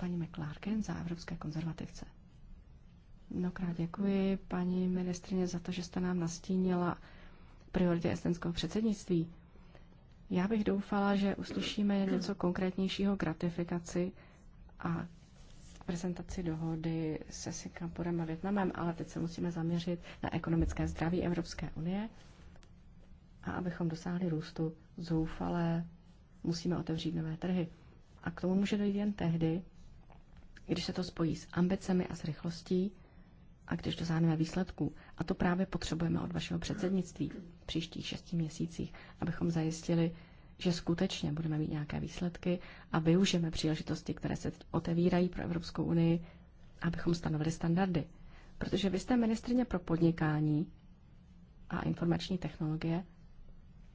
S4: paní McLarkin za evropské konzervativce. Mnohokrát děkuji paní ministrině za to, že jste nám nastínila priority estenského předsednictví. Já bych doufala, že uslyšíme něco konkrétnějšího k ratifikaci a prezentaci dohody se Singapurem a Větnamem, ale teď se musíme zaměřit na ekonomické zdraví Evropské unie a abychom dosáhli růstu zoufalé, musíme otevřít nové trhy. A k tomu může dojít jen tehdy, když se to spojí s ambicemi a s rychlostí a když dosáhneme výsledků. A to právě potřebujeme od vašeho předsednictví v příštích šesti měsících, abychom zajistili, že skutečně budeme mít nějaké výsledky a využijeme příležitosti, které se otevírají pro Evropskou unii, abychom stanovili standardy. Protože vy jste ministrně pro podnikání a informační technologie.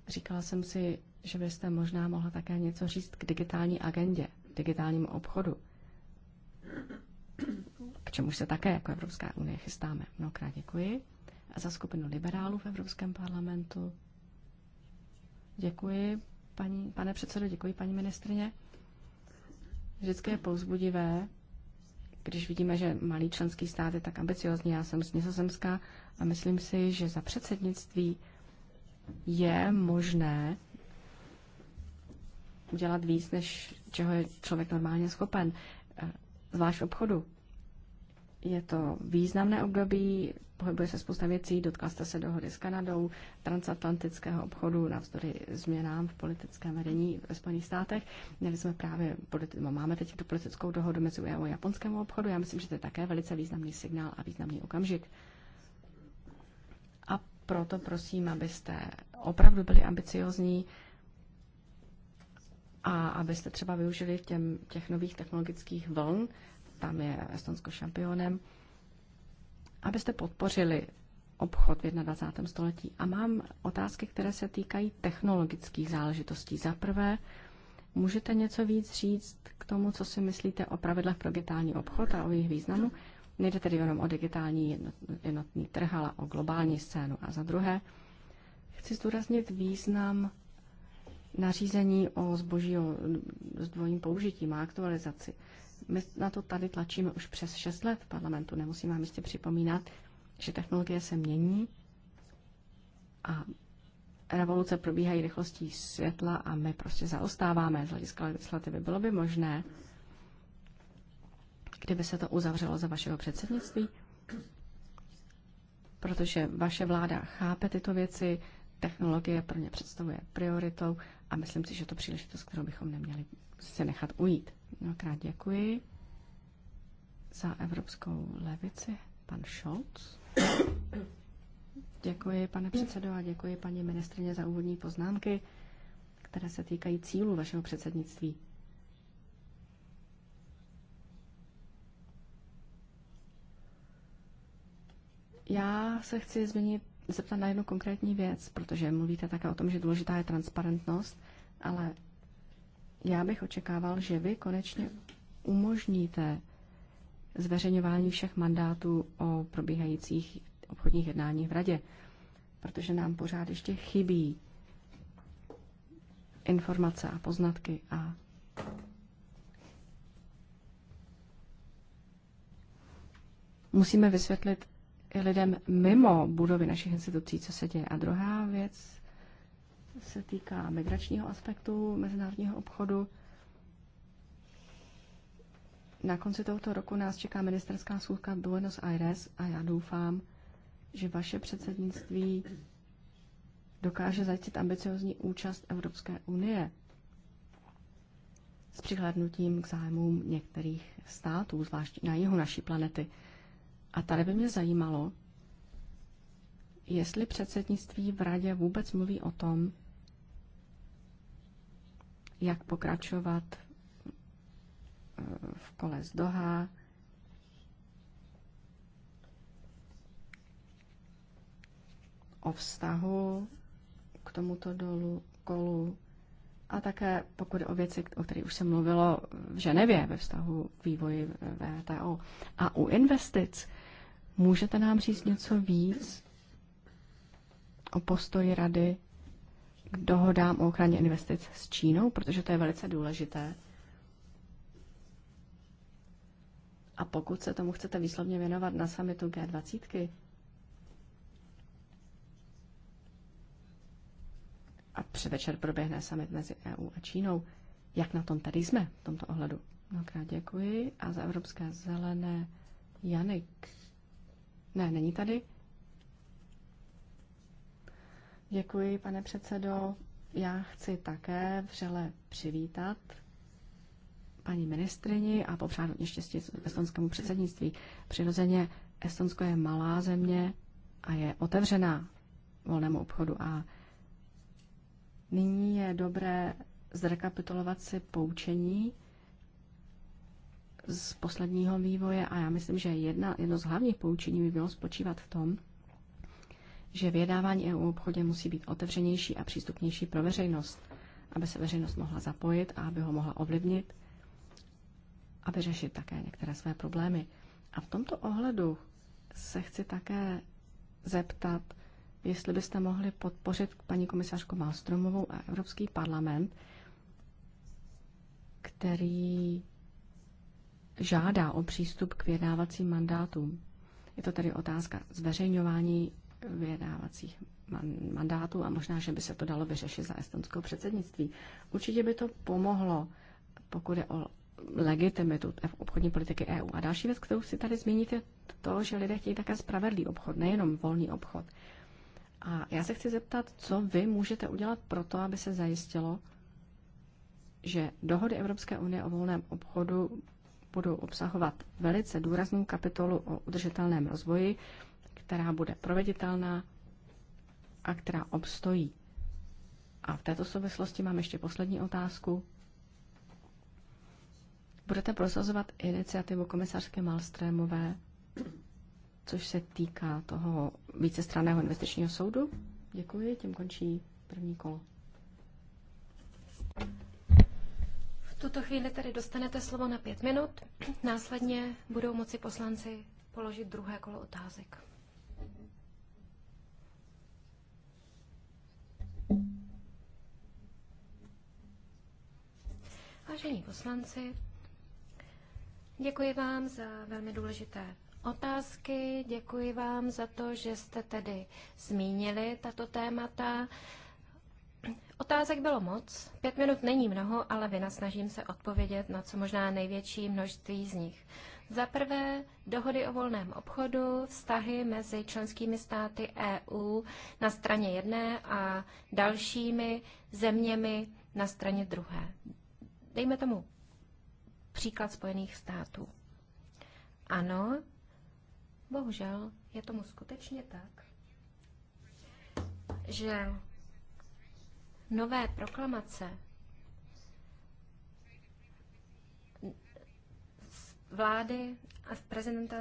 S4: Říkala jsem si, že byste možná mohla také něco říct k digitální agendě, digitálnímu obchodu, k čemuž se také jako Evropská unie chystáme. Mnohokrát děkuji. A za skupinu liberálů v Evropském parlamentu děkuji paní, pane předsedo, děkuji, paní ministrině. Vždycky je pouzbudivé, když vidíme, že malý členský stát je tak ambiciozní. Já jsem z Nizozemska a myslím si, že za předsednictví je možné udělat víc, než čeho je člověk normálně schopen, eh, zvlášť v obchodu. Je to významné období, pohybuje se spousta věcí, dotkla jste se dohody s Kanadou, transatlantického obchodu navzdory změnám v politickém vedení ve Spojených státech. Měli jsme právě, no, máme teď tu politickou dohodu mezi EU e a japonskému obchodu. Já myslím, že to je také velice významný signál a významný okamžik. A proto prosím, abyste opravdu byli ambiciozní a abyste třeba využili těm, těch nových technologických vln, tam je Estonsko šampionem, abyste podpořili obchod v 21. století. A mám otázky, které se týkají technologických záležitostí. Za prvé, můžete něco víc říct k tomu, co si myslíte o pravidlech pro digitální obchod a o jejich významu? Nejde tedy jenom o digitální jednotný trh, ale o globální scénu. A za druhé, chci zdůraznit význam nařízení o zboží o, s dvojím použitím a aktualizaci. My na to tady tlačíme už přes 6 let v parlamentu. Nemusím vám jistě připomínat, že technologie se mění a revoluce probíhají rychlostí světla a my prostě zaostáváme z hlediska legislativy. Bylo by možné, kdyby se to uzavřelo za vašeho předsednictví, protože vaše vláda chápe tyto věci, technologie pro ně představuje prioritou a myslím si, že to příležitost, kterou bychom neměli se nechat ujít. Mnohokrát děkuji za evropskou levici, pan Scholz. Děkuji, pane předsedo, a děkuji paní ministrině za úvodní poznámky, které se týkají cílu vašeho předsednictví. Já se chci změnit, zeptat na jednu konkrétní věc, protože mluvíte také o tom, že důležitá je transparentnost, ale já bych očekával, že vy konečně umožníte zveřejňování všech mandátů o probíhajících obchodních jednáních v Radě, protože nám pořád ještě chybí informace a poznatky a musíme vysvětlit i lidem mimo budovy našich institucí, co se děje. A druhá věc se týká migračního aspektu mezinárodního obchodu. Na konci tohoto roku nás čeká ministerská schůzka v Buenos Aires a já doufám, že vaše předsednictví dokáže zajistit ambiciozní účast Evropské unie s přihlédnutím k zájmům některých států, zvlášť na jihu naší planety. A tady by mě zajímalo, jestli předsednictví v Radě vůbec mluví o tom, jak pokračovat eh, v kole z Doha, o vztahu k tomuto dolu, kolu a také pokud o věci, o kterých už se mluvilo v Ženevě ve vztahu k vývoji VTO. A u investic můžete nám říct něco víc o postoji rady dohodám o ochraně investic s Čínou, protože to je velice důležité. A pokud se tomu chcete výslovně věnovat na summitu G20, a předvečer proběhne summit mezi EU a Čínou, jak na tom tady jsme v tomto ohledu? Mnohokrát děkuji. A za Evropské zelené Janik. Ne, není tady. Děkuji, pane předsedo. Já chci také vřele přivítat paní ministrini a popřát hodně štěstí estonskému předsednictví. Přirozeně Estonsko je malá země a je otevřená volnému obchodu a nyní je dobré zrekapitulovat si poučení z posledního vývoje a já myslím, že jedna, jedno z hlavních poučení by bylo spočívat v tom, že vyjednávání EU obchodě musí být otevřenější a přístupnější pro veřejnost, aby se veřejnost mohla zapojit a aby ho mohla ovlivnit a vyřešit také některé své problémy. A v tomto ohledu se chci také zeptat, jestli byste mohli podpořit paní komisařku Malstromovou a Evropský parlament, který žádá o přístup k vyjednávacím mandátům. Je to tedy otázka zveřejňování vyjednávacích mandátů a možná, že by se to dalo vyřešit za estonského předsednictví. Určitě by to pomohlo, pokud je o legitimitu obchodní politiky EU. A další věc, kterou si tady zmíníte, je to, že lidé chtějí také spravedlý obchod, nejenom volný obchod. A já se chci zeptat, co vy můžete udělat pro to, aby se zajistilo, že dohody Evropské unie o volném obchodu budou obsahovat velice důraznou kapitolu o udržitelném rozvoji, která bude proveditelná a která obstojí. A v této souvislosti mám ještě poslední otázku. Budete prosazovat iniciativu komisařské Malstrémové, což se týká toho vícestraného investičního soudu? Děkuji, tím končí první kolo.
S2: V tuto chvíli tedy dostanete slovo na pět minut. Následně budou moci poslanci položit druhé kolo otázek. Vážení poslanci, děkuji vám za velmi důležité otázky, děkuji vám za to, že jste tedy zmínili tato témata. Otázek bylo moc, pět minut není mnoho, ale vynasnažím se odpovědět na co možná největší množství z nich. Za prvé, dohody o volném obchodu, vztahy mezi členskými státy EU na straně jedné a dalšími zeměmi na straně druhé. Dejme tomu příklad Spojených států. Ano, bohužel je tomu skutečně tak, že nové proklamace vlády a prezidenta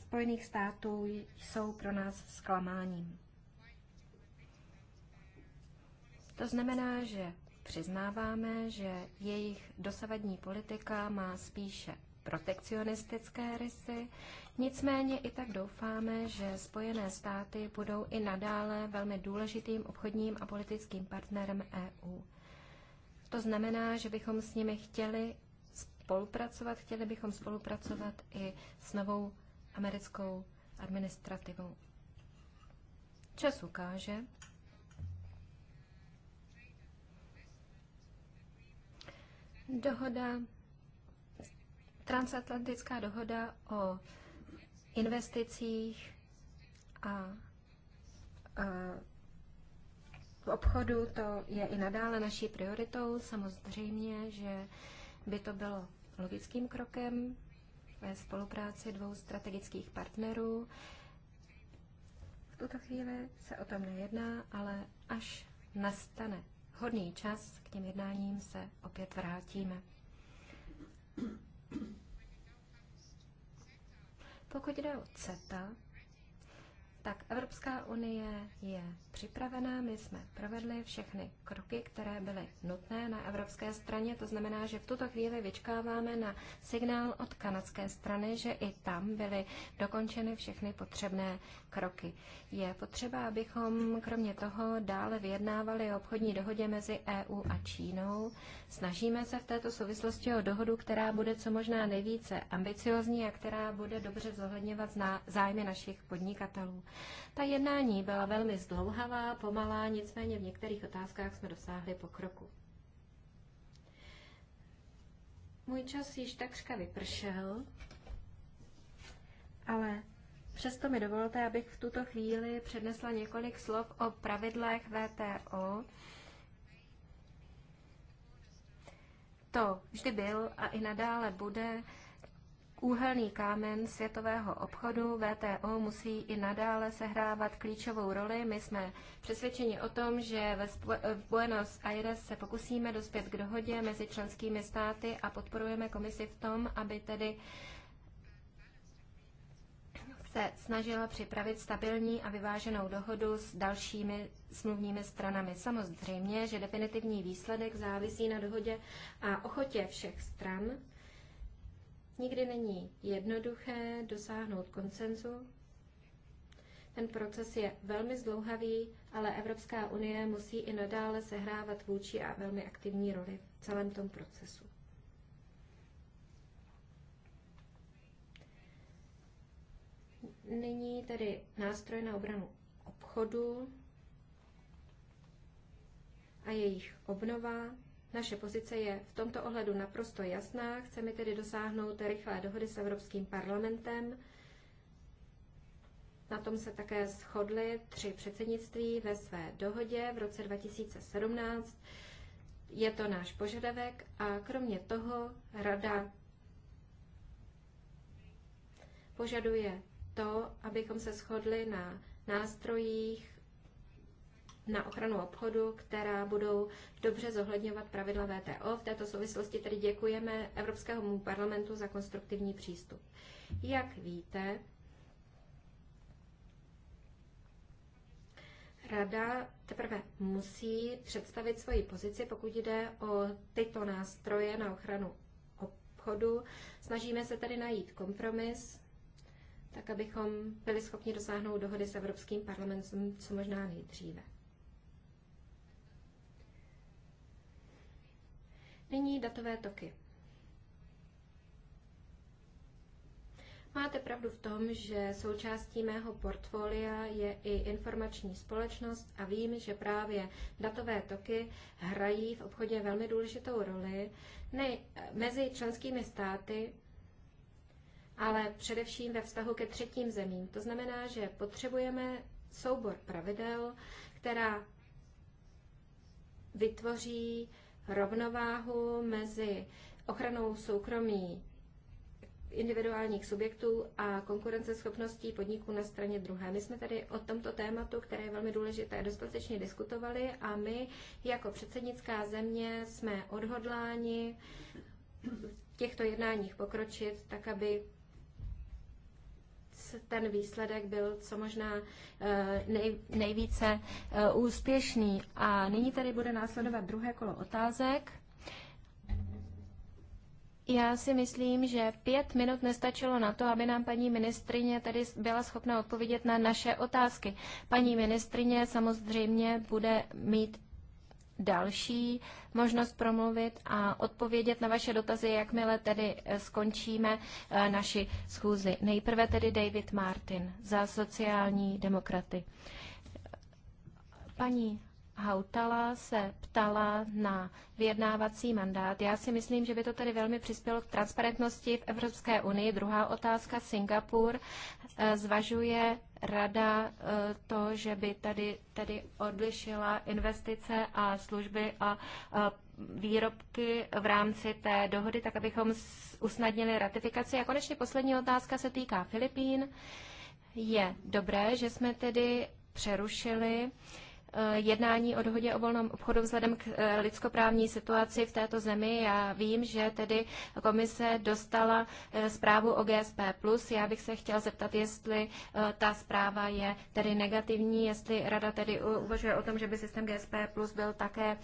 S2: Spojených států jsou pro nás zklamáním. To znamená, že přiznáváme, že jejich dosavadní politika má spíše protekcionistické rysy, nicméně i tak doufáme, že Spojené státy budou i nadále velmi důležitým obchodním a politickým partnerem EU. To znamená, že bychom s nimi chtěli spolupracovat, chtěli bychom spolupracovat i s novou americkou administrativou. Čas ukáže, Dohoda, transatlantická dohoda o investicích a, a v obchodu, to je i nadále naší prioritou. Samozřejmě, že by to bylo logickým krokem ve spolupráci dvou strategických partnerů. V tuto chvíli se o tom nejedná, ale až nastane vhodný čas k těm jednáním se opět vrátíme. Pokud jde o CETA, tak Evropská unie je připravená. My jsme provedli všechny kroky, které byly nutné na evropské straně. To znamená, že v tuto chvíli vyčkáváme na signál od kanadské strany, že i tam byly dokončeny všechny potřebné kroky. Je potřeba, abychom kromě toho dále vyjednávali o obchodní dohodě mezi EU a Čínou. Snažíme se v této souvislosti o dohodu, která bude co možná nejvíce ambiciozní a která bude dobře zohledňovat zájmy našich podnikatelů. Ta jednání byla velmi zdlouhavá, pomalá, nicméně v některých otázkách jsme dosáhli pokroku. Můj čas již takřka vypršel, ale přesto mi dovolte, abych v tuto chvíli přednesla několik slov o pravidlech VTO. To vždy byl a i nadále bude Úhelný kámen světového obchodu VTO musí i nadále sehrávat klíčovou roli. My jsme přesvědčeni o tom, že ve Buenos Aires se pokusíme dospět k dohodě mezi členskými státy a podporujeme komisi v tom, aby tedy se snažila připravit stabilní a vyváženou dohodu s dalšími smluvními stranami. Samozřejmě, že definitivní výsledek závisí na dohodě a ochotě všech stran. Nikdy není jednoduché dosáhnout konsenzu. Ten proces je velmi zdlouhavý, ale Evropská unie musí i nadále sehrávat vůči a velmi aktivní roli v celém tom procesu. Nyní tedy nástroj na obranu obchodu a jejich obnova. Naše pozice je v tomto ohledu naprosto jasná. Chceme tedy dosáhnout rychlé dohody s Evropským parlamentem. Na tom se také shodly tři předsednictví ve své dohodě v roce 2017. Je to náš požadavek a kromě toho Rada požaduje to, abychom se shodli na nástrojích na ochranu obchodu, která budou dobře zohledňovat pravidla VTO. V této souvislosti tedy děkujeme Evropskému parlamentu za konstruktivní přístup. Jak víte, Rada teprve musí představit svoji pozici, pokud jde o tyto nástroje na ochranu obchodu. Snažíme se tedy najít kompromis, tak abychom byli schopni dosáhnout dohody s Evropským parlamentem co možná nejdříve. Nyní datové toky. Máte pravdu v tom, že součástí mého portfolia je i informační společnost a vím, že právě datové toky hrají v obchodě velmi důležitou roli ne, mezi členskými státy, ale především ve vztahu ke třetím zemím. To znamená, že potřebujeme soubor pravidel, která vytvoří rovnováhu mezi ochranou soukromí individuálních subjektů a konkurenceschopností podniků na straně druhé. My jsme tady o tomto tématu, které je velmi důležité, dostatečně diskutovali a my jako předsednická země jsme odhodláni v těchto jednáních pokročit tak, aby ten výsledek byl co možná eh, nej, nejvíce eh, úspěšný. A nyní tady bude následovat druhé kolo otázek. Já si myslím, že pět minut nestačilo na to, aby nám paní ministrině tady byla schopna odpovědět na naše otázky. Paní ministrině samozřejmě bude mít další možnost promluvit a odpovědět na vaše dotazy, jakmile tedy eh, skončíme eh, naši schůzi. Nejprve tedy David Martin za sociální demokraty. Paní Hautala se ptala na vyjednávací mandát. Já si myslím, že by to tady velmi přispělo k transparentnosti v Evropské unii. Druhá otázka, Singapur eh, zvažuje rada eh, to, že by tady, tady odlišila investice a služby a výrobky v rámci té dohody, tak abychom usnadnili ratifikaci. A konečně poslední otázka se týká Filipín. Je dobré, že jsme tedy přerušili uh, Eh, jednání o dohodě o volném obchodu vzhledem k eh, lidskoprávní situaci v této zemi. Já vím, že tedy komise dostala eh, zprávu o GSP+. Já bych se chtěla zeptat, jestli ta zpráva je tedy negativní, jestli rada tedy uvažuje o tom, že by systém GSP+, byl také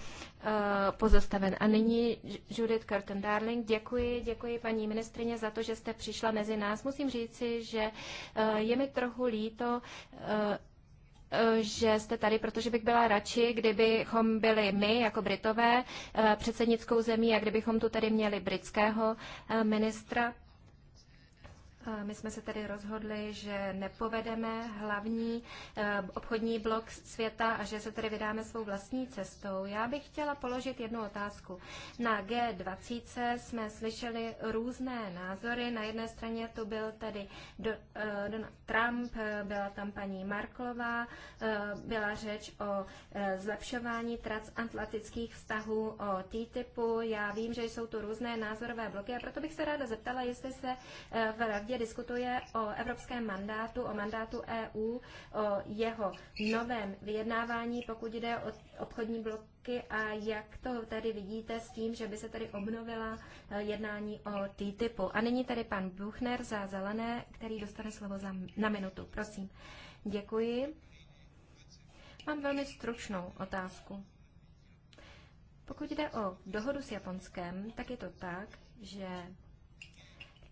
S2: pozastaven. A nyní Judith Curtin Darling, děkuji, děkuji paní ministrině za to, že jste přišla mezi nás. Musím říci, že je mi trochu líto, Eh, že jste tady, protože bych byla radši, kdybychom byli my jako Britové eh, předsednickou zemí a kdybychom tu tady měli britského eh, ministra my jsme se tedy rozhodli, že nepovedeme hlavní eh, obchodní blok světa a že se tedy vydáme svou vlastní cestou. Já bych chtěla položit jednu otázku. Na G20 jsme slyšeli různé názory. Na jedné straně to byl tedy eh, Donald Trump, eh, byla tam paní Marklová, byla řeč o zlepšování transatlantických vztahů, o TTIPu. Já vím, že jsou tu různé názorové bloky a proto bych se ráda zeptala, jestli se v radě radě diskutuje o evropském mandátu, o mandátu EU, o jeho novém vyjednávání, pokud jde o obchodní bloky a jak to tady vidíte s tím, že by se tady obnovila eh, jednání o TTIPu. A nyní tady pan Buchner za zelené, který dostane slovo za, na minutu. Prosím. Děkuji. Mám velmi stručnou otázku. Pokud jde o dohodu s Japonskem, tak je to tak, že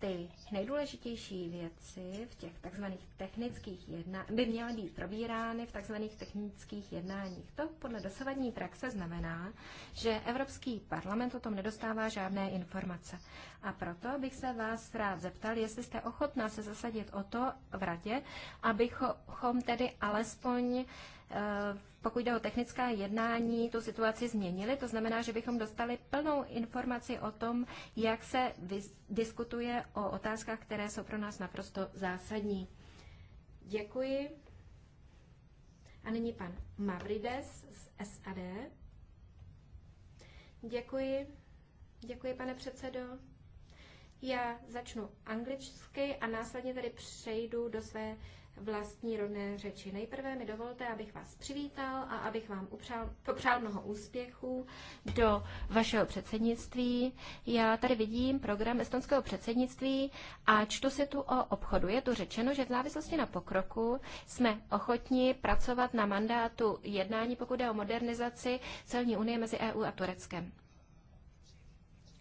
S2: ty nejdůležitější věci v těch takzvaných technických jednáních by měly být probírány v takzvaných technických jednáních. To podle dosavadní praxe znamená, že Evropský parlament o tom nedostává žádné informace. A proto bych se vás rád zeptal, jestli jste ochotná se zasadit o to v radě, abychom tedy alespoň Eh, pokud jde o technická jednání, tu situaci změnili. To znamená, že bychom dostali plnou informaci o tom, jak se diskutuje o otázkách, které jsou pro nás naprosto zásadní. Děkuji. A nyní pan Mavrides z SAD. Děkuji. Děkuji, pane předsedo. Já začnu anglicky a následně tedy přejdu do své vlastní rodné řeči. Nejprve mi dovolte, abych vás přivítal a abych vám upřál, popřál mnoho úspěchů do vašeho předsednictví. Já tady vidím program estonského předsednictví a čtu si tu o obchodu. Je tu řečeno, že v závislosti na pokroku jsme ochotni pracovat na mandátu jednání, pokud je o modernizaci celní unie mezi EU a Tureckem.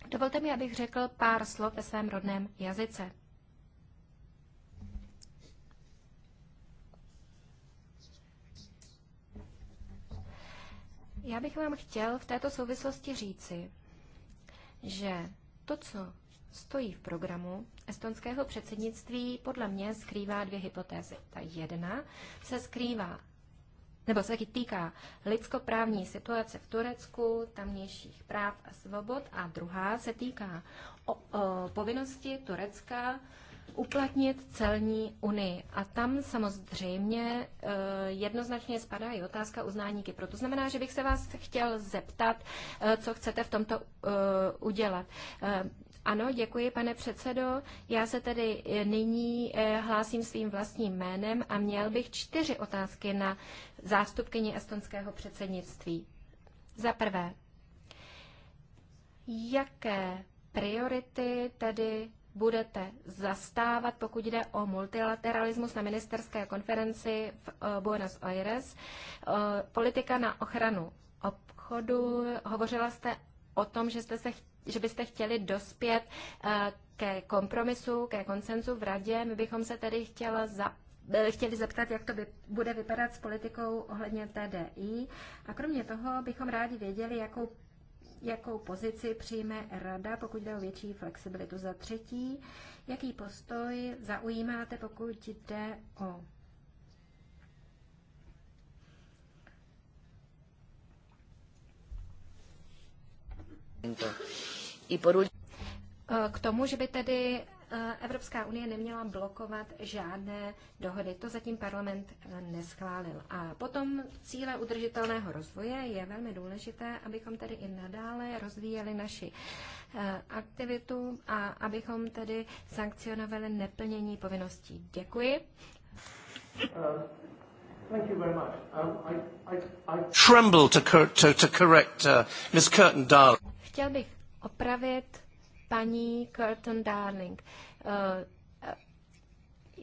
S2: Dovolte mi, abych řekl pár slov ve svém rodném jazyce. Já bych vám chtěl v této souvislosti říci, že to, co stojí v programu estonského předsednictví, podle mě skrývá dvě hypotézy. Ta jedna se skrývá nebo se týká lidskoprávní situace v Turecku, tamnějších práv a svobod, a druhá se týká o, o, povinnosti Turecka uplatnit celní unii. A tam samozřejmě e, jednoznačně spadá i otázka uznání Kypru. To znamená, že bych se vás chtěl zeptat, e, co chcete v tomto e, udělat. Ano, děkuji, pane předsedo. Já se tedy nyní hlásím svým vlastním jménem a měl bych čtyři otázky na zástupkyni estonského předsednictví. Za prvé, jaké priority tedy budete zastávat, pokud jde o multilateralismus na ministerské konferenci v eh, Buenos Aires. Eh, politika na ochranu obchodu. Hovořila jste o tom, že, jste se, že byste chtěli dospět eh, ke kompromisu, ke konsenzu v radě. My bychom se tedy chtěla za, chtěli zeptat, jak to by, bude vypadat s politikou ohledně TDI. A kromě toho bychom rádi věděli, jakou jakou pozici přijme Rada, pokud jde o větší flexibilitu. Za třetí, jaký postoj zaujímáte, pokud jde o K tomu, že by tedy E, Evropská unie neměla blokovat žádné dohody. To zatím parlament e, neschválil. A potom cíle udržitelného rozvoje je velmi důležité, abychom tedy i nadále rozvíjeli naši e, aktivitu a abychom tedy sankcionovali neplnění povinností.
S1: Děkuji. Uh, um,
S2: Tremble to, correct uh, darling Chtěl bych opravit paní Curtin Darling. Eh,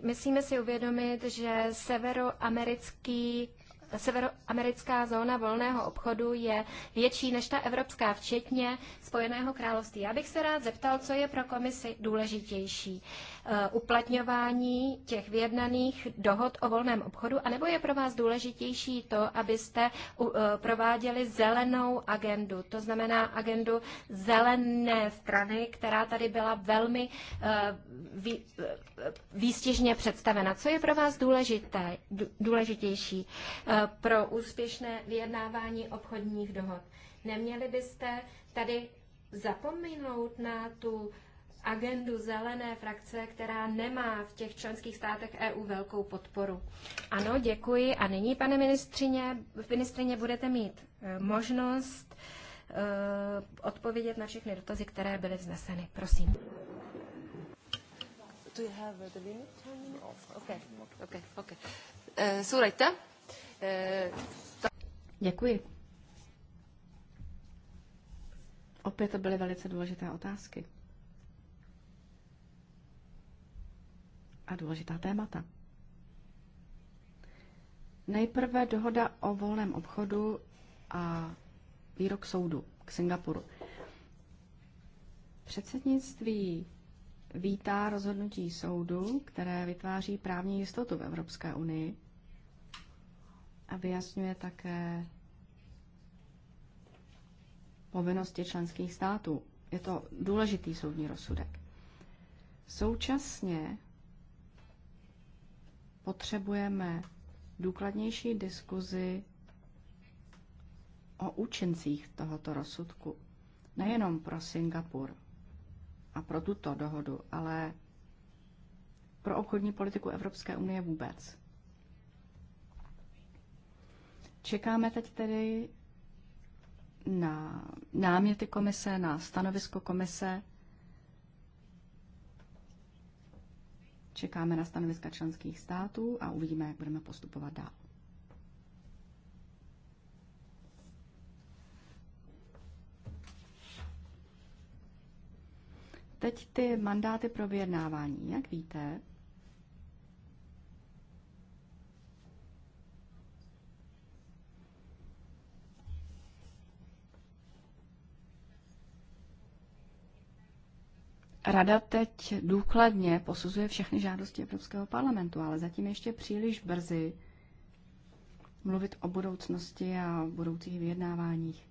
S2: Musíme si uvědomit, že severoamerický Severoamerická zóna volného obchodu je větší než ta evropská, včetně Spojeného království. Já bych se rád zeptal, co je pro komisi důležitější. Uh, Eh, uplatňování těch vyjednaných dohod o volném obchodu, anebo je pro vás důležitější to, abyste eh, prováděli zelenou agendu, to znamená agendu zelené strany, která tady byla velmi eh, výstěžně představena. Co je pro vás důležité, důležitější pro úspěšné vyjednávání obchodních dohod? Neměli byste tady zapomenout na tu agendu zelené frakce, která nemá v těch členských státech EU velkou podporu. Ano, děkuji. A nyní, pane ministrině, ministrině budete mít eh, možnost eh, odpovědět na všechny dotazy, které byly vzneseny. Prosím. Eh,
S4: děkuji. Opět to byly velice důležité otázky. a důležitá témata. Nejprve dohoda o volném obchodu a výrok soudu k Singapuru. Předsednictví vítá rozhodnutí soudu, které vytváří právní jistotu v Evropské unii a vyjasňuje také povinnosti členských států. Je to důležitý soudní rozsudek. Současně potřebujeme důkladnější diskuzi o účincích tohoto rozsudku. Nejenom pro Singapur a pro tuto dohodu, ale pro obchodní politiku Evropské unie vůbec. Čekáme teď tedy na náměty komise, na stanovisko komise Čekáme na stanoviska členských států a uvidíme, jak budeme postupovat dál. Teď ty mandáty pro vyjednávání. Jak víte, Rada teď důkladně posuzuje všechny žádosti Evropského parlamentu, ale zatím ještě příliš brzy mluvit o budoucnosti a budoucích vyjednáváních.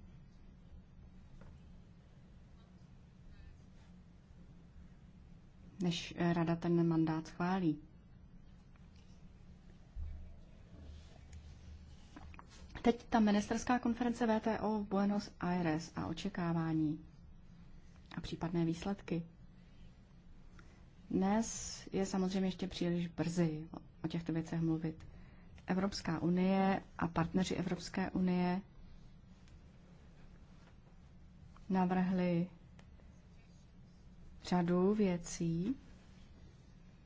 S4: než rada ten mandát schválí. Teď ta ministerská konference VTO v Buenos Aires a očekávání a případné výsledky. Dnes je samozřejmě ještě příliš brzy o těchto věcech mluvit. Evropská unie a partneři Evropské unie navrhli řadu věcí,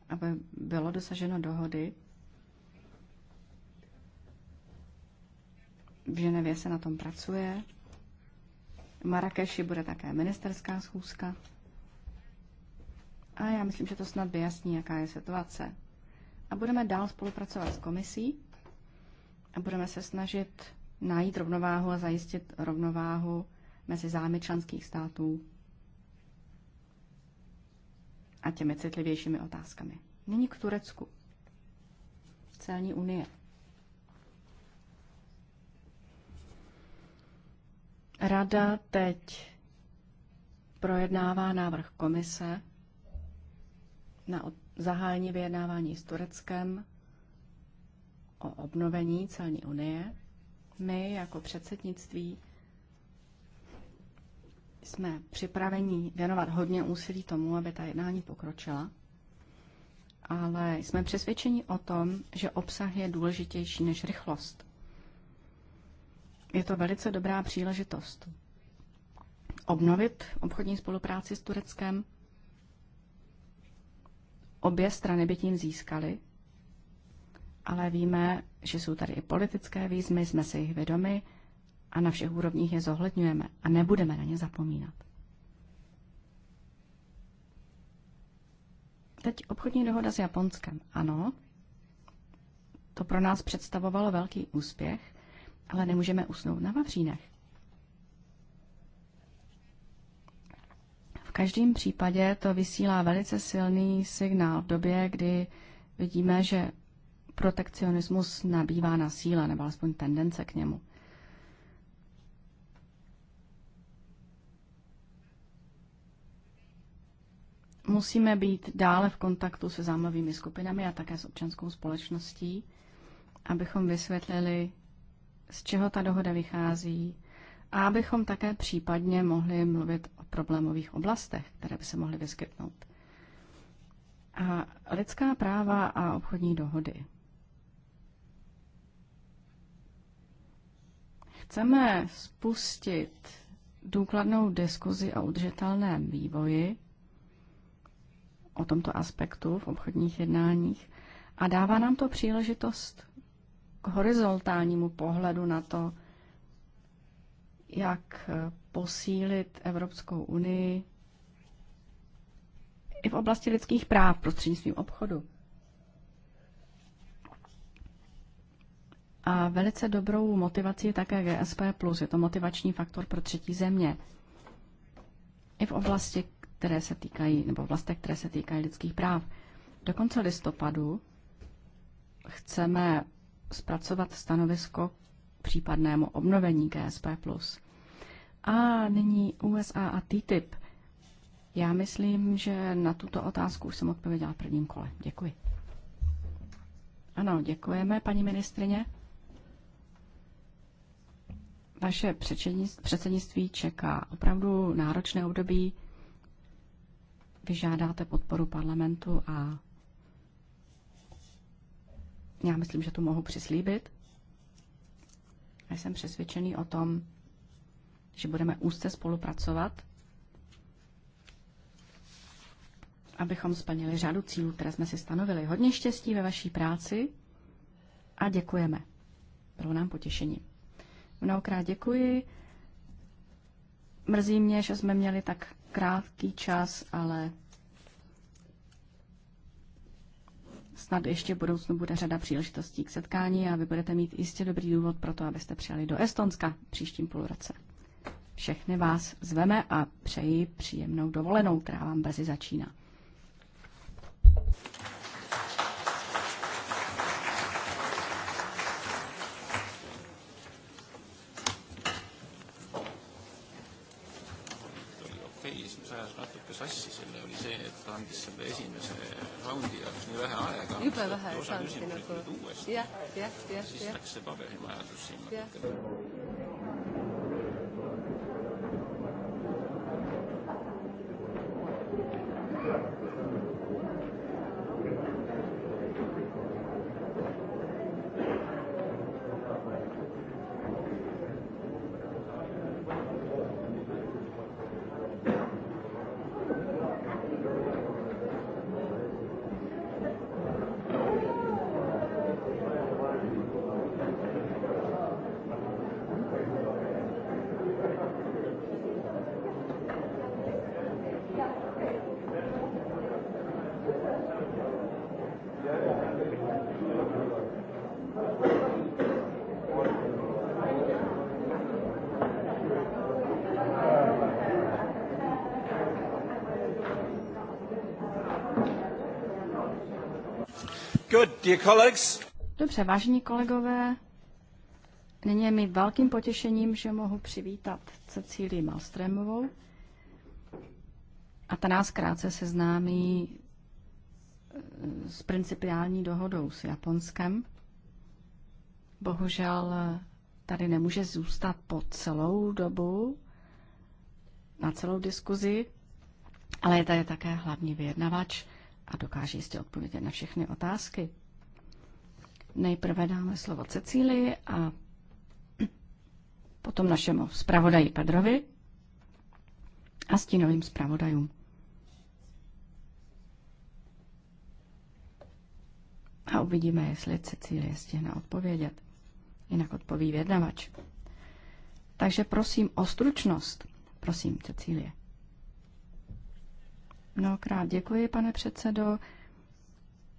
S4: aby bylo dosaženo dohody. V Ženevě se na tom pracuje. V Marrakeši bude také ministerská schůzka. A já myslím, že to snad vyjasní, jaká je situace. A budeme dál spolupracovat s komisí a budeme se snažit najít rovnováhu a zajistit rovnováhu mezi zájmy členských států a těmi citlivějšími otázkami. Nyní k Turecku. Celní unie. Rada teď projednává návrh komise na zahájení vyjednávání s Tureckem o obnovení celní unie. My jako předsednictví jsme připraveni věnovat hodně úsilí tomu, aby ta jednání pokročila, ale jsme přesvědčeni o tom, že obsah je důležitější než rychlost. Je to velice dobrá příležitost obnovit obchodní spolupráci s Tureckem, Obě strany by tím získaly, ale víme, že jsou tady i politické výzmy, jsme si jich vědomi a na všech úrovních je zohledňujeme a nebudeme na ně zapomínat. Teď obchodní dohoda s Japonskem. Ano, to pro nás představovalo velký úspěch, ale nemůžeme usnout na vavřínech. V každém případě to vysílá velice silný signál v době, kdy vidíme, že protekcionismus nabývá na síle, nebo alespoň tendence k němu. Musíme být dále v kontaktu se zámovými skupinami a také s občanskou společností, abychom vysvětlili, z čeho ta dohoda vychází, a abychom také případně mohli mluvit o problémových oblastech, které by se mohly vyskytnout. A lidská práva a obchodní dohody. Chceme spustit důkladnou diskuzi o udržitelném vývoji o tomto aspektu v obchodních jednáních a dává nám to příležitost k horizontálnímu pohledu na to, jak eh, posílit Evropskou unii i v oblasti lidských práv prostřednictvím obchodu. A velice dobrou motivací je také GSP+, je to motivační faktor pro třetí země. I v oblasti, které se týkají, nebo vlastech, které se týkají lidských práv. Do konce listopadu chceme zpracovat stanovisko případnému obnovení GSP+. A nyní USA a TTIP. Já myslím, že na tuto otázku už jsem odpověděla v prvním kole. Děkuji. Ano, děkujeme, paní ministrině. Vaše předsednictví čeká opravdu náročné období. Vyžádáte podporu parlamentu a já myslím, že to mohu přislíbit. A jsem přesvědčený o tom, že budeme úzce spolupracovat, abychom splnili řadu cílů, které jsme si stanovili. Hodně štěstí ve vaší práci a děkujeme. Bylo nám potěšením. Mnohokrát děkuji. Mrzí mě, že jsme měli tak krátký čas, ale Snad ještě v budoucnu bude řada příležitostí k setkání a vy budete mít jistě dobrý důvod pro to, abyste přijali do Estonska v příštím půlroce. Všechny vás zveme a přeji příjemnou dovolenou, která vám brzy začíná.
S1: sassi selle, oli see, et ta andis selle esimese raundi jaoks nii vähe aega.
S3: jube vähe saanudki nagu. jah, jah, jah, jah. siis
S1: läks see paberimajandus sinna.
S4: Dobře, vážení kolegové, nyní je mi velkým potěšením, že mohu přivítat Cecílii Malstrémovou a ta nás krátce seznámí eh, s principiální dohodou s Japonskem. Bohužel eh, tady nemůže zůstat po celou dobu, na celou diskuzi, ale je tady také hlavní vyjednavač – a dokáže jistě odpovědět na všechny otázky. Nejprve dáme slovo Cecílii a potom našemu zpravodaji Pedrovi a stínovým zpravodajům. A uvidíme, jestli Cecílie stihne odpovědět. Jinak odpoví vědnavač. Takže prosím o stručnost. Prosím, Cecílie. Mnohokrát děkuji, pane předsedo.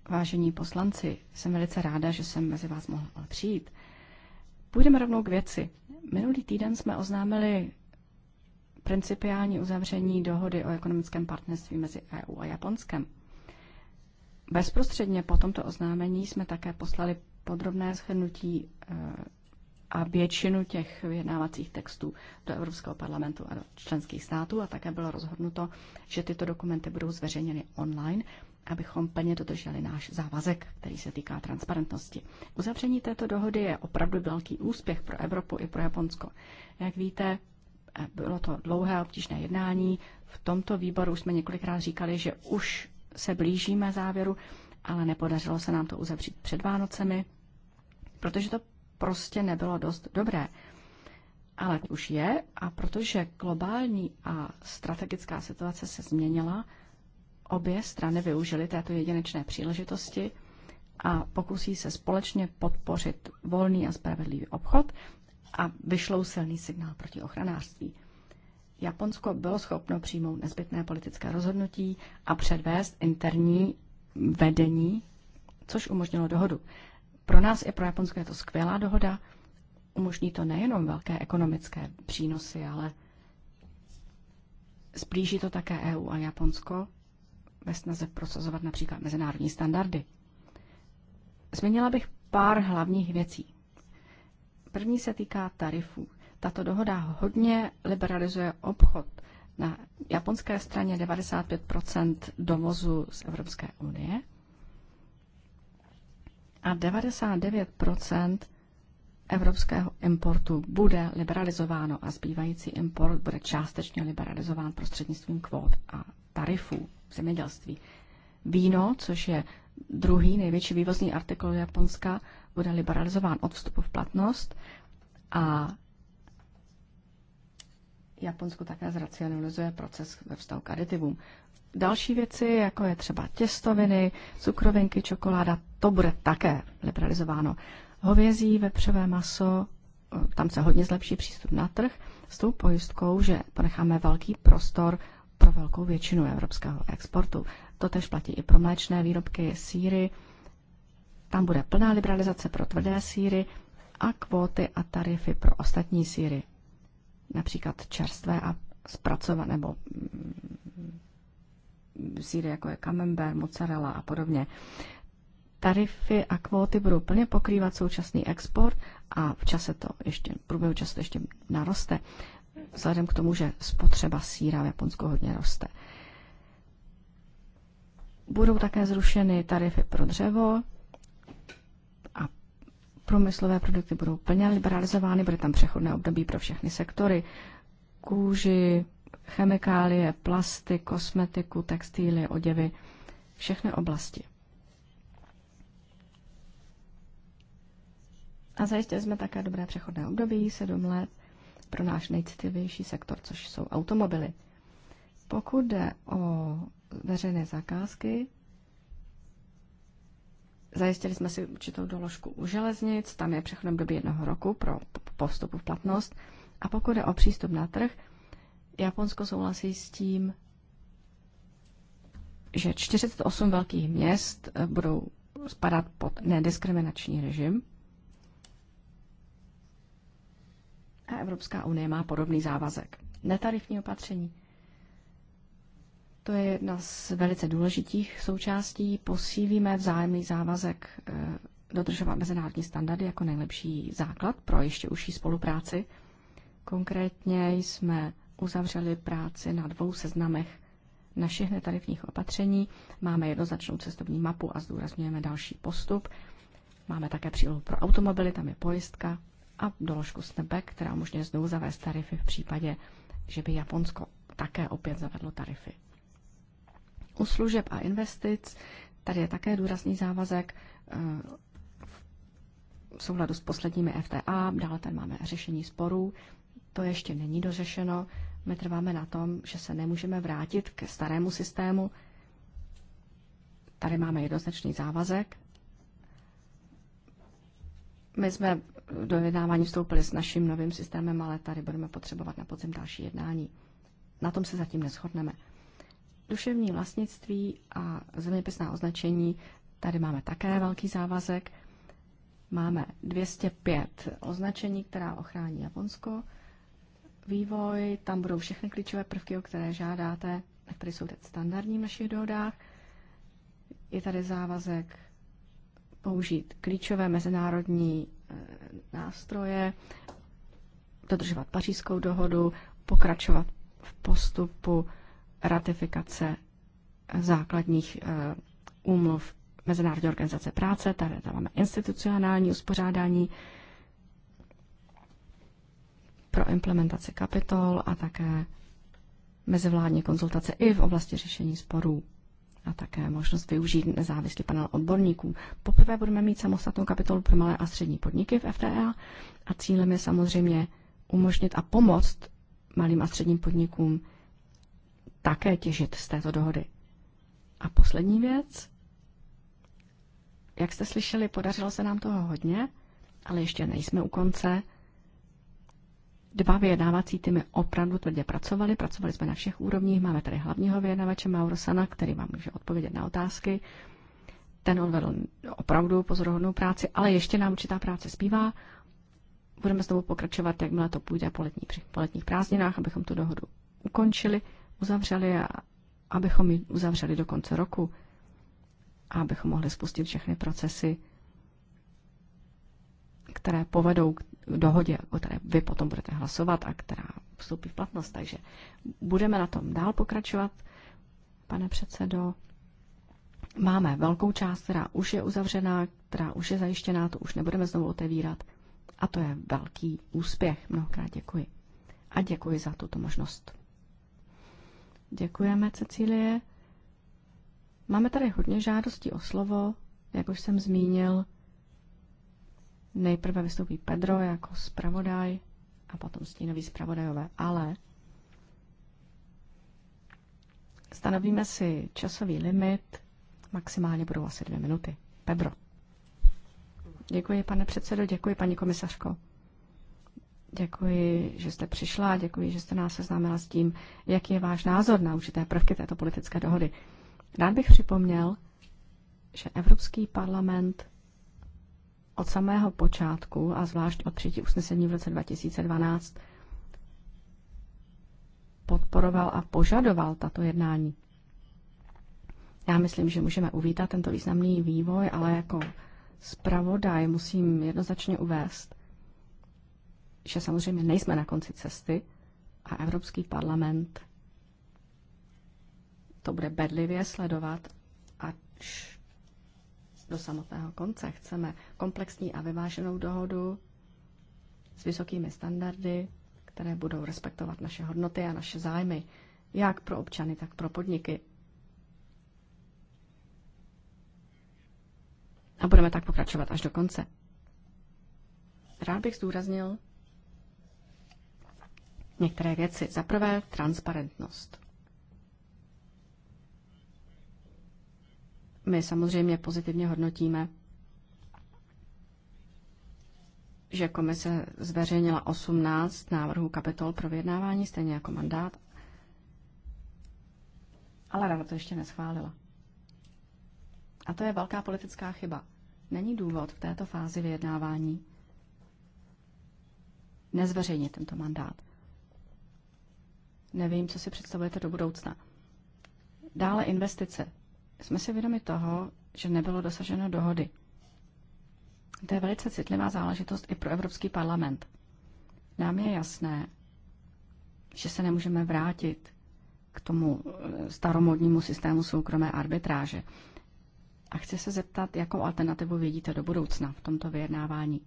S4: Vážení poslanci, jsem velice ráda, že jsem mezi vás mohl přijít. Půjdeme rovnou k věci. Minulý týden jsme oznámili principiální uzavření dohody o ekonomickém partnerství mezi EU a Japonskem. Bezprostředně po tomto oznámení jsme také poslali podrobné shrnutí eh, a většinu těch vyjednávacích textů do Evropského parlamentu a do členských států a také bylo rozhodnuto, že tyto dokumenty budou zveřejněny online, abychom plně dodrželi náš závazek, který se týká transparentnosti. Uzavření této dohody je opravdu velký úspěch pro Evropu i pro Japonsko. Jak víte, bylo to dlouhé a obtížné jednání. V tomto výboru jsme několikrát říkali, že už se blížíme závěru, ale nepodařilo se nám to uzavřít před Vánocemi, protože to prostě nebylo dost dobré. Ale už je a protože globální a strategická situace se změnila, obě strany využily této jedinečné příležitosti a pokusí se společně podpořit volný a spravedlivý obchod a vyšlou silný signál proti ochranářství. Japonsko bylo schopno přijmout nezbytné politické rozhodnutí a předvést interní vedení, což umožnilo dohodu. Pro nás i pro Japonsko je to skvělá dohoda. Umožní to nejenom velké ekonomické přínosy, ale zblíží to také EU a Japonsko ve snaze prosazovat například mezinárodní standardy. Změnila bych pár hlavních věcí. První se týká tarifů. Tato dohoda hodně liberalizuje obchod. Na japonské straně 95 dovozu z Evropské unie a 99 evropského importu bude liberalizováno a zbývající import bude částečně liberalizován prostřednictvím kvót a tarifů v zemědělství. Víno, což je druhý největší vývozní artikl Japonska, bude liberalizován od vstupu v platnost a Japonsko také zracionalizuje proces ve vztahu k aditivům. Další věci, jako je třeba těstoviny, cukrovinky, čokoláda, to bude také liberalizováno. Hovězí, vepřové maso, tam se hodně zlepší přístup na trh s tou pojistkou, že ponecháme velký prostor pro velkou většinu evropského exportu. To tež platí i pro mléčné výrobky, síry. Tam bude plná liberalizace pro tvrdé síry a kvóty a tarify pro ostatní síry, například čerstvé a zpracované nebo mm, síry, jako je camembert, mozzarella a podobně. Tarify a kvóty budou plně pokrývat současný export a v čase to ještě, v průběhu času to ještě naroste, vzhledem k tomu, že spotřeba síra v Japonsku hodně roste. Budou také zrušeny tarify pro dřevo a průmyslové produkty budou plně liberalizovány, bude tam přechodné období pro všechny sektory, kůži, chemikálie, plasty, kosmetiku, textíly, oděvy, všechny oblasti. A zajistili jsme také dobré přechodné období, sedm let, pro náš nejcitlivější sektor, což jsou automobily. Pokud jde o veřejné zakázky, zajistili jsme si určitou doložku u železnic, tam je přechodné období jednoho roku pro postupu v platnost. A pokud jde o přístup na trh, Japonsko souhlasí s tím, že 48 velkých měst eh, budou spadat pod nediskriminační režim. A Evropská unie má podobný závazek. Netarifní opatření. To je jedna z velice důležitých součástí. Posílíme vzájemný závazek eh, dodržovat mezinárodní standardy jako nejlepší základ pro ještě užší spolupráci. Konkrétně jsme uzavřeli práci na dvou seznamech našich netarifních opatření. Máme jednoznačnou cestovní mapu a zdůrazňujeme další postup. Máme také přílohu pro automobily, tam je pojistka a doložku snapback, která umožňuje znovu zavést tarify v případě, že by Japonsko také opět zavedlo tarify. U služeb a investic tady je také důrazný závazek eh, v souhladu s posledními FTA, dále tady máme řešení sporů, to ještě není dořešeno, my trváme na tom, že se nemůžeme vrátit ke starému systému. Tady máme jednoznačný závazek. My jsme do jednávání vstoupili s naším novým systémem, ale tady budeme potřebovat na podzim další jednání. Na tom se zatím neschodneme. Duševní vlastnictví a zeměpisná označení, tady máme také velký závazek. Máme 205 označení, která ochrání Japonsko vývoj, tam budou všechny klíčové prvky, o které žádáte, a které jsou teď standardní v našich dohodách. Je tady závazek použít klíčové mezinárodní eh, nástroje, dodržovat pařížskou dohodu, pokračovat v postupu ratifikace základních eh, úmluv Mezinárodní organizace práce, tady tam máme institucionální uspořádání, pro implementaci kapitol a také mezivládní konzultace i v oblasti řešení sporů a také možnost využít nezávislý panel odborníků. Poprvé budeme mít samostatnou kapitolu pro malé a střední podniky v FDA a cílem je samozřejmě umožnit a pomoct malým a středním podnikům také těžit z této dohody. A poslední věc. Jak jste slyšeli, podařilo se nám toho hodně, ale ještě nejsme u konce. Dva vyjednávací týmy opravdu tvrdě pracovali, pracovali jsme na všech úrovních, máme tady hlavního vyjednavače Maurosana, který vám může odpovědět na otázky. Ten odvedl opravdu pozoruhodnou práci, ale ještě nám určitá práce zpívá. Budeme znovu pokračovat, jakmile to půjde po, letní, po letních prázdninách, abychom tu dohodu ukončili, uzavřeli a abychom ji uzavřeli do konce roku a abychom mohli spustit všechny procesy, které povedou k dohodě, o které vy potom budete hlasovat a která vstoupí v platnost. Takže budeme na tom dál pokračovat, pane předsedo. Máme velkou část, která už je uzavřená, která už je zajištěná, to už nebudeme znovu otevírat. A to je velký úspěch. Mnohokrát děkuji. A děkuji za tuto možnost. Děkujeme, Cecílie. Máme tady hodně žádostí o slovo, jak už jsem zmínil. Nejprve vystoupí Pedro jako zpravodaj a potom stínoví zpravodajové, ale stanovíme si časový limit, maximálně budou asi dvě minuty. Pedro. Děkuji, pane předsedo, děkuji, paní komisařko. Děkuji, že jste přišla, děkuji, že jste nás seznámila s tím, jaký je váš názor na určité prvky této politické dohody. Rád bych připomněl, že Evropský parlament od samého počátku a zvlášť od přijetí usnesení v roce 2012 podporoval a požadoval tato jednání. Já myslím, že můžeme uvítat tento významný vývoj, ale jako zpravodaj musím jednoznačně uvést, že samozřejmě nejsme na konci cesty a Evropský parlament to bude bedlivě sledovat, až do samotného konce. Chceme komplexní a vyváženou dohodu s vysokými standardy, které budou respektovat naše hodnoty a naše zájmy, jak pro občany, tak pro podniky. A budeme tak pokračovat až do konce. Rád bych zdůraznil některé věci. Za prvé, transparentnost. My samozřejmě pozitivně hodnotíme, že komise zveřejnila 18 návrhů kapitol pro vyjednávání, stejně jako mandát, ale rada to ještě neschválila. A to je velká politická chyba. Není důvod v této fázi vyjednávání nezveřejnit tento mandát. Nevím, co si představujete do budoucna. Dále investice jsme si vědomi toho, že nebylo dosaženo dohody. To je velice citlivá záležitost i pro Evropský parlament. Nám je jasné, že se nemůžeme vrátit k tomu eh, staromodnímu systému soukromé arbitráže. A chci se zeptat, jakou alternativu vidíte do budoucna v tomto vyjednávání.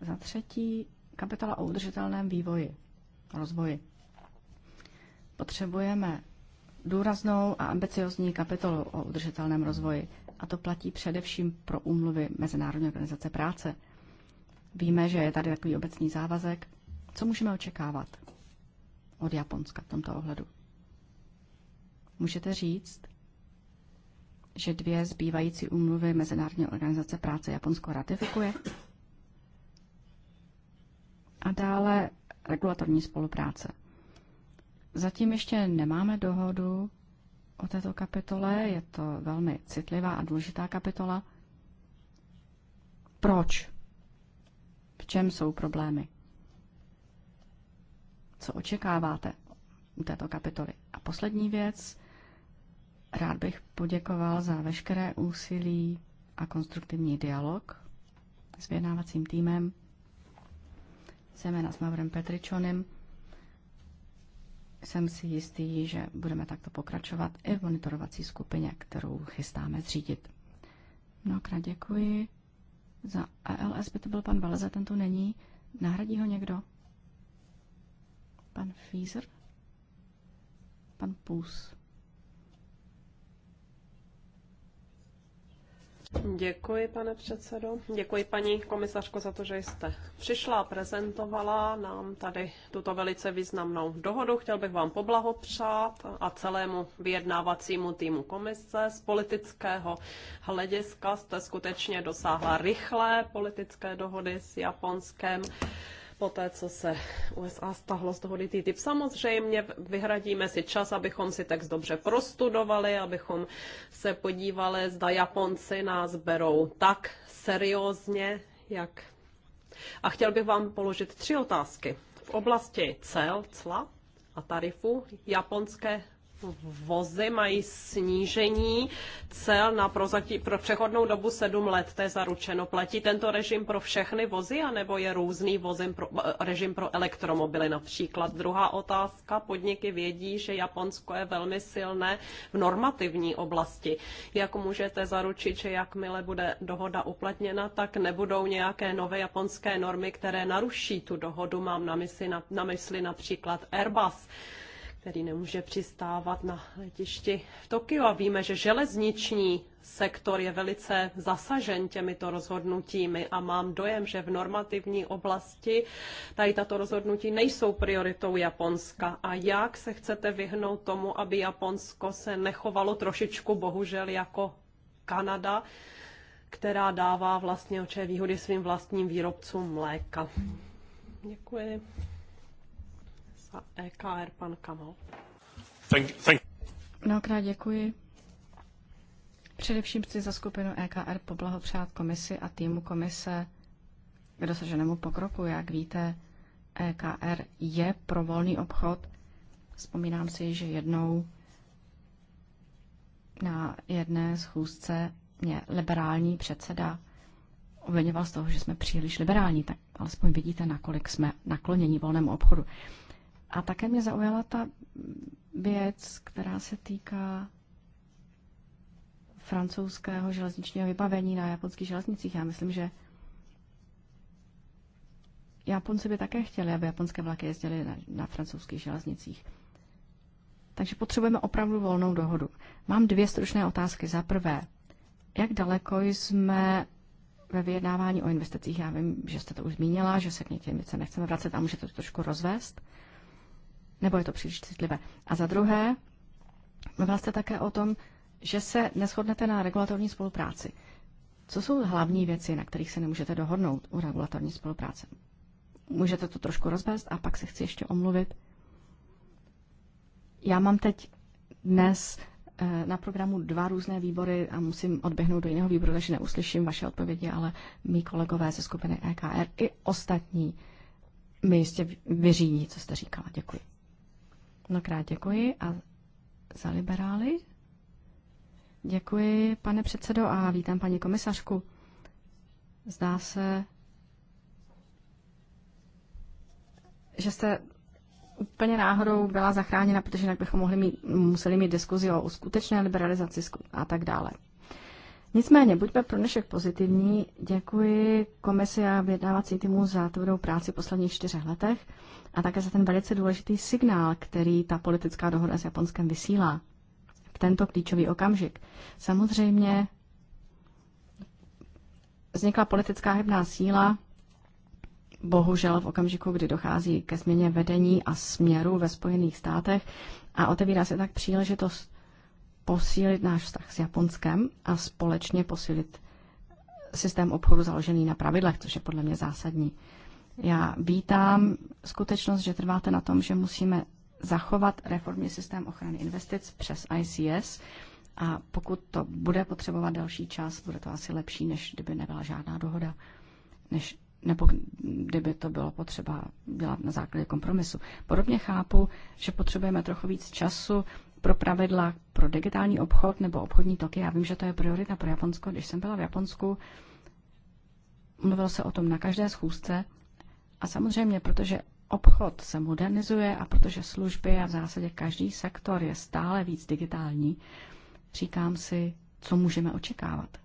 S4: Za třetí, kapitola o udržitelném vývoji, rozvoji. Potřebujeme důraznou a ambiciozní kapitolu o udržitelném rozvoji. A to platí především pro úmluvy Mezinárodní organizace práce. Víme, že je tady takový obecný závazek. Co můžeme očekávat od Japonska v tomto ohledu? Můžete říct, že dvě zbývající úmluvy Mezinárodní organizace práce Japonsko ratifikuje? A dále regulatorní spolupráce. Zatím ještě nemáme dohodu o této kapitole, je to velmi citlivá a důležitá kapitola. Proč? V čem jsou problémy? Co očekáváte u této kapitoly? A poslední věc, rád bych poděkoval za veškeré úsilí a konstruktivní dialog s vyjednávacím týmem, zejména s Mavrem Petričonem, jsem si jistý, že budeme takto pokračovat i v monitorovací skupině, kterou chystáme zřídit. Mnohokrát děkuji. Za ALS by to byl pan Valeza, ten tu není. Nahradí ho někdo? Pan Fízer? Pan Pus?
S3: Děkuji, pane předsedo. Děkuji, paní komisařko, za to, že jste přišla a prezentovala nám tady tuto velice významnou dohodu. Chtěl bych vám poblahopřát a celému vyjednávacímu týmu komise. Z politického hlediska jste skutečně dosáhla rychlé politické dohody s Japonskem poté, co se USA stahlo z dohody TTIP. Samozřejmě vyhradíme si čas, abychom si text dobře prostudovali, abychom se podívali, zda Japonci nás berou tak seriózně, jak. A chtěl bych vám položit tři otázky. V oblasti cel, cla a tarifů japonské vozy mají snížení cel na pro, zatí, pro přechodnou dobu 7 let, to je zaručeno. Platí tento režim pro všechny vozy, anebo je různý vozem pro, eh, režim pro elektromobily například? Druhá otázka, podniky vědí, že Japonsko je velmi silné v normativní oblasti. Jak můžete zaručit, že jakmile bude dohoda uplatněna, tak nebudou nějaké nové japonské normy, které naruší tu dohodu? Mám na mysli, na, na mysli například Airbus který nemůže přistávat na letišti v Tokiu. A víme, že železniční sektor je velice zasažen těmito rozhodnutími a mám dojem, že v normativní oblasti tady tato rozhodnutí nejsou prioritou Japonska. A jak se chcete vyhnout tomu, aby Japonsko se nechovalo trošičku bohužel jako Kanada, která dává vlastně oče výhody svým vlastním výrobcům mléka. Děkuji. Za EKR pan Kamal.
S4: Thank, thank. Mnohokrát děkuji. Především chci za skupinu EKR poblahopřát komisi a týmu komise k dosaženému pokroku. Jak víte, EKR je pro volný obchod. Vzpomínám si, že jednou na jedné schůzce mě liberální předseda obvinoval z toho, že jsme příliš liberální, tak alespoň vidíte, nakolik jsme nakloněni volnému obchodu. A také mě zaujala ta věc, která se týká francouzského železničního vybavení na japonských železnicích. Já myslím, že Japonci by také chtěli, aby japonské vlaky jezdily na, na francouzských železnicích. Takže potřebujeme opravdu volnou dohodu. Mám dvě stručné otázky. Za prvé, jak daleko jsme ve vyjednávání o investicích? Já vím, že jste to už zmínila, že se k některým věcem nechceme vracet a můžete to trošku rozvést nebo je to příliš citlivé? A za druhé, mluvila jste také o tom, že se neschodnete na regulatorní spolupráci. Co jsou hlavní věci, na kterých se nemůžete dohodnout u regulatorní spolupráce? Můžete to trošku rozvést a pak se chci ještě omluvit. Já mám teď dnes eh, na programu dva různé výbory a musím odběhnout do jiného výboru, takže neuslyším vaše odpovědi, ale mý kolegové ze skupiny EKR i ostatní mi jistě vyřídí, co jste říkala. Děkuji. Mnohokrát děkuji a za liberály. Děkuji, pane předsedo, a vítám paní komisařku. Zdá se, že jste úplně náhodou byla zachráněna, protože jinak bychom mohli mít, museli mít diskuzi o skutečné liberalizaci a tak dále. Nicméně, buďme pro dnešek pozitivní. Děkuji komisi a vyjednávací týmu za tvrdou práci v posledních čtyřech letech a také za ten velice důležitý signál, který ta politická dohoda s Japonskem vysílá v tento klíčový okamžik. Samozřejmě vznikla politická hybná síla, bohužel v okamžiku, kdy dochází ke změně vedení a směru ve Spojených státech a otevírá se tak příležitost posílit náš vztah s Japonskem a společně posílit systém obchodu založený na pravidlech, což je podle mě zásadní. Já vítám skutečnost, že trváte na tom, že musíme zachovat reformní systém ochrany investic přes ICS a pokud to bude potřebovat další čas, bude to asi lepší, než kdyby nebyla žádná dohoda, než nebo kdyby to bylo potřeba dělat na základě kompromisu. Podobně chápu, že potřebujeme trochu víc času pro pravidla pro digitální obchod nebo obchodní toky. Já vím, že to je priorita pro Japonsko. Když jsem byla v Japonsku, mluvilo se o tom na každé schůzce a samozřejmě, protože obchod se modernizuje a protože služby a v zásadě každý sektor je stále víc digitální, říkám si, co můžeme očekávat.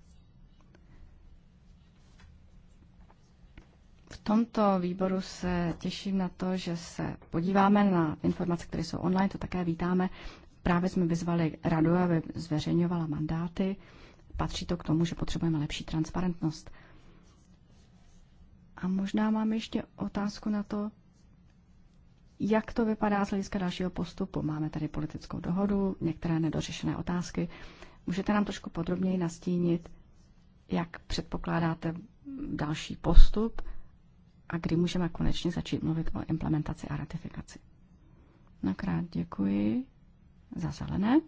S4: V tomto výboru se těším na to, že se podíváme na informace, které jsou online, to také vítáme. Právě jsme vyzvali radu, aby zveřejňovala mandáty. Patří to k tomu, že potřebujeme lepší transparentnost. A možná mám ještě otázku na to, jak to vypadá z hlediska dalšího postupu. Máme tady politickou dohodu, některé nedořešené otázky. Můžete nám trošku podrobněji nastínit, jak předpokládáte další postup a kdy můžeme konečně začít mluvit o implementaci a ratifikaci. Nakrát děkuji za zelené.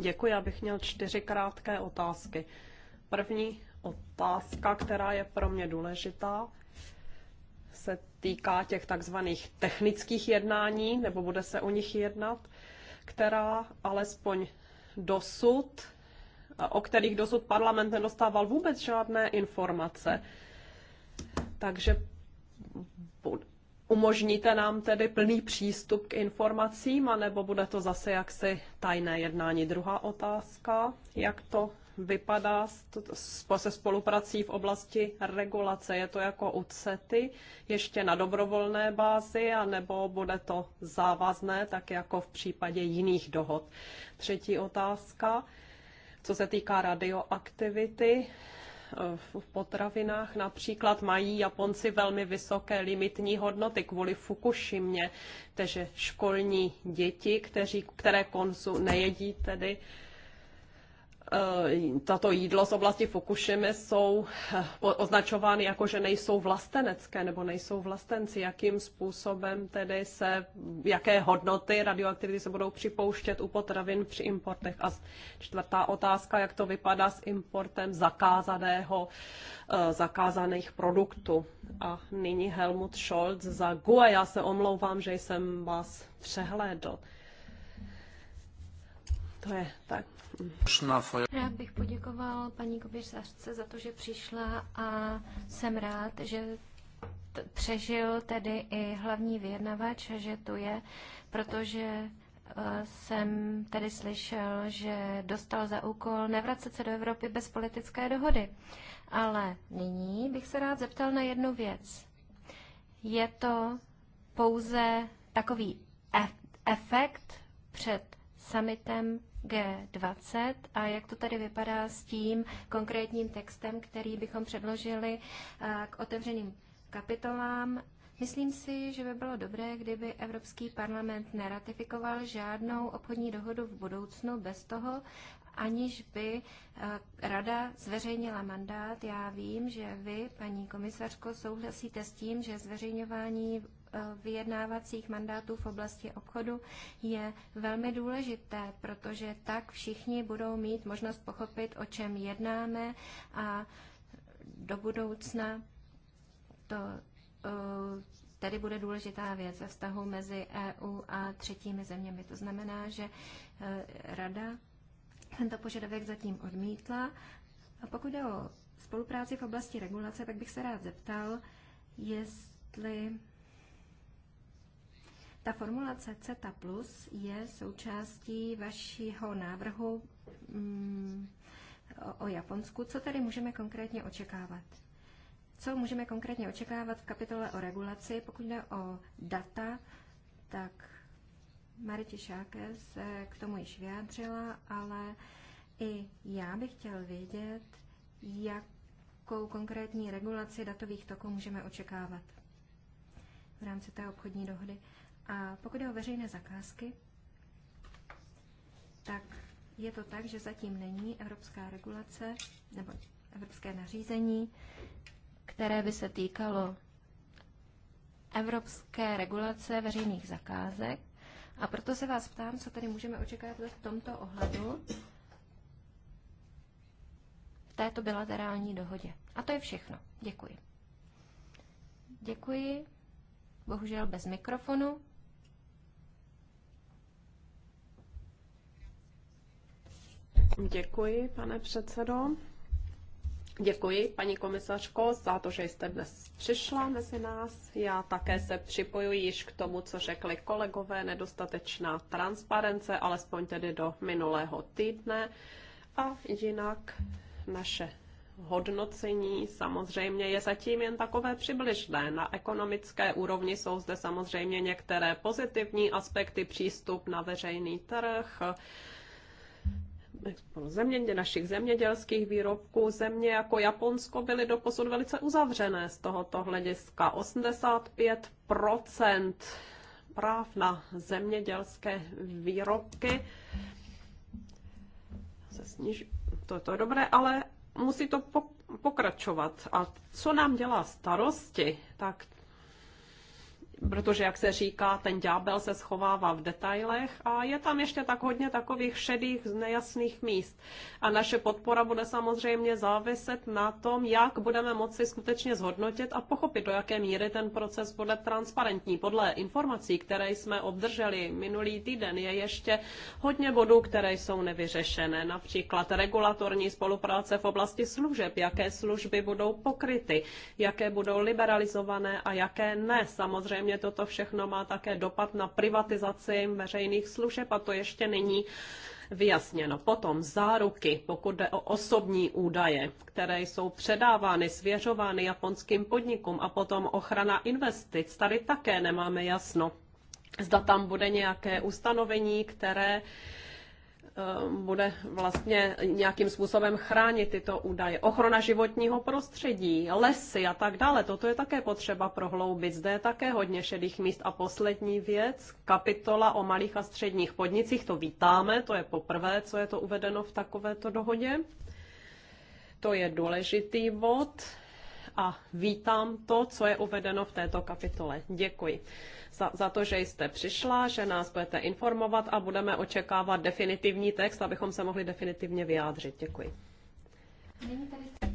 S3: Děkuji, abych měl čtyři krátké otázky. První Otázka, která je pro mě důležitá, se týká těch takzvaných technických jednání, nebo bude se o nich jednat, která alespoň dosud, o kterých dosud parlament nedostával vůbec žádné informace. Takže umožníte nám tedy plný přístup k informacím, anebo bude to zase jaksi tajné jednání? Druhá otázka, jak to vypadá se spoluprací v oblasti regulace? Je to jako u CETY ještě na dobrovolné bázi, anebo bude to závazné, tak jako v případě jiných dohod? Třetí otázka, co se týká radioaktivity, eh, v potravinách například mají Japonci velmi vysoké limitní hodnoty kvůli Fukushimě, takže školní děti, kteří, které konzu nejedí tedy Eh, tato jídlo z oblasti Fukushimy jsou eh, označovány jako, že nejsou vlastenecké nebo nejsou vlastenci. Jakým způsobem tedy se, jaké hodnoty radioaktivity se budou připouštět u potravin při importech? A čtvrtá otázka, jak to vypadá s importem zakázaného, eh, zakázaných produktů. A nyní Helmut Scholz za GUE. Já se omlouvám, že jsem vás přehlédl. To je tak. Rád
S2: bych poděkoval paní komisařce za to, že přišla a jsem rád, že přežil tedy i hlavní vyjednavač, že tu je, protože eh, jsem tedy slyšel, že dostal za úkol nevracet se do Evropy bez politické dohody. Ale nyní bych se rád zeptal na jednu věc. Je to pouze takový e- efekt před summitem G20 a jak to tady vypadá s tím konkrétním textem, který bychom předložili eh, k otevřeným kapitolám. Myslím si, že by bylo dobré, kdyby Evropský parlament neratifikoval žádnou obchodní dohodu v budoucnu bez toho, aniž by eh, rada zveřejnila mandát. Já vím, že vy, paní komisařko, souhlasíte s tím, že zveřejňování Eh, vyjednávacích mandátů v oblasti obchodu je velmi důležité, protože tak všichni budou mít možnost pochopit, o čem jednáme a do budoucna to eh, tedy bude důležitá věc ve vztahu mezi EU a třetími zeměmi. To znamená, že eh, Rada tento požadavek zatím odmítla. A pokud jde o spolupráci v oblasti regulace, tak bych se rád zeptal, jestli ta formulace CETA plus je součástí vašeho návrhu mm, o Japonsku. Co tedy můžeme konkrétně očekávat? Co můžeme konkrétně očekávat v kapitole o regulaci? Pokud jde o data, tak Mariti Šáke se k tomu již vyjádřila, ale i já bych chtěl vědět, jakou konkrétní regulaci datových toků můžeme očekávat v rámci té obchodní dohody. A pokud je o veřejné zakázky, tak je to tak, že zatím není evropská regulace nebo evropské nařízení, které by se týkalo evropské regulace veřejných zakázek. A proto se vás ptám, co tady můžeme očekávat v tomto ohledu v této bilaterální dohodě. A to je všechno. Děkuji. Děkuji. Bohužel bez mikrofonu.
S3: Děkuji, pane předsedo. Děkuji, paní komisařko, za to, že jste dnes přišla mezi nás. Já také se připojuji již k tomu, co řekli kolegové, nedostatečná transparence, alespoň tedy do minulého týdne. A jinak naše hodnocení samozřejmě je zatím jen takové přibližné. Na ekonomické úrovni jsou zde samozřejmě některé pozitivní aspekty, přístup na veřejný trh, země, našich zemědělských výrobků. Země jako Japonsko byly doposud velice uzavřené z tohoto hlediska. 85 práv na zemědělské výrobky se sniží. To, to je dobré, ale musí to pokračovat. A co nám dělá starosti, tak protože, jak se říká, ten ďábel se schovává v detailech a je tam ještě tak hodně takových šedých, nejasných míst. A naše podpora bude samozřejmě záviset na tom, jak budeme moci skutečně zhodnotit a pochopit, do jaké míry ten proces bude transparentní. Podle informací, které jsme obdrželi minulý týden, je ještě hodně bodů, které jsou nevyřešené, například regulatorní spolupráce v oblasti služeb, jaké služby budou pokryty, jaké budou liberalizované a jaké ne. Samozřejmě Samozřejmě toto všechno má také dopad na privatizaci veřejných služeb a to ještě není vyjasněno. Potom záruky, pokud jde o osobní údaje, které jsou předávány, svěřovány japonským podnikům a potom ochrana investic, tady také nemáme jasno. Zda tam bude nějaké ustanovení, které uh, Eh, bude vlastně nějakým způsobem chránit tyto údaje. Ochrana životního prostředí, lesy a tak dále, toto je také potřeba prohloubit. Zde je také hodně šedých míst. A poslední věc, kapitola o malých a středních podnicích, to vítáme, to je poprvé, co je to uvedeno v takovéto dohodě. To je důležitý bod a vítám to, co je uvedeno v této kapitole. Děkuji za, za to, že jste přišla, že nás budete informovat a budeme očekávat definitivní text, abychom se mohli definitivně vyjádřit. Děkuji.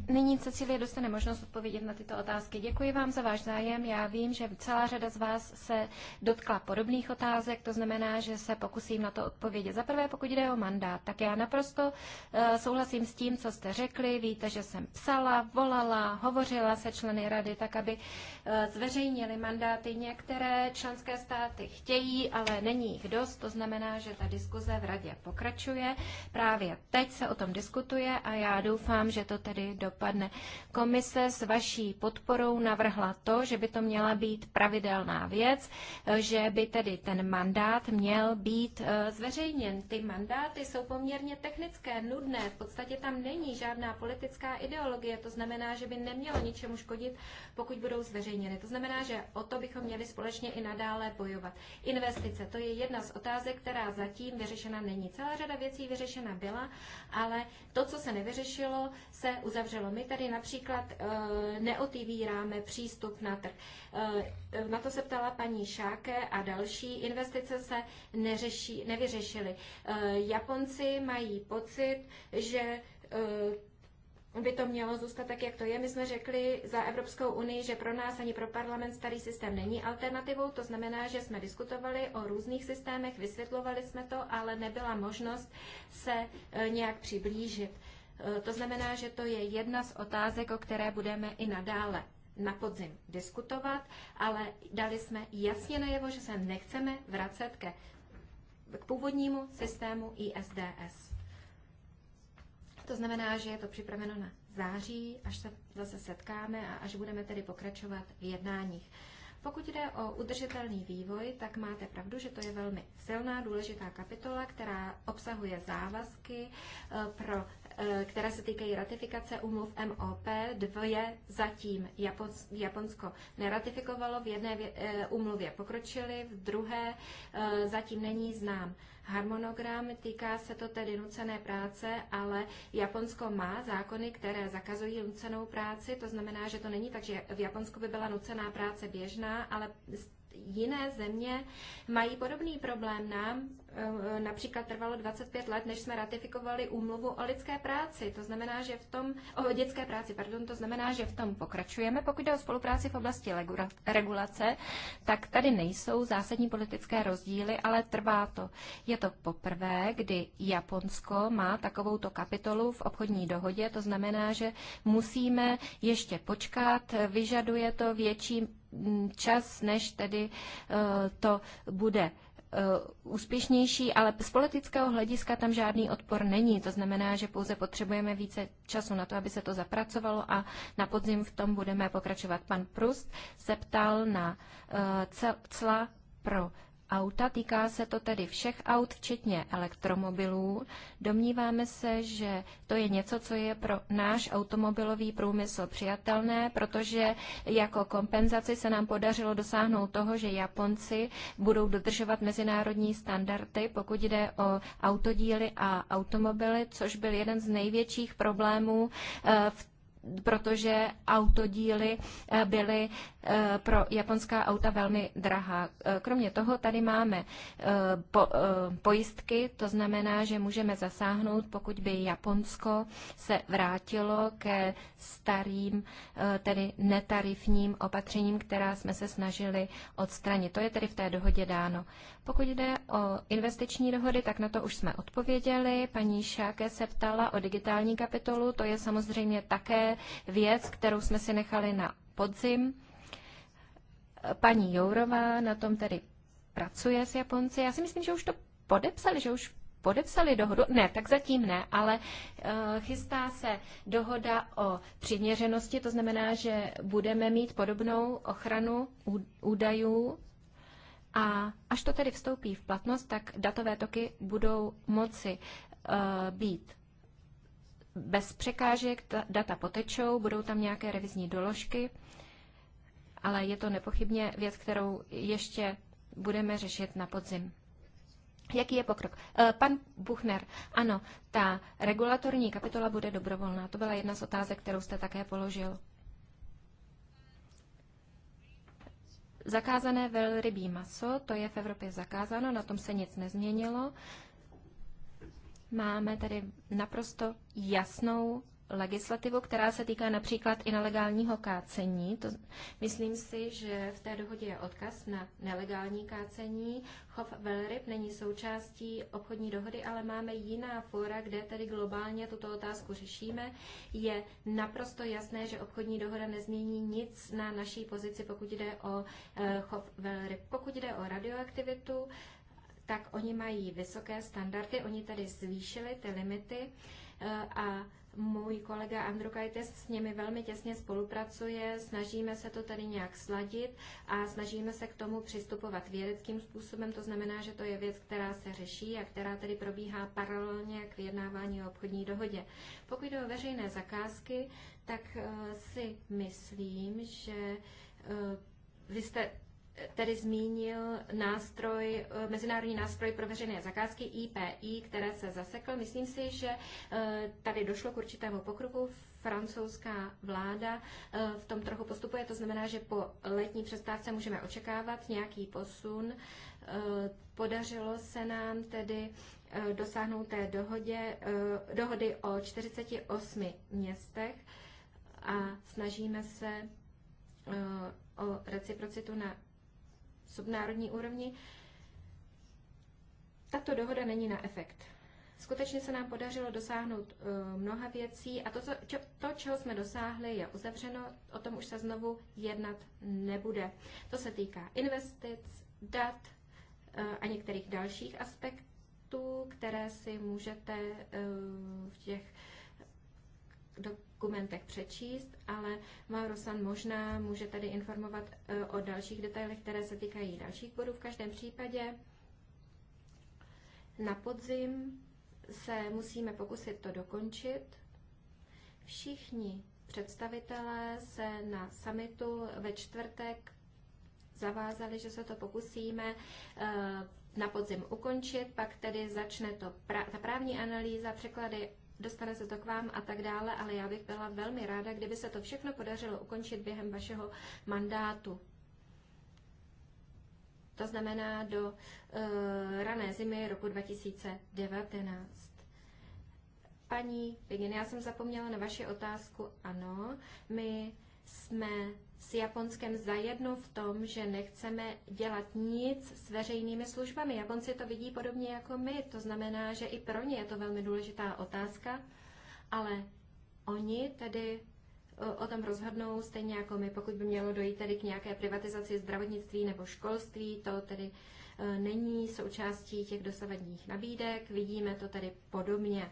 S2: Nyní, Cecilie dostane možnost odpovědět na tyto otázky. Děkuji vám za váš zájem. Já vím, že celá řada z vás se dotkla podobných otázek, to znamená, že se pokusím na to odpovědět. Za prvé, pokud jde o mandát, tak já naprosto eh, souhlasím s tím, co jste řekli. Víte, že jsem psala, volala, hovořila se členy rady, tak aby eh, zveřejnili mandáty. Některé členské státy chtějí, ale není jich dost. To znamená, že ta diskuze v radě pokračuje. Právě teď se o tom diskutuje a já doufám, že to tedy dopadne. Komise s vaší podporou navrhla to, že by to měla být pravidelná věc, eh, že by tedy ten mandát měl být eh, zveřejněn. Ty mandáty jsou poměrně technické, nudné, v podstatě tam není žádná politická ideologie, to znamená, že by nemělo ničemu škodit, pokud budou zveřejněny. To znamená, že o to bychom měli společně i nadále bojovat. Investice, to je jedna z otázek, která zatím vyřešena není. Celá řada věcí vyřešena byla, ale to, co se nevyřešilo, se uzavřelo. My tady například eh, neotivíráme přístup na trh. Eh, na to se ptala paní Šáke a další. Investice se neřeší, nevyřešily. Eh, Japonci mají pocit, že by to mělo zůstat tak, jak to je. My jsme řekli za Evropskou unii, že pro nás ani pro parlament starý systém není alternativou. To znamená, že jsme diskutovali o různých systémech, vysvětlovali jsme to, ale nebyla možnost se nějak přiblížit. Eh, to znamená, že to je jedna z otázek, o které budeme i nadále na podzim diskutovat, ale dali jsme jasně najevo, že se nechceme vracet ke, k původnímu systému ISDS. To znamená, že je to připraveno na září, až se zase setkáme a až budeme tedy pokračovat v jednáních. Pokud jde o udržitelný vývoj, tak máte pravdu, že to je velmi silná, důležitá kapitola, která obsahuje závazky eh, pro Eh, které se týkají ratifikace umluv MOP. Dvě zatím Japonsko neratifikovalo, v jedné umluvě eh, pokročili, v druhé eh, zatím není znám harmonogram, týká se to tedy nucené práce, ale Japonsko má zákony, které zakazují nucenou práci, to znamená, že to není tak, že v Japonsku by byla nucená práce běžná, ale jiné země mají podobný problém. Nám Ehm, e, například trvalo 25 let, než jsme ratifikovali úmluvu o lidské práci. To znamená, že v tom, o dětské práci, pardon, to znamená, že v tom pokračujeme. Pokud jde o spolupráci v oblasti regulace, tak tady nejsou zásadní politické rozdíly, ale trvá to. Je to poprvé, kdy Japonsko má takovouto kapitolu v obchodní dohodě, to znamená, že musíme ještě počkat, vyžaduje to větší mm, čas, než tedy e, to bude Eh, úspěšnější, ale z politického hlediska tam žádný odpor není. To znamená, že pouze potřebujeme více času na to, aby se to zapracovalo a na podzim v tom budeme pokračovat. Pan Prust se ptal na eh, cla pro auta. Týká se to tedy všech aut, včetně elektromobilů. Domníváme se, že to je něco, co je pro náš automobilový průmysl přijatelné, protože jako kompenzaci se nám podařilo dosáhnout toho, že Japonci budou dodržovat mezinárodní standardy, pokud jde o autodíly a automobily, což byl jeden z největších problémů eh, v protože autodíly eh, byly eh, pro japonská auta velmi drahá. Eh, kromě toho tady máme pojistky, to znamená, že můžeme zasáhnout, pokud by Japonsko se vrátilo ke starým, tedy netarifním opatřením, která jsme se snažili odstranit. To je tedy v té dohodě dáno. Pokud jde o investiční dohody, tak na to už jsme odpověděli. Paní Šáke se ptala o digitální kapitolu, to je samozřejmě také věc, kterou jsme si nechali na podzim. Paní Jourová na tom tedy pracuje s Japonci. Já si myslím, že už to podepsali, že už podepsali dohodu? Ne, tak zatím ne, ale eh, chystá se dohoda o přiměřenosti, to znamená, že budeme mít podobnou ochranu údajů a až to tedy vstoupí v platnost, tak datové toky budou moci eh, být bez překážek, data potečou, budou tam nějaké revizní doložky, ale je to nepochybně věc, kterou ještě budeme řešit na podzim. Jaký je pokrok? Eh, pan Buchner, ano, ta regulatorní kapitola bude dobrovolná. To byla jedna z otázek, kterou jste také položil. Zakázané velrybí maso, to je v Evropě zakázáno, na tom se nic nezměnilo. Máme tady naprosto jasnou legislativu, která se týká například i nelegálního kácení. To, myslím si, že v té dohodě je odkaz na nelegální kácení. Chov velryb není součástí obchodní dohody, ale máme jiná fóra, kde tedy globálně tuto otázku řešíme. Je naprosto jasné, že obchodní dohoda nezmění nic na naší pozici, pokud jde o eh, chov velryb. Pokud jde o radioaktivitu, tak oni mají vysoké standardy, oni tady zvýšili ty limity eh, a můj kolega Andrukaitis s nimi velmi těsně spolupracuje, snažíme se to tady nějak sladit a snažíme se k tomu přistupovat vědeckým způsobem, to znamená, že to je věc, která se řeší a která tady probíhá paralelně k vyjednávání o obchodní dohodě. Pokud jde o veřejné zakázky, tak eh, si myslím, že eh, vy jste tedy zmínil nástroj, eh, mezinárodní nástroj pro veřejné zakázky IPI, které se zasekl. Myslím si, že eh, tady došlo k určitému pokroku. Francouzská vláda eh, v tom trochu postupuje, to znamená, že po letní přestávce můžeme očekávat nějaký posun. Podařilo se nám tedy dosáhnout té dohodě, dohody o 48 městech a snažíme se o reciprocitu na subnárodní úrovni. Tato dohoda není na efekt. Skutečně se nám podařilo dosáhnout eh, mnoha věcí a to, co, to, čeho jsme dosáhli, je uzavřeno, o tom už se znovu jednat nebude. To se týká investic, dat eh, a některých dalších aspektů, které si můžete eh, v těch dokumentech přečíst, ale Mauro San možná může tady informovat e, o dalších detailech, které se týkají dalších bodů. V každém případě na podzim se musíme pokusit to dokončit. Všichni představitelé se na summitu ve čtvrtek zavázali, že se to pokusíme e, na podzim ukončit, pak tedy začne to pra- ta právní analýza, překlady dostane se to k vám a tak dále, ale já bych byla velmi ráda, kdyby se to všechno podařilo ukončit během vašeho mandátu. To znamená do uh, rané zimy roku 2019 paní Pigin, já jsem zapomněla na vaši otázku. Ano, my jsme s Japonskem zajedno v tom, že nechceme dělat nic s veřejnými službami. Japonci to vidí podobně jako my, to znamená, že i pro ně je to velmi důležitá otázka, ale oni tedy o tom rozhodnou stejně jako my, pokud by mělo dojít tedy k nějaké privatizaci zdravotnictví nebo školství, to tedy e, není součástí těch dosavadních nabídek, vidíme to tedy podobně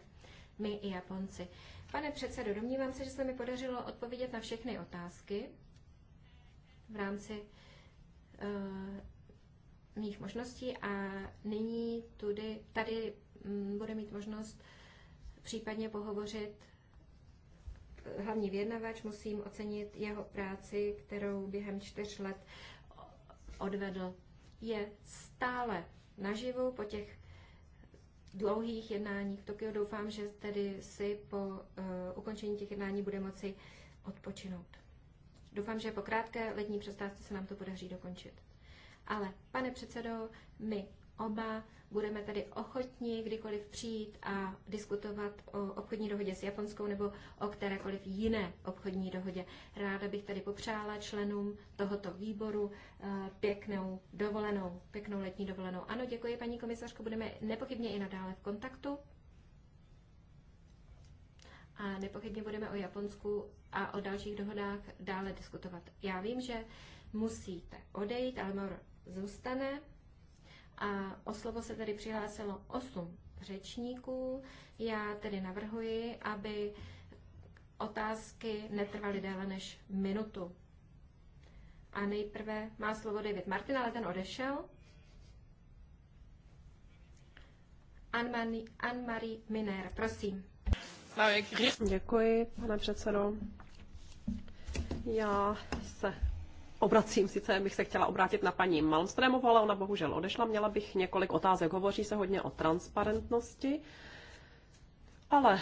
S2: my i Japonci. Pane předsedo, domnívám se, že se mi podařilo odpovědět na všechny otázky v rámci uh, mých možností a nyní tudy, tady mm, bude mít možnost případně pohovořit eh, hlavní vyjednavač, musím ocenit jeho práci, kterou během čtyř let odvedl. Je stále naživu po těch dlouhých jednáních v Tokiu. Doufám, že tedy si po uh, ukončení těch jednání bude moci odpočinout. Doufám, že po krátké letní přestávce se nám to podaří dokončit. Ale, pane předsedo, my oba budeme tady ochotni kdykoliv přijít a diskutovat o obchodní dohodě s Japonskou nebo o kterékoliv jiné obchodní dohodě. Ráda bych tady popřála členům tohoto výboru eh, pěknou dovolenou, pěknou letní dovolenou. Ano, děkuji, paní komisařko, budeme nepochybně i nadále v kontaktu a nepochybně budeme o Japonsku a o dalších dohodách dále diskutovat. Já vím, že musíte odejít, ale Mauro zůstane. A o slovo se tady přihlásilo 8 řečníků. Já tedy navrhuji, aby otázky netrvaly déle než minutu. A nejprve má slovo David Martin, ale ten odešel. Anne-Marie Miner, prosím.
S3: Děkuji, pane předsedo. Já se obracím, sice bych se chtěla obrátit na paní Malmstrémovou, ale ona bohužel odešla. Měla bych několik otázek. Hovoří se hodně o transparentnosti, ale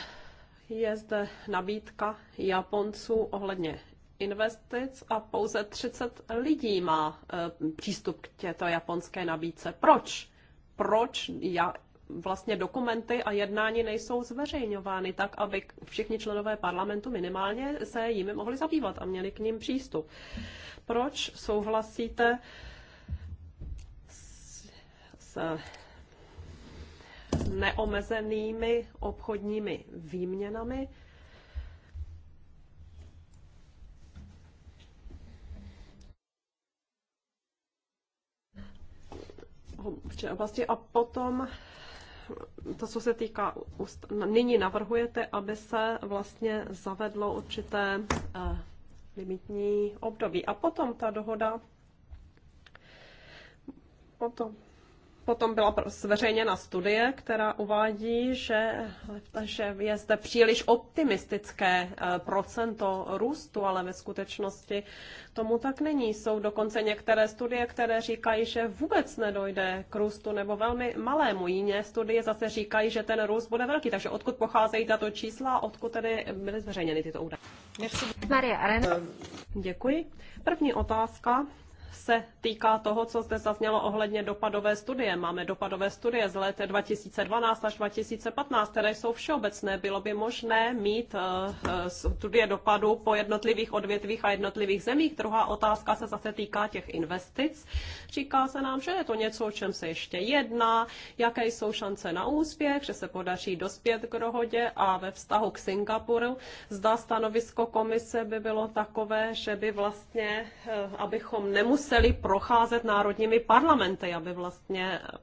S3: je zde nabídka Japonců ohledně investic a pouze 30 lidí má eh, přístup k této japonské nabídce. Proč? Proč ja, vlastně dokumenty a jednání nejsou zveřejňovány tak, aby všichni členové parlamentu minimálně se jimi mohli zabývat a měli k ním přístup. Proč souhlasíte s, s neomezenými obchodními výměnami? oblasti a potom to, co se týká, no, nyní navrhujete, aby se vlastně zavedlo určité eh, limitní období. A potom ta dohoda, potom Potom byla zveřejněna studie, která uvádí, že, že je zde příliš optimistické eh, procento růstu, ale ve skutečnosti tomu tak není. Jsou dokonce některé studie, které říkají, že vůbec nedojde k růstu nebo velmi malému. Jiné studie zase říkají, že ten růst bude velký. Takže odkud pocházejí tato čísla, odkud tedy byly zveřejněny tyto údaje? Maria Arena. Děkuji. První otázka se týká toho, co zde zaznělo ohledně dopadové studie. Máme dopadové studie z let 2012 až 2015, které jsou všeobecné. Bylo by možné mít eh, eh, studie dopadu po jednotlivých odvětvích a jednotlivých zemích. Druhá otázka se zase týká těch investic. Říká se nám, že je to něco, o čem se ještě jedná, jaké jsou šance na úspěch, že se podaří dospět k dohodě a ve vztahu k Singapuru. Zda stanovisko komise by bylo takové, že by vlastně, eh, abychom nemuseli nemuseli procházet národními parlamenty, aby vlastně... Eh,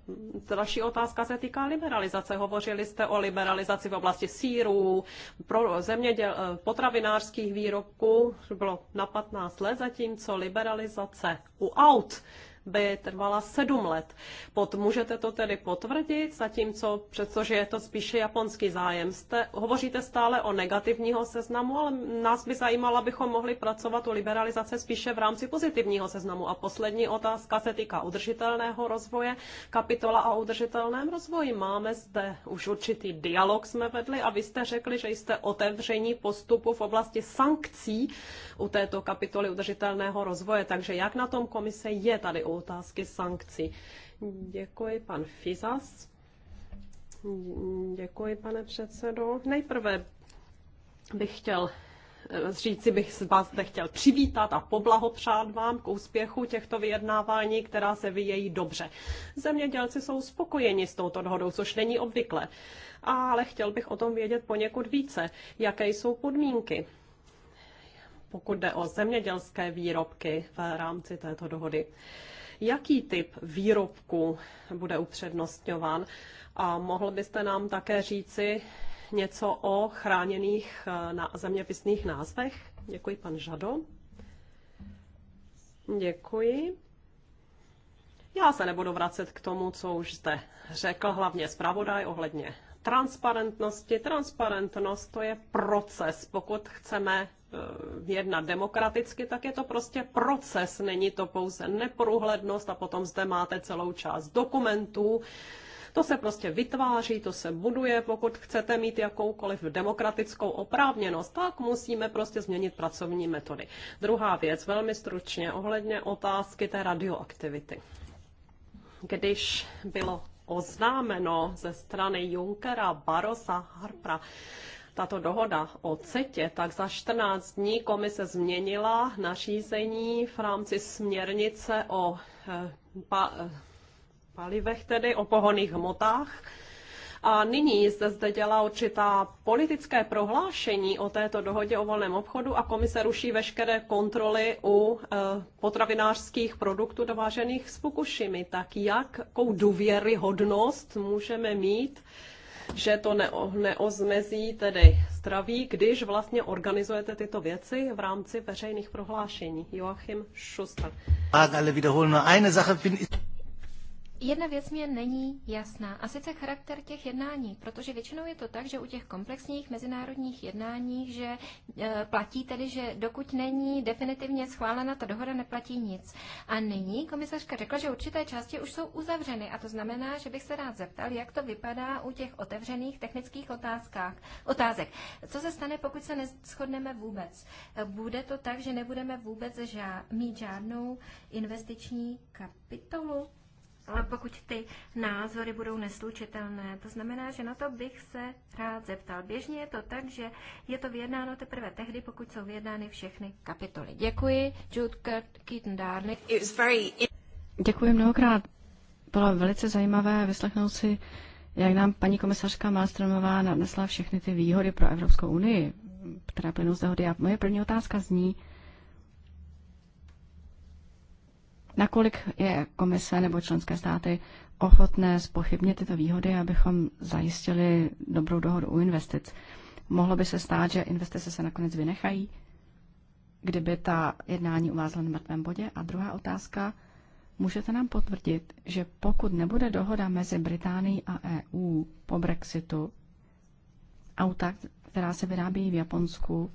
S3: další otázka se týká liberalizace. Hovořili jste o liberalizaci v oblasti sírů, pro zeměděl, eh, potravinářských výrobků, bylo na 15 let, zatímco liberalizace u aut by trvala sedm let. Pod, můžete to tedy potvrdit, zatímco, přestože je to spíše japonský zájem. Jste, hovoříte stále o negativního seznamu, ale nás by zajímalo, abychom mohli pracovat u liberalizace spíše v rámci pozitivního seznamu. A poslední otázka se týká udržitelného rozvoje. Kapitola o udržitelném rozvoji. Máme zde už určitý dialog jsme vedli a vy jste řekli, že jste otevření postupu v oblasti sankcí u této kapitoly udržitelného rozvoje. Takže jak na tom komise je tady u otázky sankcí. Děkuji, pan Fizas. Děkuji, pane předsedo. Nejprve bych chtěl eh, říci bych vás zde chtěl přivítat a poblahopřát vám k úspěchu těchto vyjednávání, která se vyjejí dobře. Zemědělci jsou spokojeni s touto dohodou, což není obvykle. Ale chtěl bych o tom vědět poněkud více. Jaké jsou podmínky, pokud jde o zemědělské výrobky v rámci této dohody? jaký typ výrobku bude upřednostňován. A mohl byste nám také říci něco o chráněných eh, na zeměpisných názvech? Děkuji, pan Žado. Děkuji. Já se nebudu vracet k tomu, co už zde řekl hlavně zpravodaj ohledně transparentnosti. Transparentnost to je proces. Pokud chceme Eh, jednat demokraticky, tak je to prostě proces, není to pouze neprůhlednost a potom zde máte celou část dokumentů. To se prostě vytváří, to se buduje. Pokud chcete mít jakoukoliv demokratickou oprávněnost, tak musíme prostě změnit pracovní metody. Druhá věc, velmi stručně, ohledně otázky té radioaktivity. Když bylo oznámeno ze strany Junckera, Barosa, Harpra, tato dohoda o CETě, tak za 14 dní komise změnila nařízení v rámci směrnice o eh, pa, eh, palivech, tedy o pohoných hmotách. A nyní se zde dělá určitá politické prohlášení o této dohodě o volném obchodu a komise ruší veškeré kontroly u eh, potravinářských produktů dovážených s Fukushimi. Tak jakou důvěryhodnost můžeme mít že to neo, neozmezí tedy zdraví, když vlastně organizujete tyto věci v rámci veřejných prohlášení. Joachim Schuster. Jedna věc mě není jasná, a sice
S2: charakter těch jednání, protože většinou je to tak, že u těch komplexních mezinárodních jednání, že e, platí tedy, že dokud není definitivně schválena ta dohoda, neplatí nic. A nyní komisařka řekla, že určité části už jsou uzavřeny, a to znamená, že bych se rád zeptal, jak to vypadá u těch otevřených technických otázkách, otázek. Co se stane, pokud se neschodneme vůbec? Bude to tak, že nebudeme vůbec žád, mít žádnou investiční kapitolu? ale pokud ty názory budou neslučitelné. To znamená, že na to bych se rád zeptal. Běžně je to tak, že je to vyjednáno teprve tehdy, pokud jsou vyjednány všechny kapitoly. Děkuji, Jude Keaton
S4: Very... Děkuji mnohokrát. Bylo velice zajímavé vyslechnout si, jak nám paní komisařka Malstromová nadnesla všechny ty výhody pro Evropskou unii, které plynou z dohody. A moje první otázka zní, Nakolik je komise nebo členské státy ochotné spochybnit tyto výhody, abychom zajistili dobrou dohodu u investic? Mohlo by se stát, že investice se nakonec vynechají, kdyby ta jednání uvázla na mrtvém bodě? A druhá otázka, můžete nám potvrdit, že pokud nebude dohoda mezi Británií a EU po Brexitu, auta, která se vyrábí v Japonsku,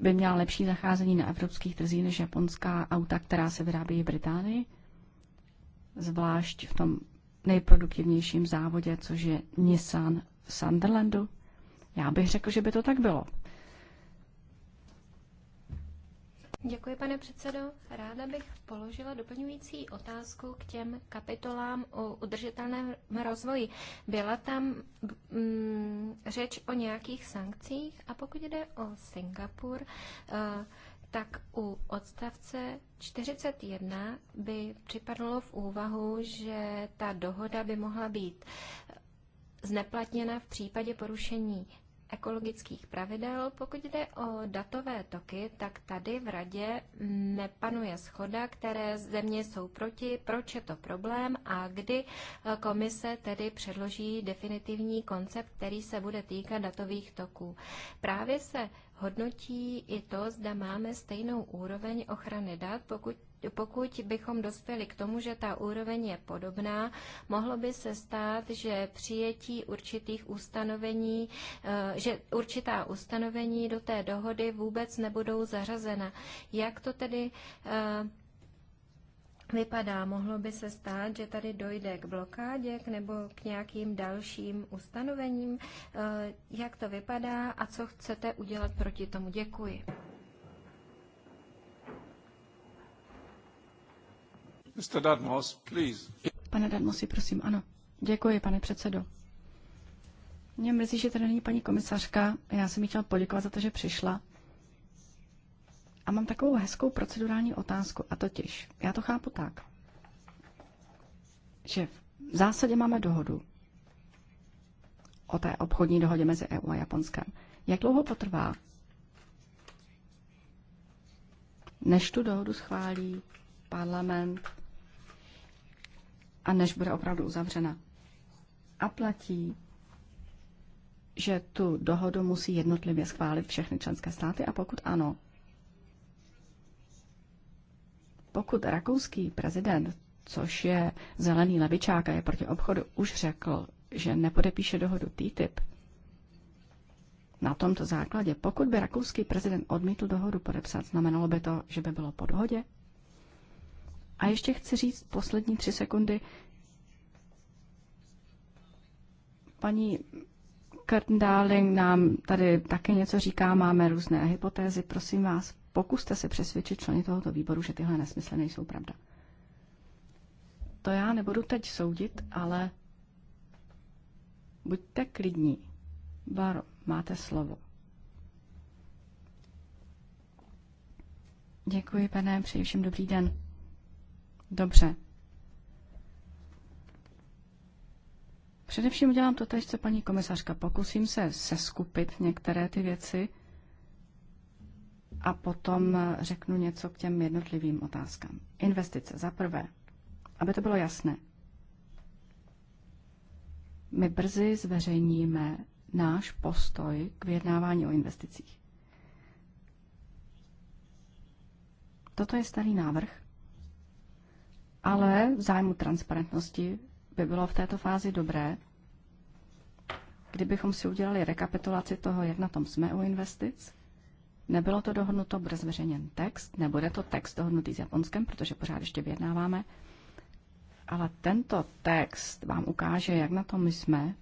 S4: by měla lepší zacházení na evropských trzích než japonská auta, která se vyrábějí v Británii, zvlášť v tom nejproduktivnějším závodě, což je Nissan v Sunderlandu. Já bych řekl, že by to tak bylo.
S2: Děkuji, pane předsedo. Ráda bych položila doplňující otázku k těm kapitolám o udržitelném rozvoji. Byla tam mm, řeč o nějakých sankcích a pokud jde o Singapur, uh, tak u odstavce 41 by připadlo v úvahu, že ta dohoda by mohla být zneplatněna v případě porušení ekologických pravidel. Pokud jde o datové toky, tak tady v radě nepanuje schoda, které země jsou proti, proč je to problém a kdy eh, komise tedy předloží definitivní koncept, který se bude týkat datových toků. Právě se hodnotí i to, zda máme stejnou úroveň ochrany dat, pokud pokud bychom dospěli k tomu, že ta úroveň je podobná, mohlo by se stát, že přijetí určitých ustanovení, eh, že určitá ustanovení do té dohody vůbec nebudou zařazena. Jak to tedy eh, vypadá? Mohlo by se stát, že tady dojde k blokádě nebo k nějakým dalším ustanovením? Eh, jak to vypadá a co chcete udělat
S4: proti tomu? Děkuji. Pane Dadmosi, prosím, ano. Děkuji, pane předsedo. Mě mrzí, že tady není paní komisařka. Já jsem jí chtěla poděkovat za to, že přišla. A mám takovou hezkou procedurální otázku, a totiž, já to chápu tak, že v zásadě máme dohodu o té obchodní dohodě mezi EU a Japonskem. Jak dlouho potrvá, než tu dohodu schválí parlament a než bude opravdu uzavřena. A platí, že tu dohodu musí jednotlivě schválit všechny členské státy a pokud ano, pokud rakouský prezident, což je zelený levičák a je proti obchodu, už řekl, že nepodepíše dohodu TTIP, na tomto základě, pokud by rakouský prezident odmítl dohodu podepsat, znamenalo by to, že by bylo po dohodě? A ještě chci říct poslední tři sekundy. Paní Kartendáling nám tady také něco říká, máme různé hypotézy. Prosím vás, pokuste se přesvědčit členy tohoto výboru, že tyhle nesmysly nejsou pravda. To já nebudu teď soudit, ale buďte klidní. Baro, máte slovo. Děkuji, pane, přeji všem dobrý den. Dobře. Především udělám to tež, co paní komisařka. Pokusím se seskupit některé ty věci a potom eh, řeknu něco k těm jednotlivým otázkám. Investice. Za prvé, aby to bylo jasné. My brzy zveřejníme náš postoj k vyjednávání o investicích. Toto je starý návrh, ale v zájmu transparentnosti by bylo v této fázi dobré, kdybychom si udělali rekapitulaci toho, jak na tom jsme u investic. Nebylo to dohodnuto, bude zveřejněn text, nebude to text dohodnutý s Japonskem, protože pořád ještě vyjednáváme. Ale tento text vám ukáže, jak na tom jsme,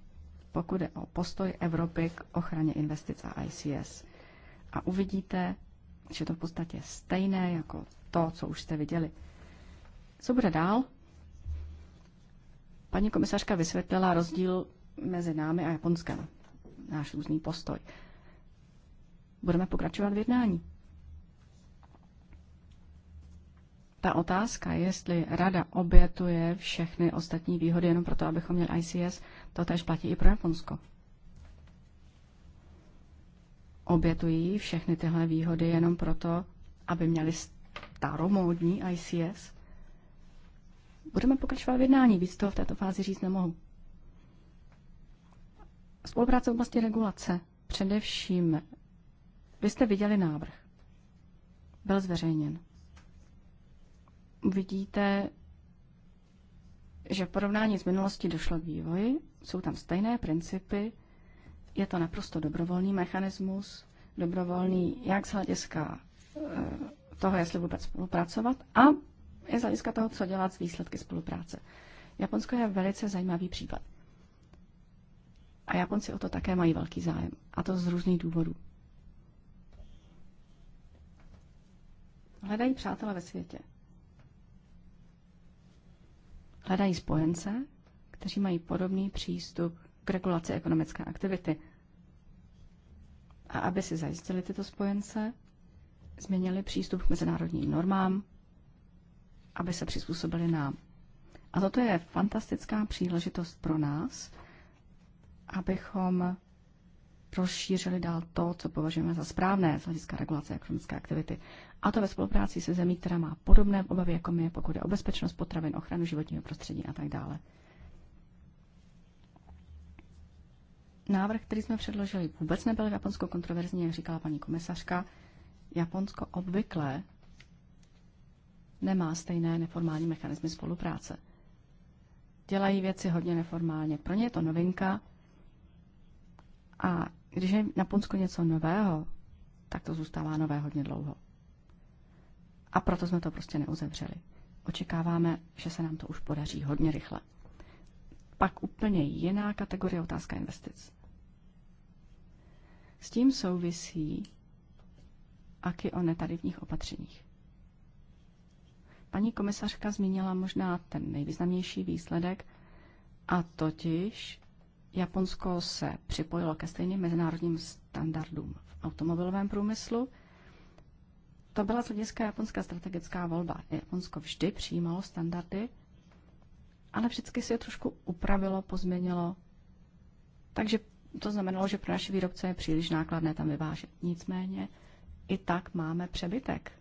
S4: pokud je o postoj Evropy k ochraně investic a ICS. A uvidíte, že to v podstatě stejné jako to, co už jste viděli. Co bude dál? Paní komisařka vysvětlila rozdíl mezi námi a Japonskem. Náš různý postoj. Budeme pokračovat v jednání. Ta otázka, jestli rada obětuje všechny ostatní výhody jenom proto, abychom měli ICS, to tež platí i pro Japonsko. Obětují všechny tyhle výhody jenom proto, aby měli staromódní ICS? Budeme pokračovat v jednání, víc toho v této fázi říct nemohu. Spolupráce v oblasti regulace. Především, vy jste viděli návrh. Byl zveřejněn. Vidíte, že v porovnání s minulostí došlo k vývoji, jsou tam stejné principy, je to naprosto dobrovolný mechanismus, dobrovolný jak z hlediska eh, toho, jestli vůbec spolupracovat, a i z hlediska toho, co dělat s výsledky spolupráce. Japonsko je velice zajímavý případ. A Japonci o to také mají velký zájem. A to z různých důvodů. Hledají přátele ve světě. Hledají spojence, kteří mají podobný přístup k regulaci ekonomické aktivity. A aby si zajistili tyto spojence, změnili přístup k mezinárodním normám, aby se přizpůsobili nám. A toto je fantastická příležitost pro nás, abychom rozšířili dál to, co považujeme za správné z hlediska regulace ekonomické aktivity. A to ve spolupráci se zemí, která má podobné obavy jako my, pokud je o bezpečnost potravin, ochranu životního prostředí a tak dále. Návrh, který jsme předložili, vůbec nebyl v Japonsku kontroverzní, jak říkala paní komisařka. Japonsko obvykle nemá stejné neformální mechanismy spolupráce. Dělají věci hodně neformálně. Pro ně je to novinka a když je na Punsku něco nového, tak to zůstává nové hodně dlouho. A proto jsme to prostě neuzevřeli. Očekáváme, že se nám to už podaří hodně rychle. Pak úplně jiná kategorie otázka investic. S tím souvisí aky o netarifních opatřeních. Paní komisařka zmínila možná ten nejvýznamnější výsledek, a totiž Japonsko se připojilo ke stejným mezinárodním standardům v automobilovém průmyslu. To byla z hlediska japonská strategická volba. Japonsko vždy přijímalo standardy, ale vždycky si je trošku upravilo, pozměnilo. Takže to znamenalo, že pro naše výrobce je příliš nákladné tam vyvážet. Nicméně i tak máme přebytek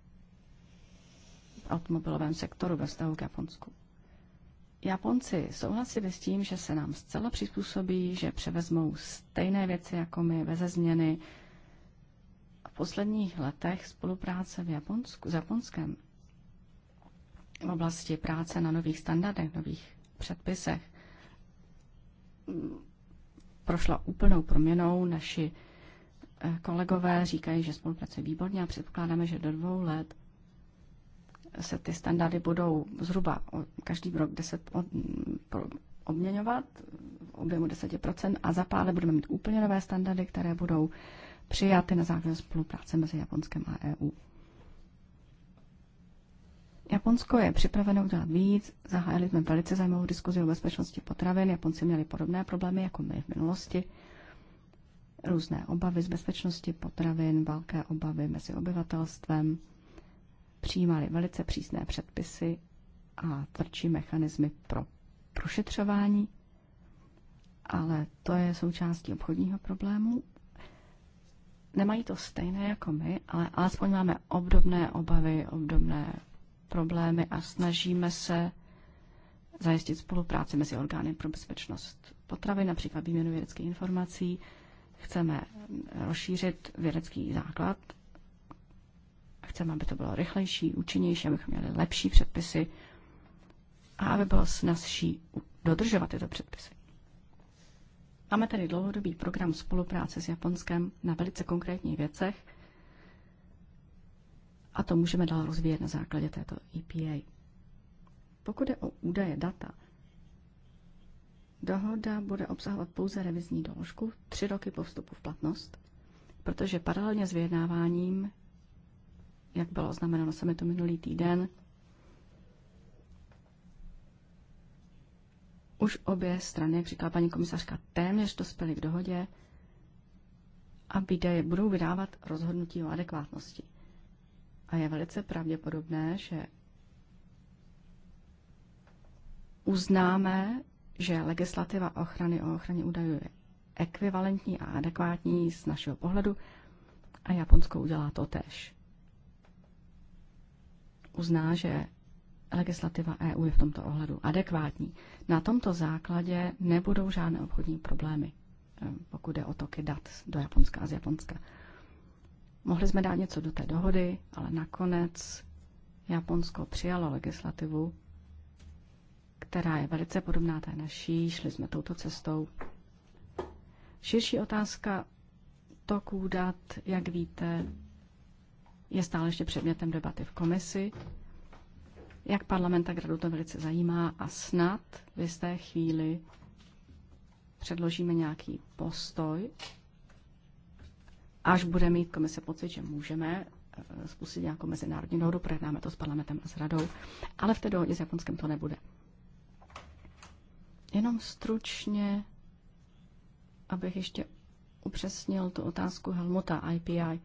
S4: automobilovém sektoru ve vztahu k Japonsku. Japonci souhlasili s tím, že se nám zcela přizpůsobí, že převezmou stejné věci jako my, veze změny. V posledních letech spolupráce v Japonsku, s Japonskem v oblasti práce na nových standardech, nových předpisech prošla úplnou proměnou. Naši eh, kolegové říkají, že spolupracuje výborně a předpokládáme, že do dvou let se ty standardy budou zhruba každý rok 10 obměňovat v objemu 10% a za pár budeme mít úplně nové standardy, které budou přijaty na základě spolupráce mezi Japonskem a EU. Japonsko je připraveno udělat víc. Zahájili jsme velice zajímavou diskuzi o bezpečnosti potravin. Japonci měli podobné problémy jako my v minulosti. Různé obavy z bezpečnosti potravin, velké obavy mezi obyvatelstvem, přijímali velice přísné předpisy a tvrdší mechanismy pro prošetřování, ale to je součástí obchodního problému. Nemají to stejné jako my, ale alespoň máme obdobné obavy, obdobné problémy a snažíme se zajistit spolupráci mezi orgány pro bezpečnost potravy, například výměnu vědeckých informací. Chceme rozšířit vědecký základ Chceme, aby to bylo rychlejší, účinnější, abychom měli lepší předpisy a aby bylo snazší dodržovat tyto předpisy. Máme tady dlouhodobý program spolupráce s Japonskem na velice konkrétních věcech a to můžeme dál rozvíjet na základě této EPA. Pokud je o údaje data, dohoda bude obsahovat pouze revizní doložku tři roky po vstupu v platnost, protože paralelně s vyjednáváním jak bylo oznámeno na to minulý týden, už obě strany, jak říkala paní komisařka, téměř dospěly k dohodě a výdaje budou vydávat rozhodnutí o adekvátnosti. A je velice pravděpodobné, že uznáme, že legislativa ochrany o ochraně údajů je ekvivalentní a adekvátní z našeho pohledu a Japonsko udělá to tež uzná, že legislativa EU je v tomto ohledu adekvátní. Na tomto základě nebudou žádné obchodní problémy, eh, pokud jde o toky dat do Japonska a z Japonska. Mohli jsme dát něco do té dohody, ale nakonec Japonsko přijalo legislativu, která je velice podobná té naší, šli jsme touto cestou. Širší otázka toků dat, jak víte, je stále ještě předmětem debaty v komisi. Jak parlament, tak radu to velice zajímá a snad v jisté chvíli předložíme nějaký postoj, až bude mít komise pocit, že můžeme eh, spustit nějakou mezinárodní dohodu, projednáme to s parlamentem a s radou, ale v té dohodě s Japonskem to nebude. Jenom stručně, abych ještě upřesnil tu otázku Helmuta IPI.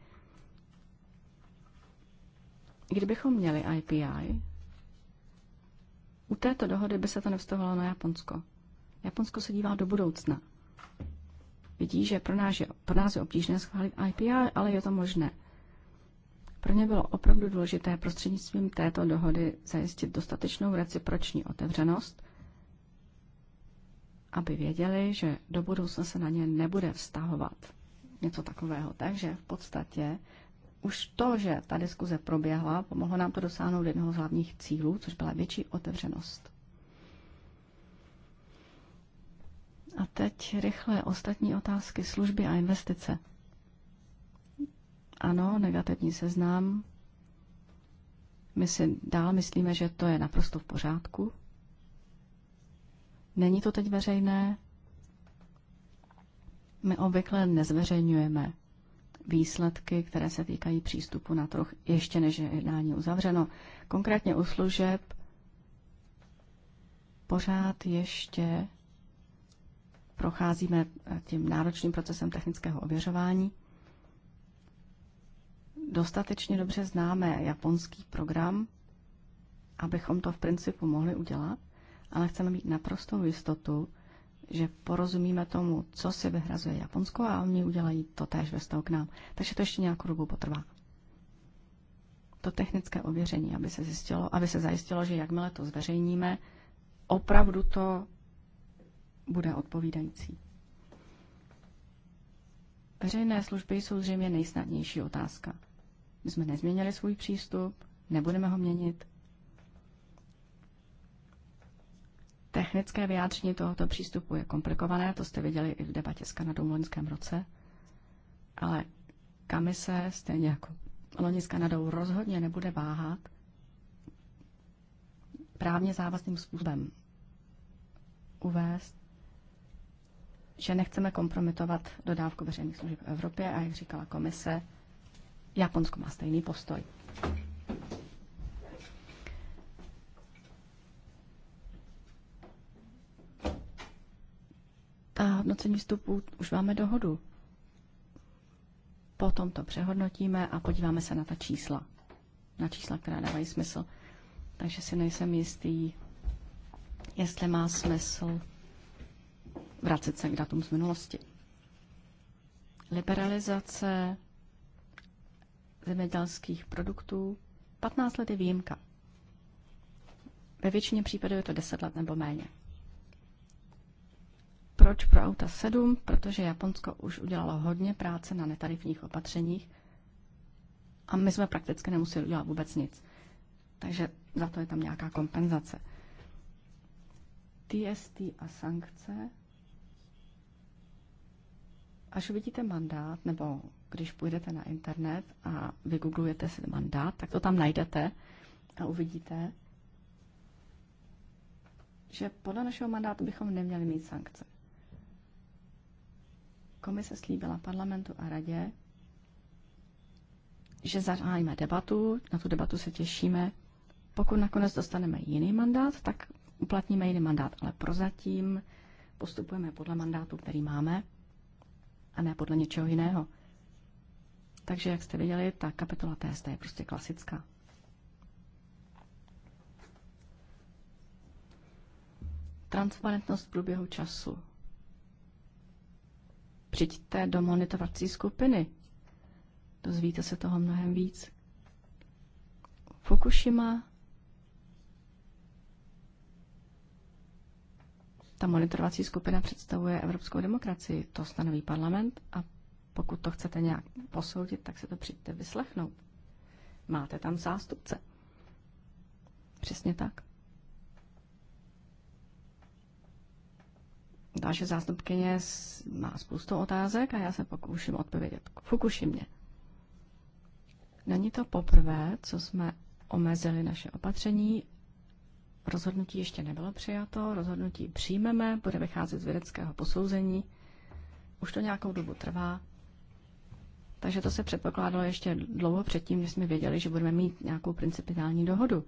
S4: Kdybychom měli IPI, u této dohody by se to nevztahovalo na Japonsko. Japonsko se dívá do budoucna. Vidí, že pro nás je, pro nás je obtížné schválit IPI, ale je to možné. Pro ně bylo opravdu důležité prostřednictvím této dohody zajistit dostatečnou reciproční otevřenost, aby věděli, že do budoucna se na ně nebude vztahovat něco takového. Takže v podstatě už to, že ta diskuze proběhla, pomohlo nám to dosáhnout jednoho z hlavních cílů, což byla větší otevřenost. A teď rychle ostatní otázky služby a investice. Ano, negativní seznám. My si dál myslíme, že to je naprosto v pořádku. Není to teď veřejné. My obvykle nezveřejňujeme výsledky, které se týkají přístupu na trh, ještě než je jednání uzavřeno. Konkrétně u služeb pořád ještě procházíme tím náročným procesem technického ověřování. Dostatečně dobře známe japonský program, abychom to v principu mohli udělat, ale chceme mít naprostou jistotu, že porozumíme tomu, co si vyhrazuje Japonsko a oni udělají to též ve k nám. Takže to ještě nějakou dobu potrvá. To technické ověření, aby se zjistilo, aby se zajistilo, že jakmile to zveřejníme, opravdu to bude odpovídající. Veřejné služby jsou zřejmě nejsnadnější otázka. My jsme nezměnili svůj přístup, nebudeme ho měnit, Technické vyjádření tohoto přístupu je komplikované, to jste viděli i v debatě s Kanadou v loňském roce, ale kamise, stejně jako loni s Kanadou, rozhodně nebude váhat právně závazným způsobem uvést, že nechceme kompromitovat dodávku veřejných služeb v Evropě a jak říkala komise, Japonsko má stejný postoj. hodnocení vstupu už máme dohodu. Potom to přehodnotíme a podíváme se na ta čísla. Na čísla, která dávají smysl. Takže si nejsem jistý, jestli má smysl vracet se k datům z minulosti. Liberalizace zemědělských produktů 15 let je výjimka. Ve většině případů je to 10 let nebo méně. Proč pro auta 7? Protože Japonsko už udělalo hodně práce na netarifních opatřeních a my jsme prakticky nemuseli udělat vůbec nic. Takže za to je tam nějaká kompenzace. TST a sankce. Až uvidíte mandát, nebo když půjdete na internet a vygooglujete si mandát, tak to tam najdete a uvidíte, že podle našeho mandátu bychom neměli mít sankce. Komise slíbila parlamentu a radě, že zahájíme debatu, na tu debatu se těšíme. Pokud nakonec dostaneme jiný mandát, tak uplatníme jiný mandát, ale prozatím postupujeme podle mandátu, který máme a ne podle něčeho jiného. Takže, jak jste viděli, ta kapitola TST je prostě klasická. Transparentnost v průběhu času přijďte do monitorovací skupiny. Dozvíte se toho mnohem víc. Fukushima. Ta monitorovací skupina představuje evropskou demokracii. To stanoví parlament a pokud to chcete nějak posoudit, tak se to přijďte vyslechnout. Máte tam zástupce. Přesně tak. Naše zástupkyně má spoustu otázek a já se pokouším odpovědět. mě. Není to poprvé, co jsme omezili naše opatření. Rozhodnutí ještě nebylo přijato, rozhodnutí přijmeme, bude vycházet z vědeckého posouzení. Už to nějakou dobu trvá, takže to se předpokládalo ještě dlouho předtím, než jsme věděli, že budeme mít nějakou principiální dohodu.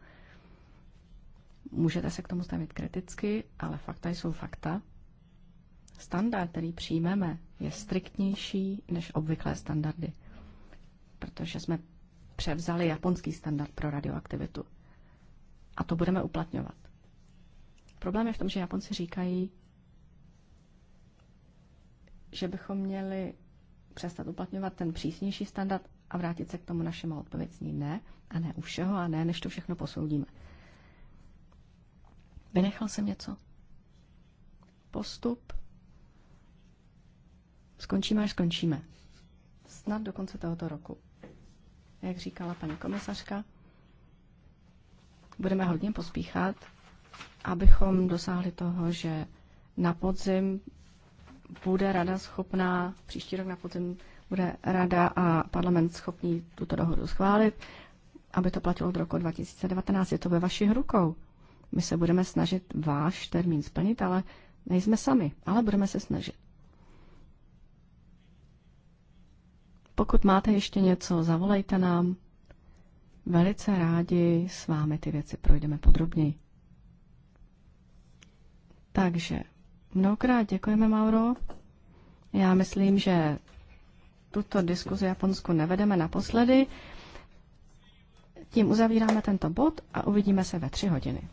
S4: Můžete se k tomu stavit kriticky, ale fakta jsou fakta standard, který přijmeme, je striktnější než obvyklé standardy, protože jsme převzali japonský standard pro radioaktivitu. A to budeme uplatňovat. Problém je v tom, že Japonci říkají, že bychom měli přestat uplatňovat ten přísnější standard a vrátit se k tomu našemu odpovědní ne, a ne u všeho, a ne, než to všechno posoudíme. Vynechal jsem něco? Postup Skončíme, až skončíme. Snad do konce tohoto roku. Jak říkala paní komisařka, budeme hodně pospíchat, abychom dosáhli toho, že na podzim bude rada schopná, příští rok na podzim bude rada a parlament schopný tuto dohodu schválit, aby to platilo od roku 2019. Je to ve vašich rukou. My se budeme snažit váš termín splnit, ale nejsme sami, ale budeme se snažit. Pokud máte ještě něco, zavolejte nám. Velice rádi s vámi ty věci projdeme podrobněji. Takže mnohokrát děkujeme, Mauro. Já myslím, že tuto diskuzi Japonsku nevedeme naposledy. Tím uzavíráme tento bod a uvidíme se ve tři hodiny.